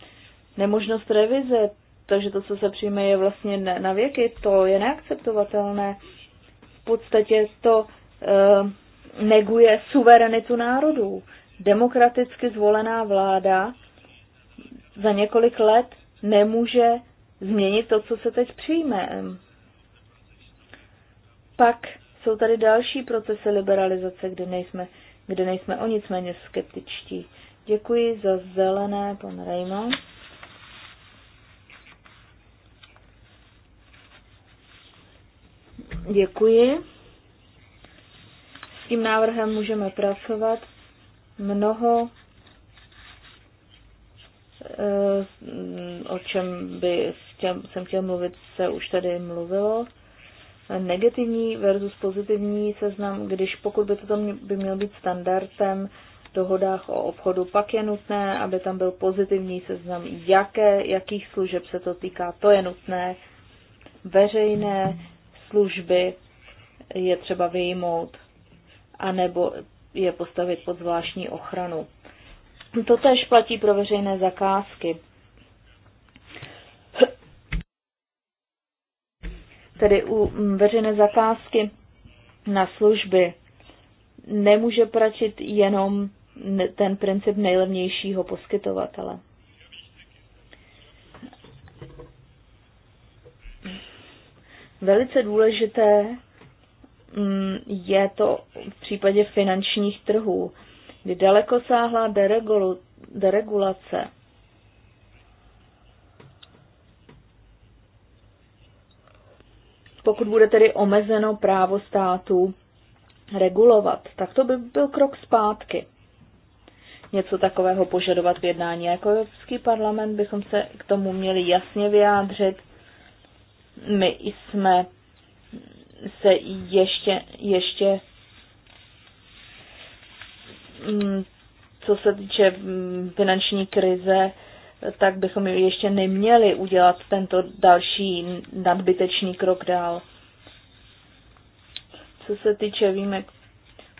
D: nemožnost revize, takže to, co se přijme, je vlastně na věky, to je neakceptovatelné. V podstatě to e, neguje suverenitu národů. Demokraticky zvolená vláda za několik let nemůže změnit to, co se teď přijme. Pak jsou tady další procesy liberalizace, kde nejsme, kde nejsme o nic méně skeptičtí. Děkuji za zelené, pan Raymond. Děkuji. S tím návrhem můžeme pracovat. Mnoho, eh, o čem by chtěl, jsem chtěl mluvit, se už tady mluvilo. Negativní versus pozitivní seznam, když pokud by to by měl být standardem, dohodách o obchodu, pak je nutné, aby tam byl pozitivní seznam, jaké, jakých služeb se to týká. To je nutné. Veřejné služby je třeba vyjmout, anebo je postavit pod zvláštní ochranu. To tež platí pro veřejné zakázky. Tedy u mm, veřejné zakázky na služby nemůže pračit jenom ten princip nejlevnějšího poskytovatele. Velice důležité mm, je to v případě finančních trhů, kdy daleko sáhla deregulace pokud bude tedy omezeno právo státu regulovat, tak to by byl krok zpátky. Něco takového požadovat v jednání jako Evropský parlament bychom se k tomu měli jasně vyjádřit my jsme se ještě, ještě mm, co se týče mm, finanční krize, tak bychom ještě neměli udělat tento další nadbytečný krok dál. Co se týče výjimek,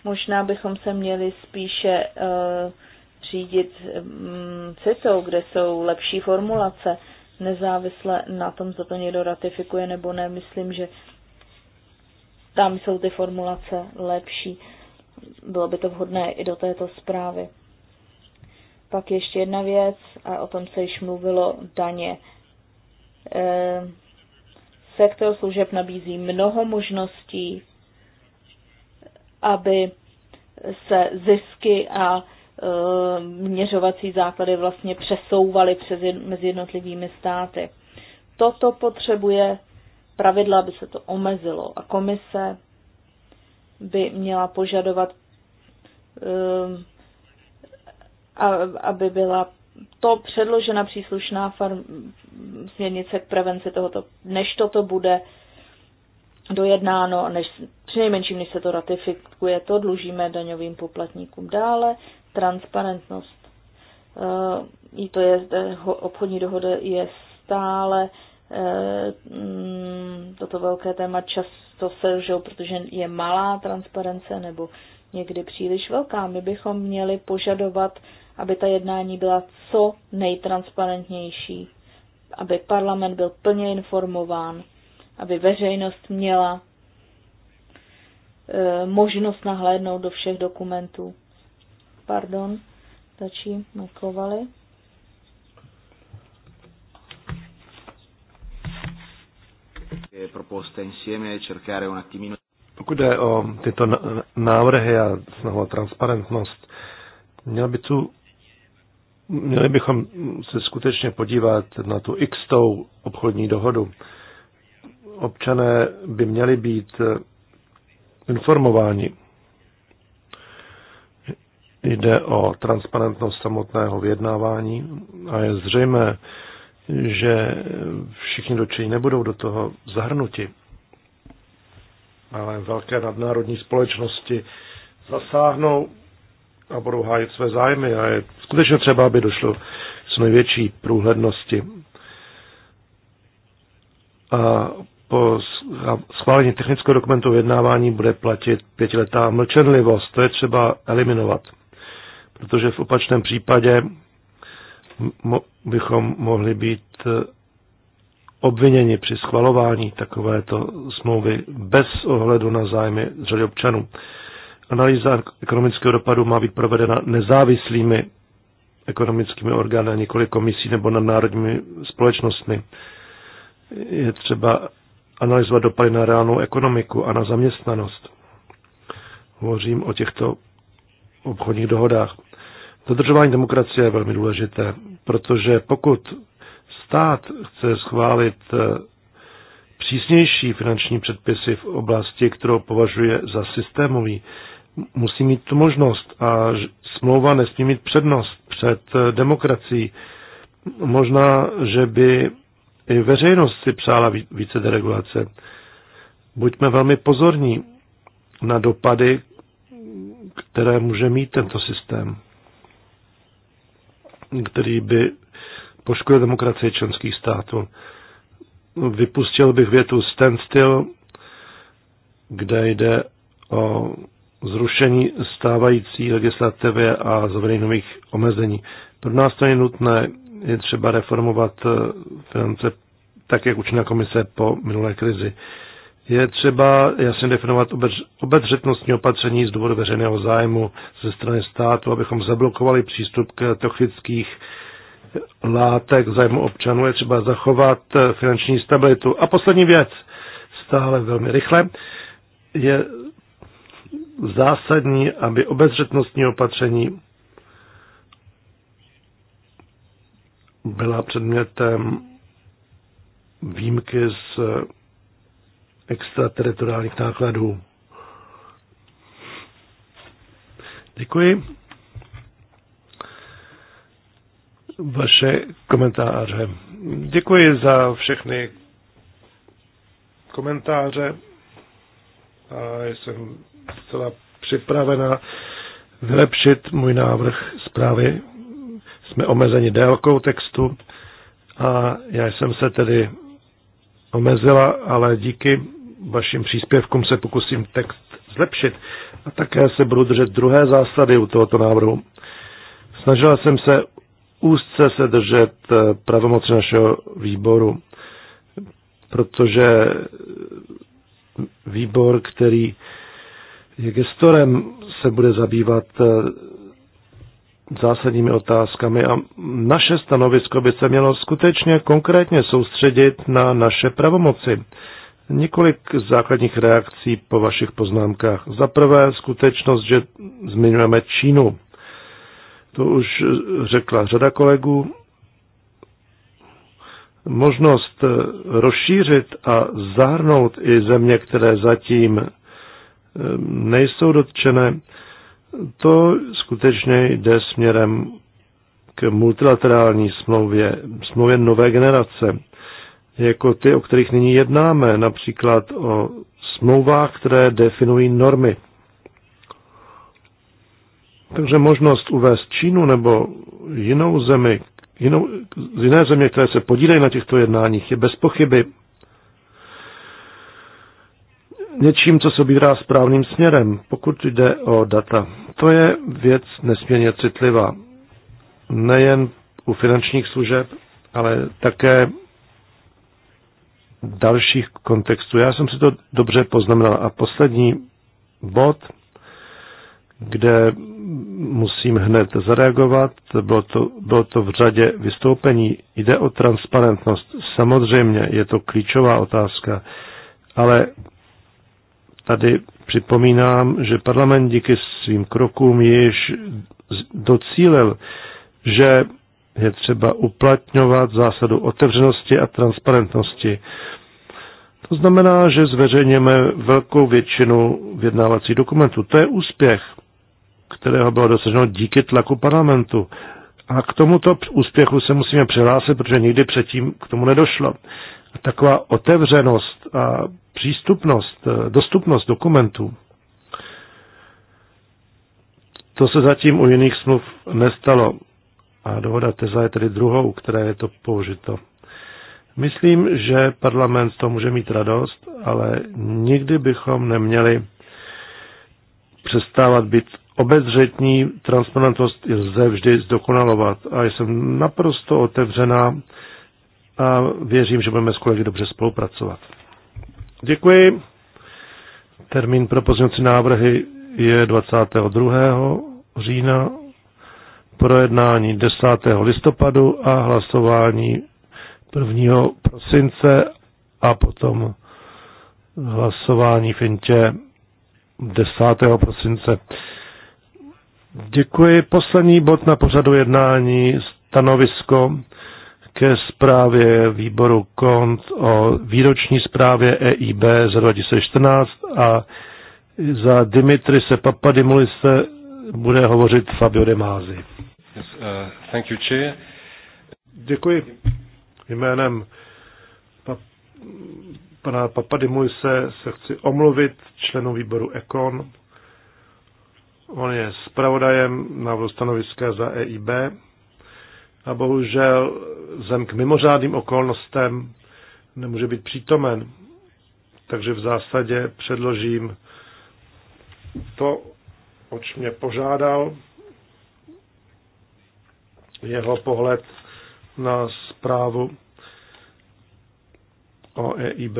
D: možná bychom se měli spíše uh, řídit um, cestou, kde jsou lepší formulace nezávisle na tom, zda to někdo ratifikuje nebo ne. Myslím, že tam jsou ty formulace lepší. Bylo by to vhodné i do této zprávy. Pak ještě jedna věc, a o tom se již mluvilo, daně. E, sektor služeb nabízí mnoho možností, aby se zisky a Eh, měřovací základy vlastně přesouvaly přes, mezi jednotlivými státy. Toto potřebuje pravidla, aby se to omezilo a komise by měla požadovat, eh, aby byla to předložena příslušná farm, směrnice k prevenci tohoto, než toto bude dojednáno, než, přinejmenším než se to ratifikuje, to dlužíme daňovým poplatníkům dále transparentnost. Eh, I to je, eh, obchodní dohoda je stále eh, mm, toto velké téma často selžou, protože je malá transparence nebo někdy příliš velká. My bychom měli požadovat, aby ta jednání byla co nejtransparentnější, aby parlament byl plně informován, aby veřejnost měla možnost nahlédnout do všech dokumentů pardon, stačí makovali.
B: pokud jde o tyto návrhy a snahu o transparentnost, měl by tu, měli bychom se skutečně podívat na tu x tou obchodní dohodu. Občané by měli být informováni Jde o transparentnost samotného vyjednávání a je zřejmé, že všichni dočení nebudou do toho zahrnuti. Ale velké nadnárodní společnosti zasáhnou a budou hájit své zájmy a je skutečně třeba, aby došlo s největší průhlednosti. A po schválení technického dokumentu vyjednávání bude platit pětiletá mlčenlivost. To je třeba eliminovat protože v opačném případě bychom mohli být eh, obviněni při schvalování takovéto smlouvy bez ohledu na zájmy řady občanů. Analýza ekonomického dopadu má být provedena nezávislými ekonomickými orgány, nikoli komisí nebo nad národními společnostmi. Je třeba analyzovat dopady na reálnou ekonomiku a na zaměstnanost. Hovořím o těchto obchodních dohodách. Dodržování demokracie je velmi důležité, protože pokud stát chce schválit eh, přísnější finanční předpisy v oblasti, kterou považuje za systémový, musí mít tu možnost a smlouva nesmí mít přednost před eh, demokracií. Možná, že by i veřejnost si přála více deregulace. Buďme velmi pozorní na dopady, které může mít tento systém který by poškodil demokracii členských států. Vypustil bych větu standstill, kde jde o zrušení stávající legislativy a zavedení nových omezení. Pro nás to je nutné, je třeba reformovat eh, finance tak, jak učinila komise po minulé krizi je třeba jasně definovat obezřetnostní opatření z důvodu veřejného zájmu ze strany státu, abychom zablokovali přístup k toxických látek zájmu občanů. Je třeba zachovat finanční stabilitu. A poslední věc, stále velmi rychle, je zásadní, aby obezřetnostní opatření byla předmětem výjimky z extrateritoriálních nákladů. Děkuji. Vaše komentáře. Děkuji za všechny komentáře a jsem zcela připravena vylepšit můj návrh zprávy. Jsme omezeni délkou textu a já jsem se tedy omezila, ale díky vašim příspěvkům se pokusím text zlepšit a také se budu držet druhé zásady u tohoto návrhu. Snažila jsem se úzce se držet eh, pravomoci našeho výboru, protože výbor, který je gestorem, se bude zabývat eh, zásadními otázkami a naše stanovisko by se mělo skutečně konkrétně soustředit na naše pravomoci. Několik základních reakcí po vašich poznámkách. Za prvé skutečnost, že zmiňujeme Čínu. To už řekla řada kolegů. Možnost rozšířit a zahrnout i země, které zatím eh, nejsou dotčené, to skutečně jde směrem k multilaterální smlouvě, smlouvě nové generace jako ty, o kterých nyní jednáme, například o smlouvách, které definují normy. Takže možnost uvést Čínu nebo jinou zemi, jinou, z jiné země, které se podílejí na těchto jednáních, je bez pochyby něčím, co se obírá správným směrem, pokud jde o data. To je věc nesmírně citlivá. Nejen u finančních služeb, ale také dalších kontextů. Já jsem si to dobře poznamenal. A poslední bod, kde musím hned zareagovat, bylo to, bylo to v řadě vystoupení. Jde o transparentnost. Samozřejmě je to klíčová otázka, ale tady připomínám, že parlament díky svým krokům již docílil, že je třeba uplatňovat zásadu otevřenosti a transparentnosti. To znamená, že zveřejněme velkou většinu vyjednávacích dokumentů. To je úspěch, kterého bylo dosaženo díky tlaku parlamentu. A k tomuto úspěchu se musíme přihlásit, protože nikdy předtím k tomu nedošlo. A taková otevřenost a přístupnost, dostupnost dokumentů, to se zatím u jiných smluv nestalo. A dohoda TESA je tedy druhou, která je to použito. Myslím, že parlament to může mít radost, ale nikdy bychom neměli přestávat být obezřetní. Transparentnost lze vždy zdokonalovat a jsem naprosto otevřená a věřím, že budeme s kolegy dobře spolupracovat. Děkuji. Termín pro pozměňovací návrhy je 22. října projednání 10. listopadu a hlasování 1. prosince a potom hlasování Fintě 10. prosince. Děkuji. Poslední bod na pořadu jednání, stanovisko ke zprávě výboru KONT o výroční zprávě EIB za 2014 a za Dimitrise Papadimulise bude hovořit Fabio De Mázi. Yes, uh, thank you, Chair. Děkuji. Jménem pa, pana Papadimujse se chci omluvit členu výboru EKON. On je zpravodajem na stanoviska za EIB a bohužel zem k mimořádným okolnostem nemůže být přítomen. Takže v zásadě předložím to, oč mě požádal. Jeho pohled na zprávu o EIB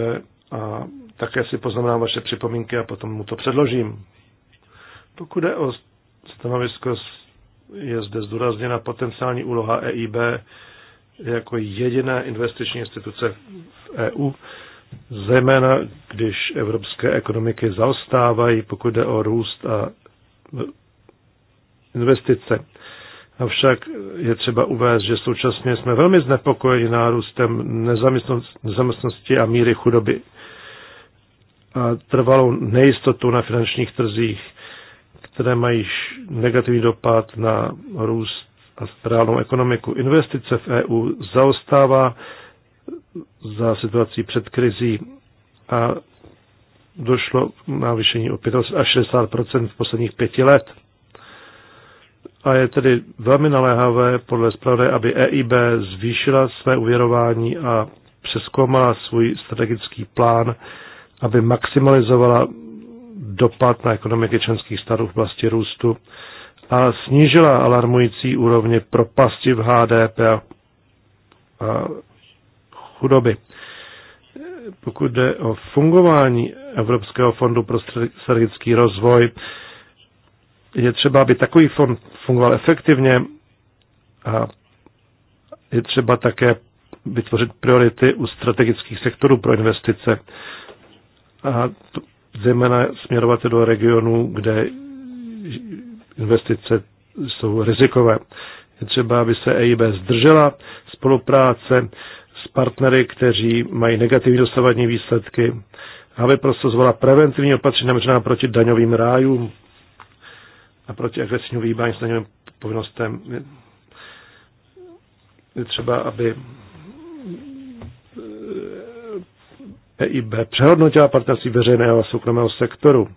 B: a také si poznamenám vaše připomínky a potom mu to předložím. Pokud je o stanovisko, je zde zdůrazněna potenciální úloha EIB jako jediné investiční instituce v EU, zejména když evropské ekonomiky zaostávají, pokud jde o růst a investice. Avšak je třeba uvést, že současně jsme velmi znepokojeni nárůstem nezaměstnosti a míry chudoby a trvalou nejistotu na finančních trzích, které mají negativní dopad na růst a reálnou ekonomiku. Investice v EU zaostává za situací před krizí a došlo k navýšení o 65 až 60 v posledních pěti let. A je tedy velmi naléhavé podle zpravodaje, aby EIB zvýšila své uvěrování a přeskoumala svůj strategický plán, aby maximalizovala dopad na ekonomiky členských států v oblasti růstu a snížila alarmující úrovně propasti v HDP a chudoby pokud jde o fungování Evropského fondu pro strategický rozvoj, je třeba, aby takový fond fungoval efektivně a je třeba také vytvořit priority u strategických sektorů pro investice a to, zejména směrovat do regionů, kde investice jsou rizikové. Je třeba, aby se EIB zdržela spolupráce s partnery, kteří mají negativní dosavadní výsledky, aby prosazovala preventivní opatření namřená proti daňovým rájům a proti agresivnímu výbání s daňovým povinnostem. Je třeba, aby PIB eh, e přehodnotila partnerství veřejného a soukromého sektoru.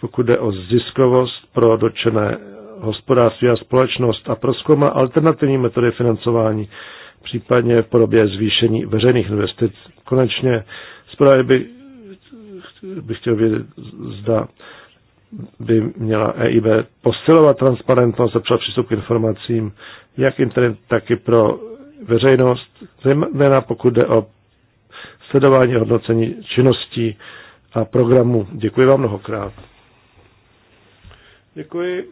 B: Pokud jde o ziskovost pro dočené hospodářství a společnost a proskouma alternativní metody financování, případně v podobě zvýšení veřejných investic. Konečně zprávě by, bych chtěl vědět, zda by měla EIB posilovat transparentnost a přístup k informacím, jak internet, tak i pro veřejnost, zejména pokud jde o sledování a hodnocení činností a programu Děkuji vám mnohokrát. Děkuji.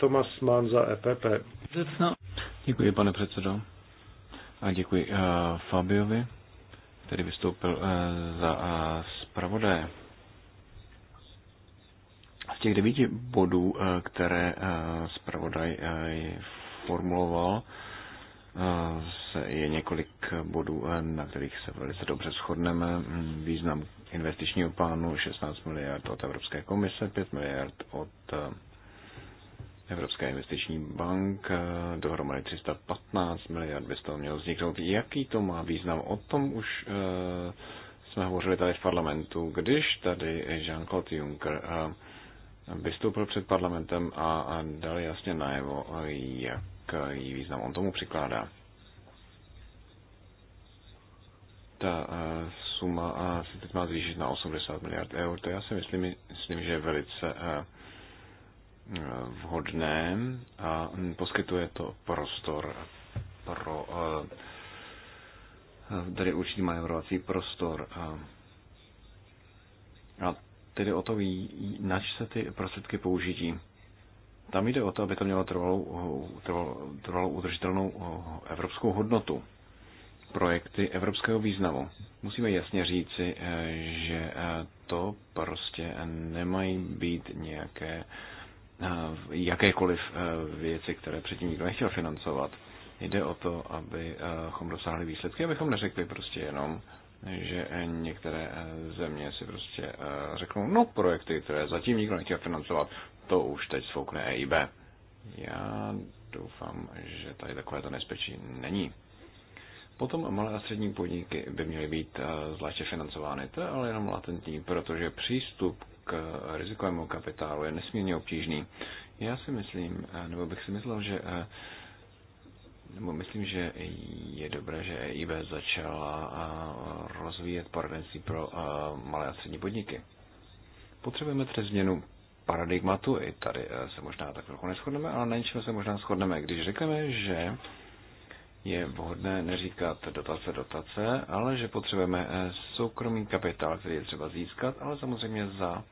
B: Tomas Mann za EPP.
C: Děkuji, pane předsedo. A děkuji uh, Fabiovi, který vystoupil uh, za uh, zpravodaje. Z těch devíti bodů, uh, které uh, zpravodaj uh, formuloval, je několik bodů, na kterých se velice dobře shodneme. Mm, význam investičního plánu 16 miliard od Evropské komise, 5 miliard od Evropská investiční bank, dohromady 315 miliard by z toho mělo vzniknout. Jaký to má význam? O tom už eh, jsme hovořili tady v parlamentu, když tady Jean-Claude Juncker eh, vystoupil před parlamentem a dal jasně najevo, jaký význam on tomu přikládá. Ta eh, suma se teď má zvýšit na 80 miliard eur. To já si myslím, myslím že je velice vhodné a poskytuje to prostor pro eh, tedy určitý manevrovací prostor. A tedy o to, nač se ty prostředky použití. Tam jde o to, aby to mělo trvalou, trvalou, trvalou udržitelnou eh, evropskou hodnotu. Projekty evropského významu. Musíme jasně říci, eh, že to prostě nemají být nějaké Eh, jakékoliv eh, věci, které předtím nikdo nechtěl financovat. Jde o to, abychom dosáhli výsledky, abychom neřekli prostě jenom, že některé eh, země si prostě řeknou, no projekty, které zatím nikdo nechtěl financovat, to už teď svoukne EIB. Já doufám, že tady takové to nebezpečí není. Potom malé a střední podniky by měly být zvláště financovány. To je ale jenom latentní, protože přístup k rizikovému kapitálu je nesmírně obtížný. Já si myslím, nebo bych si myslel, že nebo myslím, že je dobré, že EIB začala rozvíjet poradenství pro malé a střední podniky. Potřebujeme tedy změnu paradigmatu, i tady e, se možná tak trochu neschodneme, ale na něčem se možná shodneme, když řekneme, že je vhodné neříkat dotace, dotace, ale že potřebujeme eh, soukromý kapitál, který je třeba získat, ale samozřejmě za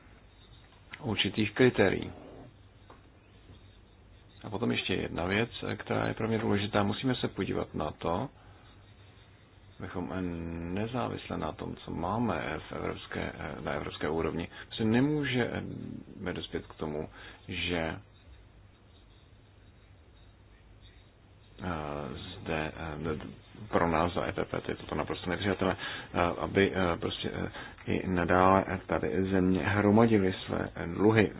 C: určitých kritérií. A potom ještě jedna věc, eh, která je pro mě důležitá. Musíme se podívat na to, abychom eh, nezávisle na tom, co máme v evropské, na evropské úrovni, se nemůžeme dospět k tomu, že zde eh, pro nás za EPP, to je toto naprosto nepřijatelné, eh, aby eh, prostě i nadále tady země hromadily své dluhy.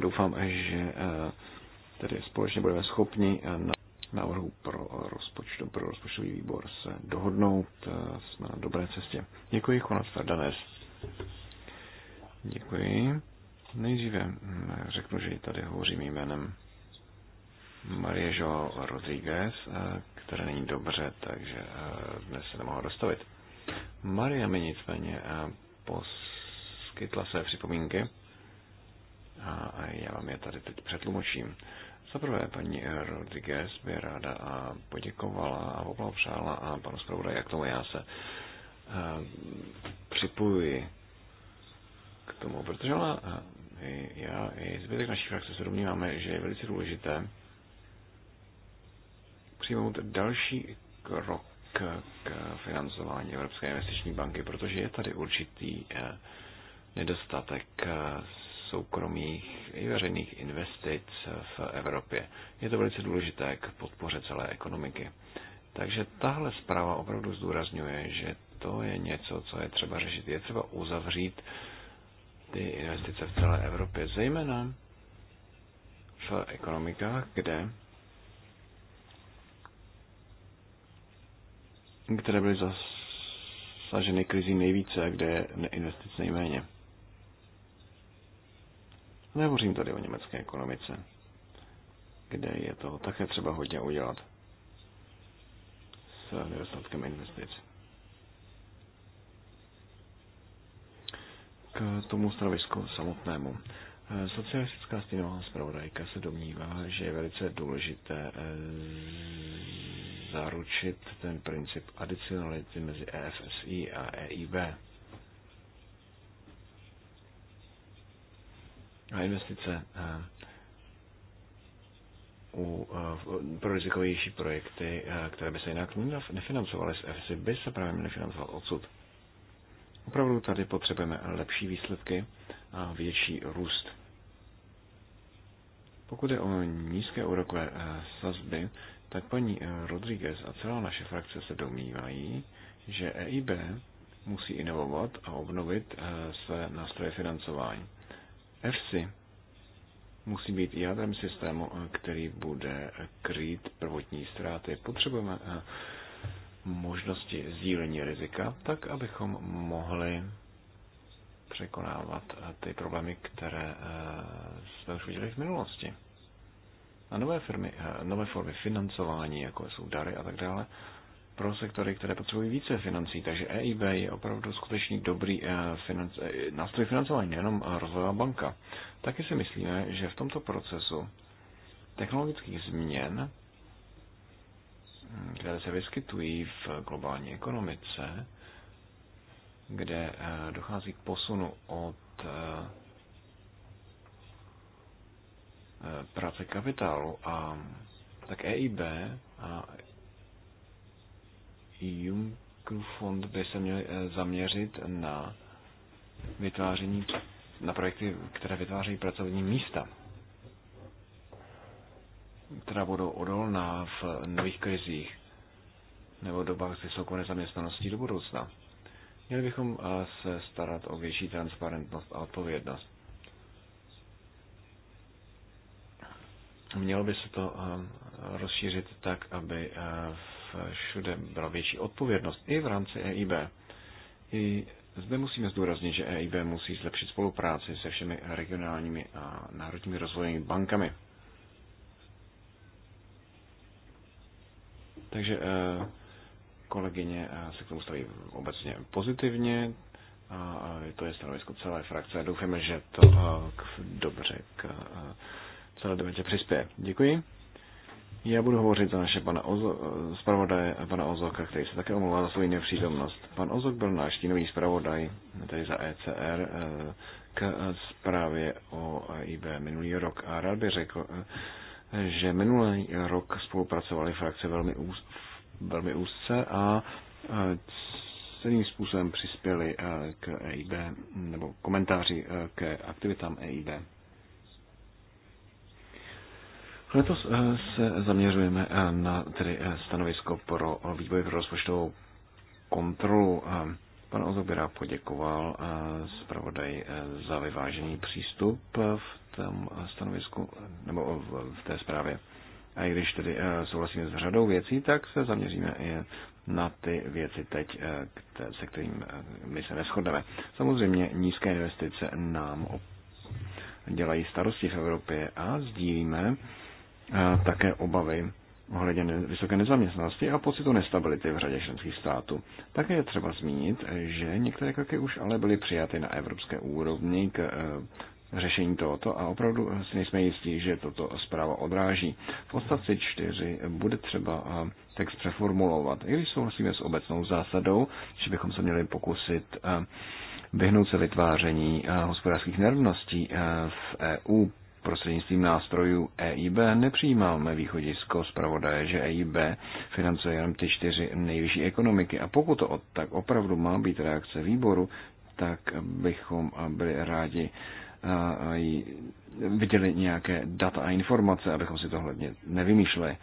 C: Doufám, že tedy společně budeme schopni na návrhu pro, rozpočtu, pro rozpočtový výbor se dohodnout. Jsme na dobré cestě. Děkuji, konec Ferdanes. Děkuji. Nejdříve hm, řeknu, že tady hovořím jménem Marie Jo Rodriguez, eh, která není dobře, takže eh, dnes se nemohla dostavit. Maria mi nicméně eh, poskytla své připomínky a já vám je tady teď přetlumočím. Za prvé, paní Rodriguez by ráda poděkovala a poblahopřála a panu zpravodaj, jak tomu já se připojuji k tomu, protože ona, i já i zbytek naší frakce se domníváme, že je velice důležité, přijmout další krok k financování Evropské investiční banky, protože je tady určitý eh, nedostatek eh, soukromých i veřejných investic v Evropě. Je to velice důležité k podpoře celé ekonomiky. Takže tahle zpráva opravdu zdůrazňuje, že to je něco, co je třeba řešit. Je třeba uzavřít ty investice v celé Evropě, zejména v ekonomikách, kde které byly zasaženy krizí nejvíce a kde je neinvestic nejméně. Nehovořím tady o německé ekonomice, kde je to také třeba hodně udělat s nedostatkem investic. K tomu stanovisku samotnému. Eh, socialistická stínová zpravodajka se domnívá, že je velice důležité eh, zaručit ten princip adicionality mezi EFSI a EIB. A investice eh, u, pro rizikovější projekty, které by se jinak nefinancovaly z EFSI, by se právě nefinancoval financovat odsud. Opravdu tady potřebujeme lepší výsledky a větší růst. Pokud je o nízké úrokové eh, sazby, tak paní eh, Rodriguez a celá naše frakce se domnívají, že EIB musí inovovat a obnovit eh, své nástroje financování. EFSI musí být jádrem systému, který bude krýt prvotní ztráty. Potřebujeme možnosti sdílení rizika, tak abychom mohli překonávat eh, ty problémy, které eh, jsme už viděli v minulosti. A nové, firmy, eh, nové formy financování, jako jsou dary a tak dále, pro sektory, které potřebují více financí. Takže EIB je opravdu skutečně dobrý financ, nástroj financování, nejenom rozvojová banka. Taky si myslíme, že v tomto procesu technologických změn, mm, které se vyskytují v globální ekonomice, kde eh, dochází k posunu od eh, eh, práce kapitálu a tak EIB a Juncker fond by se měl zaměřit na vytváření, na projekty, které vytvářejí pracovní místa, která budou odolná v nových krizích nebo dobách s vysokou nezaměstnaností do budoucna. Měli bychom eh, se starat o větší transparentnost a odpovědnost. Mělo by se to eh, rozšířit tak, aby eh, všude byla větší odpovědnost i v rámci EIB. I zde musíme zdůraznit, že EIB musí zlepšit spolupráci se všemi regionálními a národními rozvojovými bankami. Takže Kolegyně eh, se k tomu staví obecně pozitivně. A to je stanovisko celé frakce. Doufáme, že to eh, k, dobře k eh, celé debatě přispěje. Děkuji. Já budu hovořit za naše pana Ozo, zpravodaje, pana Ozoka, který se také omlouvá za svou nepřítomnost. Pan Ozok byl náš tínový zpravodaj, tedy za ECR, k zprávě o e IB minulý rok. A rád bych řekl, že minulý rok spolupracovali frakce velmi úst, velmi úzce a celým způsobem přispěli e, k EIB nebo komentáři e, k aktivitám EIB. Letos e, se zaměřujeme na tedy stanovisko pro vývoj pro rozpočtovou kontrolu. Pan Ozobira poděkoval zpravodaj za vyvážený přístup v tom stanovisku nebo v té zprávě. A i když tedy eh, souhlasíme s řadou věcí, tak se zaměříme i na ty věci teď, eh, se kterými eh, my se neschodneme. Samozřejmě nízké investice nám dělají starosti v Evropě a sdílíme také obavy ohledně vysoké nezaměstnanosti a pocitu nestability v řadě členských států. Také je třeba zmínit, že některé kroky už ale byly přijaty na evropské úrovni k řešení tohoto a opravdu si nejsme jistí, že toto zpráva odráží. V odstavci 4 bude třeba text přeformulovat. I když souhlasíme s obecnou zásadou, že bychom se měli pokusit vyhnout se vytváření hospodářských nerovností v EU prostřednictvím nástrojů EIB, nepřijímáme východisko zpravodaje, že EIB financuje jenom ty čtyři nejvyšší ekonomiky. A pokud to tak opravdu má být reakce výboru, tak bychom byli rádi, Eh, eh, viděli nějaké data a informace, abychom si tohle nevymýšleli.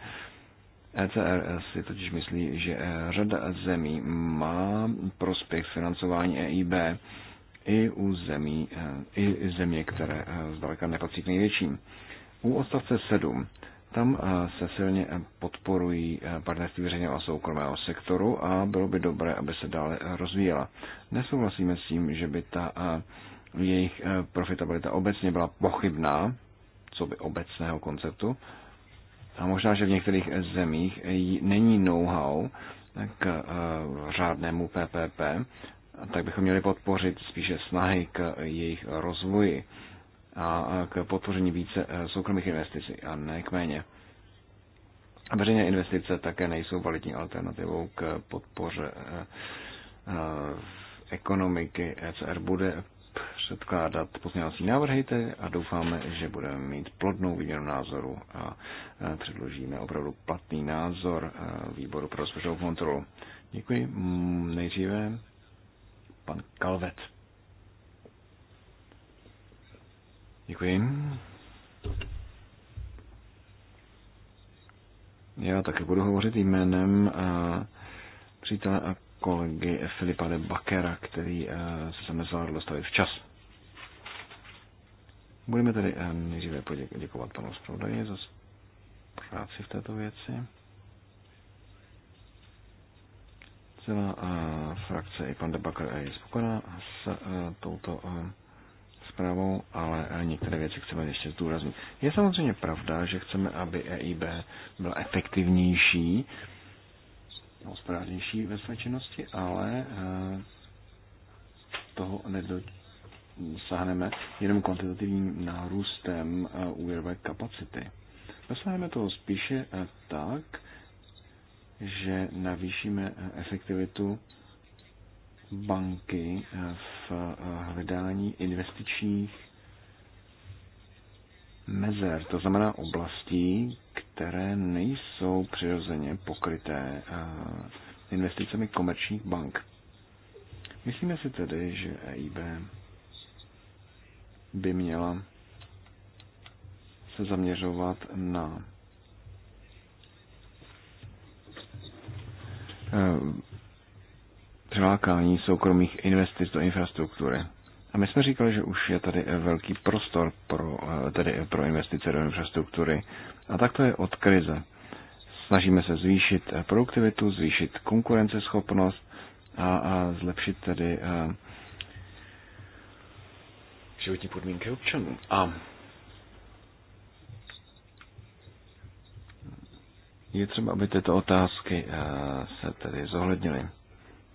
C: ECR si totiž myslí, že eh, řada zemí má prospěch financování EIB i u zemí, i země, které zdaleka nepatří k největším. U odstavce 7 tam se silně podporují partnerství veřejného a soukromého sektoru a bylo by dobré, aby se dále rozvíjela. Nesouhlasíme s tím, že by ta jejich eh, profitabilita obecně byla pochybná, co by obecného konceptu. A možná, že v některých eh, zemích eh, není know-how k řádnému PPP, tak bychom měli podpořit spíše snahy k jejich rozvoji a k podpoření více soukromých investic a ne k méně. A veřejné investice také nejsou validní alternativou k podpoře ekonomiky. ECR bude předkládat pozměňovací návrhy a doufáme, že budeme mít plodnou výměnu názoru a předložíme opravdu platný názor výboru pro rozpočtovou kontrolu. Děkuji. Mm, nejdříve pan Kalvet. Děkuji. Já také budu hovořit jménem přítele a kolegy Filipa de Bakera, který eh, se sem nezvládl dostavit včas. Budeme tedy eh, nejdříve poděkovat panu zpravodaji za práci v této věci. Celá eh, frakce i pan de Bakker je spokojená s touto zprávou, ale některé věci chceme ještě zdůraznit. Je samozřejmě pravda, že chceme, aby EIB byla efektivnější, hospodárnější ve své činnosti, ale eh, toho nedosáhneme jenom kvantitativním nárůstem eh, úvěrové kapacity. Dosáhneme toho spíše eh, tak, že navýšíme efektivitu banky v hledání investičních mezer, to znamená oblastí, které nejsou přirozeně pokryté eh, investicemi komerčních bank. Myslíme si tedy, že EIB by měla se zaměřovat na eh, přilákání soukromých investic do infrastruktury. A my jsme říkali, že už je tady velký prostor pro, eh, tedy pro investice do infrastruktury. A tak to je od krize. Snažíme se zvýšit eh, produktivitu, zvýšit konkurenceschopnost a, a zlepšit tedy a, eh, životní podmínky občanů. A je třeba, aby tyto otázky se tedy zohlednily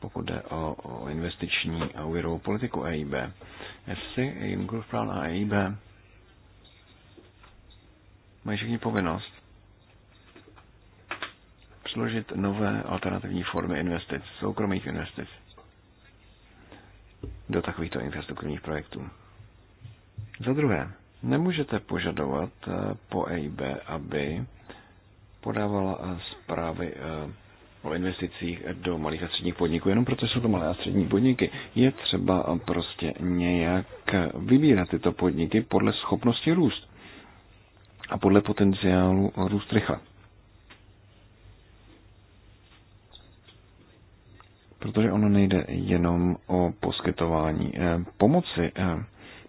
C: pokud jde o, o investiční a úvěrovou politiku EIB. EFSI, Junckerův plán a EIB mají všichni povinnost předložit nové alternativní formy investic, soukromých investic do takovýchto infrastrukturních projektů. Za druhé, nemůžete požadovat eh, po EIB, aby podávala eh, zprávy eh, o investicích do malých a středních podniků, jenom protože jsou to malé a střední podniky. Je třeba prostě nějak vybírat tyto podniky podle schopnosti růst a podle potenciálu růst rychle. Protože ono nejde jenom o poskytování eh, pomoci eh,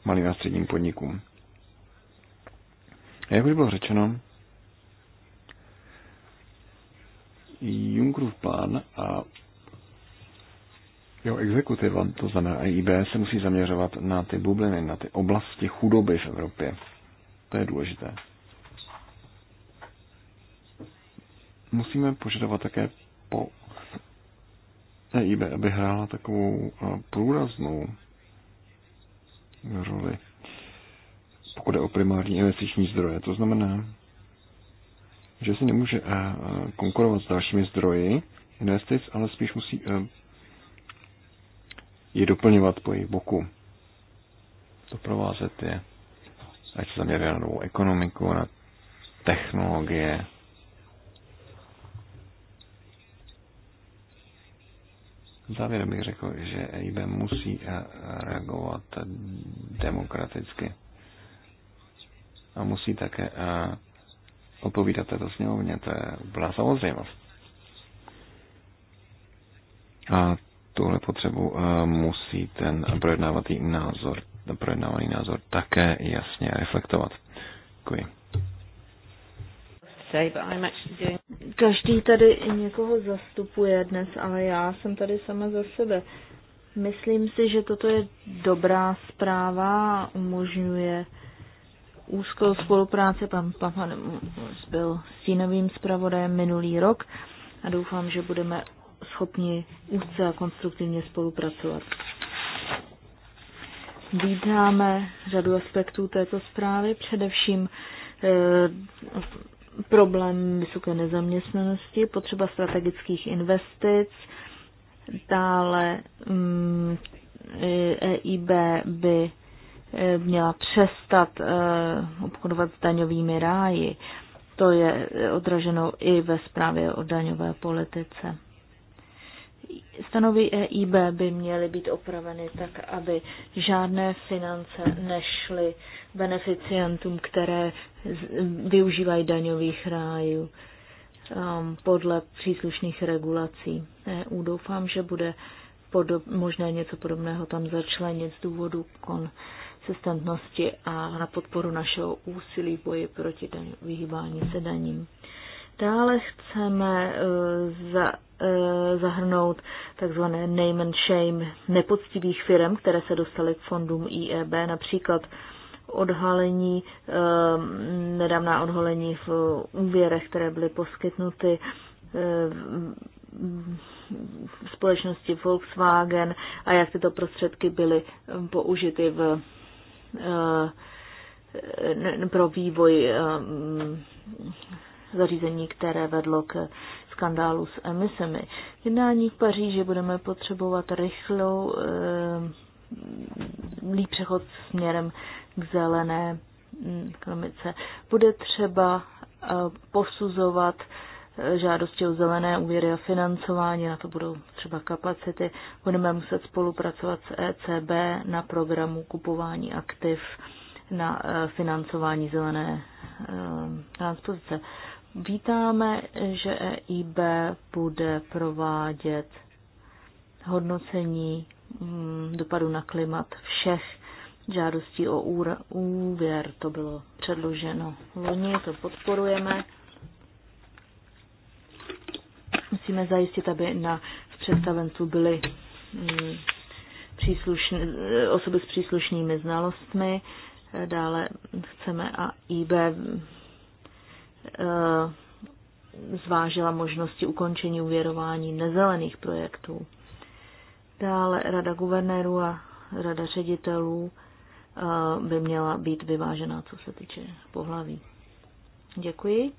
C: malým a středním podnikům. jak už bylo řečeno, Junckerův plán a jeho exekutiva, to znamená EIB, se musí zaměřovat na ty bubliny, na ty oblasti chudoby v Evropě. To je důležité. Musíme požadovat také po EIB, aby hrála takovou eh, průraznou roli, pokud je o primární investiční zdroje. To znamená, že si nemůže eh, konkurovat s dalšími zdroji investic, ale spíš musí eh, je doplňovat po jejich boku. Doprovázet je, ať se zaměřuje na novou ekonomiku, na technologie, Závěrem bych řekl, že EIB musí eh, reagovat demokraticky a musí také odpovídat této sněmovně, to je úplná samozřejmost. A tuhle potřebu eh, musí ten projednávatý názor, projednávaný názor také jasně reflektovat.
D: Děkuji. Každý tady někoho zastupuje dnes, ale já jsem tady sama za sebe. Myslím si, že toto je dobrá zpráva, umožňuje uh, úzkou spolupráci. Pan Pavan byl stínovým zpravodajem minulý rok a doufám, že budeme schopni úzce a konstruktivně spolupracovat. Vítáme řadu aspektů této zprávy, především e, problém vysoké nezaměstnanosti, potřeba strategických investic, dále mm, EIB eh, e by měla přestat eh, obchodovat s daňovými ráji. To je eh, odraženo i ve zprávě o daňové politice. Stanovy EIB by měly být opraveny tak, aby žádné finance nešly beneficientům, které využívají daňových rájů ehm, podle příslušných regulací EU. Doufám, že bude možné něco podobného tam začlenit z důvodu kon sestantnosti a na podporu našeho úsilí v boji proti daň, vyhýbání se daním. Dále chceme eh, za, eh, zahrnout takzvané name and shame nepoctivých firm, které se dostaly k fondům IEB, například odhalení, eh, nedávná odhalení v úvěrech, které byly poskytnuty společnosti Volkswagen a jak tyto prostředky byly použity v Eh, pro vývoj eh, mm, zařízení, které vedlo k skandálu s emisemi. Jednání v Paříži budeme potřebovat rychlou eh, mm, líp přechod směrem k zelené mm, ekonomice. Bude třeba posuzovat žádosti o zelené úvěry a financování, na to budou třeba kapacity. Budeme muset spolupracovat s ECB na programu kupování aktiv na eh, financování zelené eh, transpozice. Vítáme, že EIB bude provádět hodnocení mm, dopadu na klimat všech žádostí o úvěr. To bylo předloženo loni, to podporujeme. Musíme zajistit, aby na, v představenstvu byly mm, příslušný, osoby s příslušnými znalostmi. Dále chceme, a IB e, zvážila možnosti ukončení uvěrování nezelených projektů. Dále Rada guvernérů a Rada ředitelů e, by měla být vyvážená, co se týče pohlaví. Děkuji.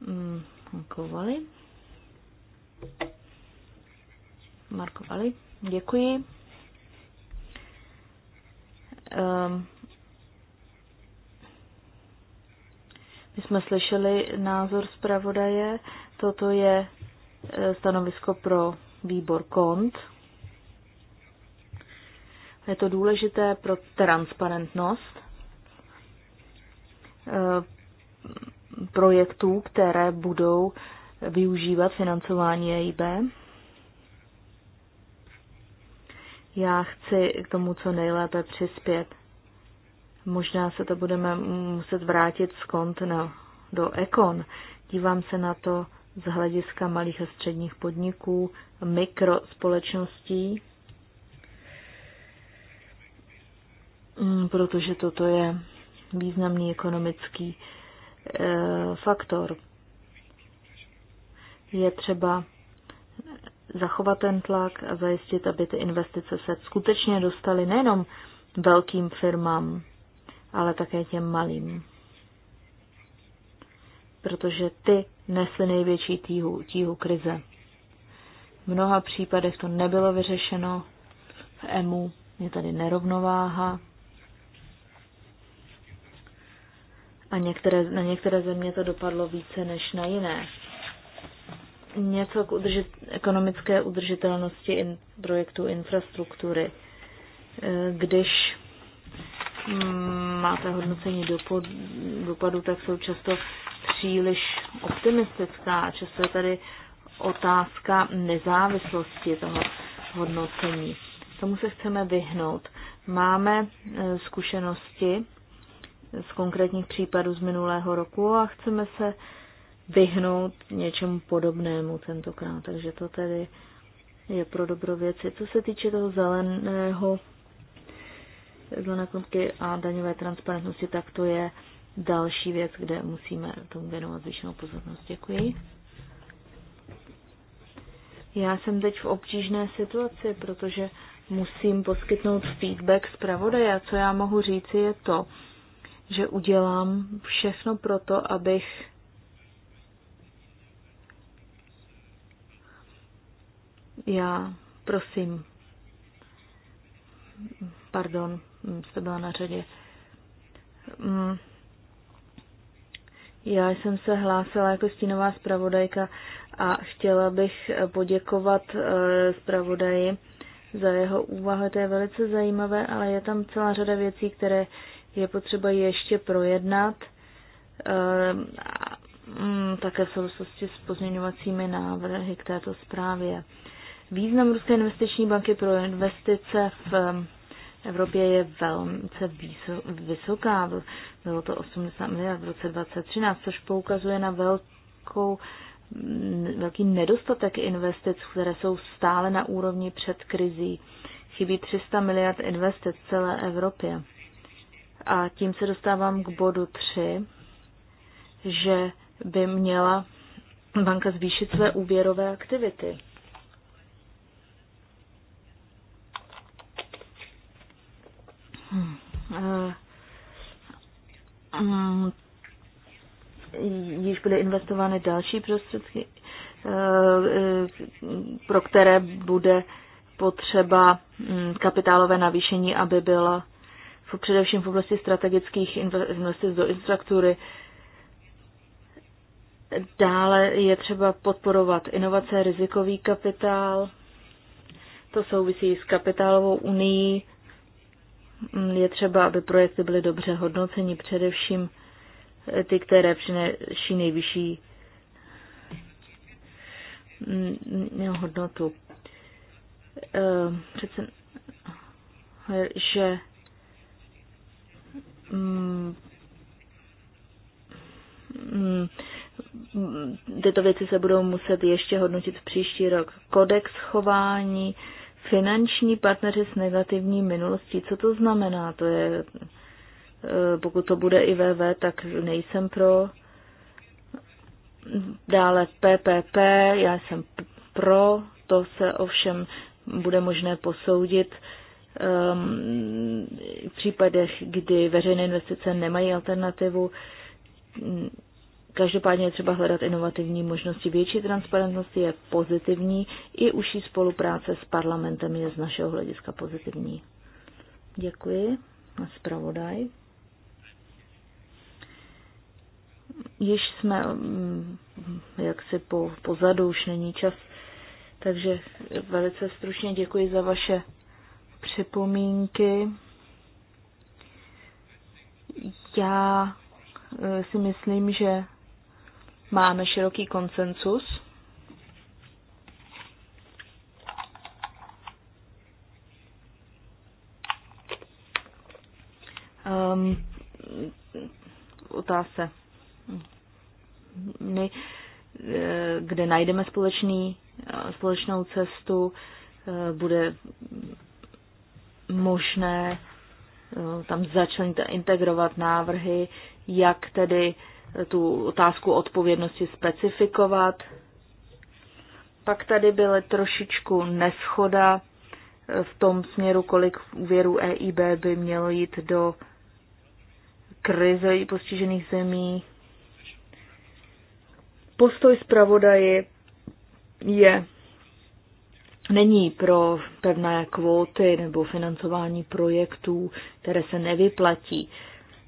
D: Mm, Kovali. Marko Vali, děkuji. Um, my jsme slyšeli názor zpravodaje. Toto je e, stanovisko pro výbor KONT. Je to důležité pro transparentnost e, projektů, které budou využívat financování EIB. Já chci k tomu co nejlépe přispět. Možná se to budeme muset vrátit z kont na, do ekon. Dívám se na to z hlediska malých a středních podniků, mikrospolečností, mm, protože toto je významný ekonomický eh, faktor. Je třeba zachovat ten tlak a zajistit, aby ty investice se skutečně dostaly nejenom velkým firmám, ale také těm malým. Protože ty nesly největší tíhu, tíhu krize. V mnoha případech to nebylo vyřešeno v EMU, je tady nerovnováha. A některé, na některé země to dopadlo více než na jiné něco k udržit, ekonomické udržitelnosti in, projektu infrastruktury. E, když mm, máte hodnocení dopad, dopadu, tak jsou často příliš optimistická. Často je tady otázka nezávislosti toho hodnocení. Tomu se chceme vyhnout. Máme e, zkušenosti z konkrétních případů z minulého roku a chceme se vyhnout něčemu podobnému tentokrát. Takže to tedy je pro dobro věci. Co se týče toho zeleného zelené knopky a daňové transparentnosti, tak to je další věc, kde musíme tomu věnovat zvýšenou pozornost. Děkuji. Já jsem teď v obtížné situaci, protože musím poskytnout feedback zpravodaje. Co já mohu říci je to, že udělám všechno pro to, abych Já, prosím, pardon, jste byla na řadě. Mm, já jsem se hlásila jako stínová zpravodajka a chtěla bych poděkovat eh, zpravodaji za jeho úvahu. To je velice zajímavé, ale je tam celá řada věcí, které je potřeba ještě projednat, eh, mm, také v souvislosti s pozměňovacími návrhy k této zprávě. Význam Ruské investiční banky pro investice v um, Evropě je velmi vysoká. Bylo to 80 miliard v roce 2013, což poukazuje na velkou, velký nedostatek investic, které jsou stále na úrovni před krizí. Chybí 300 miliard investic v celé Evropě. A tím se dostávám k bodu 3, že by měla banka zvýšit své úvěrové aktivity. Eh, mm, již byly investovány další prostředky, eh, pro které bude potřeba mm, kapitálové navýšení, aby byla především v oblasti strategických investic do infrastruktury. Dále je třeba podporovat inovace, rizikový kapitál. To souvisí s kapitálovou unii, je třeba, aby projekty byly dobře hodnoceni především eh, ty, které přineší nejvyšší mm, hodnotu. Eh, přece, že mm, mm, tyto věci se budou muset ještě hodnotit v příští rok. Kodex chování, Finanční partneři s negativní minulostí, co to znamená? To je, eh, pokud to bude i VV, tak nejsem pro. Dále PPP, já jsem pro, to se ovšem bude možné posoudit ehm, v případech, kdy veřejné investice nemají alternativu Každopádně je třeba hledat inovativní možnosti. Větší transparentnosti je pozitivní, i užší spolupráce s parlamentem je z našeho hlediska pozitivní. Děkuji. A zpravodaj. Již jsme mm, jaksi po, pozadu, už není čas, takže velice stručně děkuji za vaše připomínky. Já eh, si myslím, že Máme široký konsensus. Um, otázce. My, eh, kde najdeme společný, eh, společnou cestu, eh, bude možné tam začlenit a integrovat návrhy, jak tedy tu otázku odpovědnosti specifikovat. Pak tady byla trošičku neschoda v tom směru, kolik úvěrů EIB by mělo jít do krize postižených zemí. Postoj zpravodaje je není pro pevné kvóty nebo financování projektů, které se nevyplatí,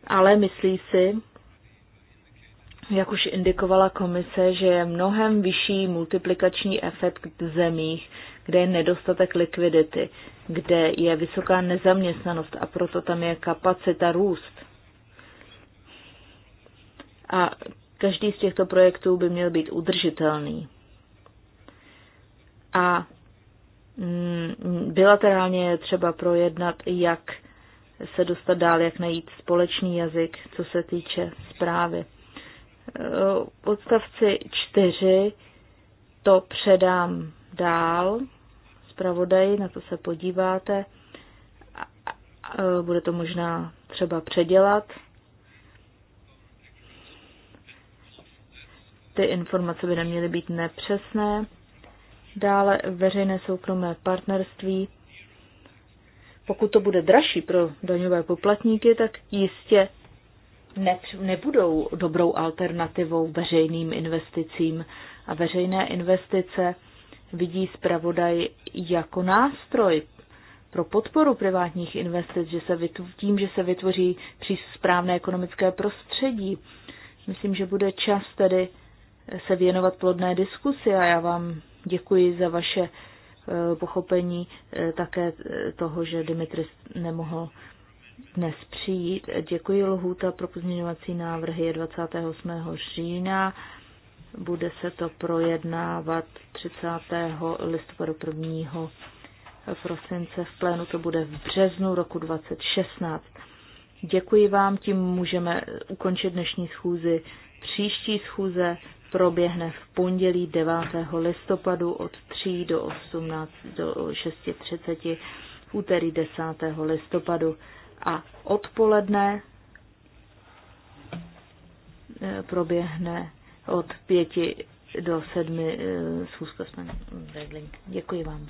D: ale myslí si, jak už indikovala komise, že je mnohem vyšší multiplikační efekt v zemích, kde je nedostatek likvidity, kde je vysoká nezaměstnanost a proto tam je kapacita růst. A každý z těchto projektů by měl být udržitelný. A mm, bilaterálně je třeba projednat, jak se dostat dál, jak najít společný jazyk, co se týče zprávy. V eh, odstavci 4 to předám dál zpravodaji, na to se podíváte. Eh, bude to možná třeba předělat. Ty informace by neměly být nepřesné. Dále veřejné soukromé partnerství. Pokud to bude dražší pro daňové poplatníky, tak jistě nebudou dobrou alternativou veřejným investicím a veřejné investice vidí zpravodaj jako nástroj pro podporu privátních investic, že se vytvoří, tím, že se vytvoří při správné ekonomické prostředí. Myslím, že bude čas tedy se věnovat plodné diskusi a já vám děkuji za vaše eh, pochopení eh, také eh, toho, že Dimitris nemohl dnes přijít. Děkuji, Lhůta pro pozměňovací návrhy je 28. října. Bude se to projednávat 30. listopadu 1. prosince. V plénu to bude v březnu roku 2016. Děkuji vám, tím můžeme ukončit dnešní schůzi. Příští schůze proběhne v pondělí 9. listopadu od 3 do 18 do 6.30 v úterý 10. listopadu a odpoledne proběhne od pěti do sedmi eh, schůzka s Redling. Děkuji vám.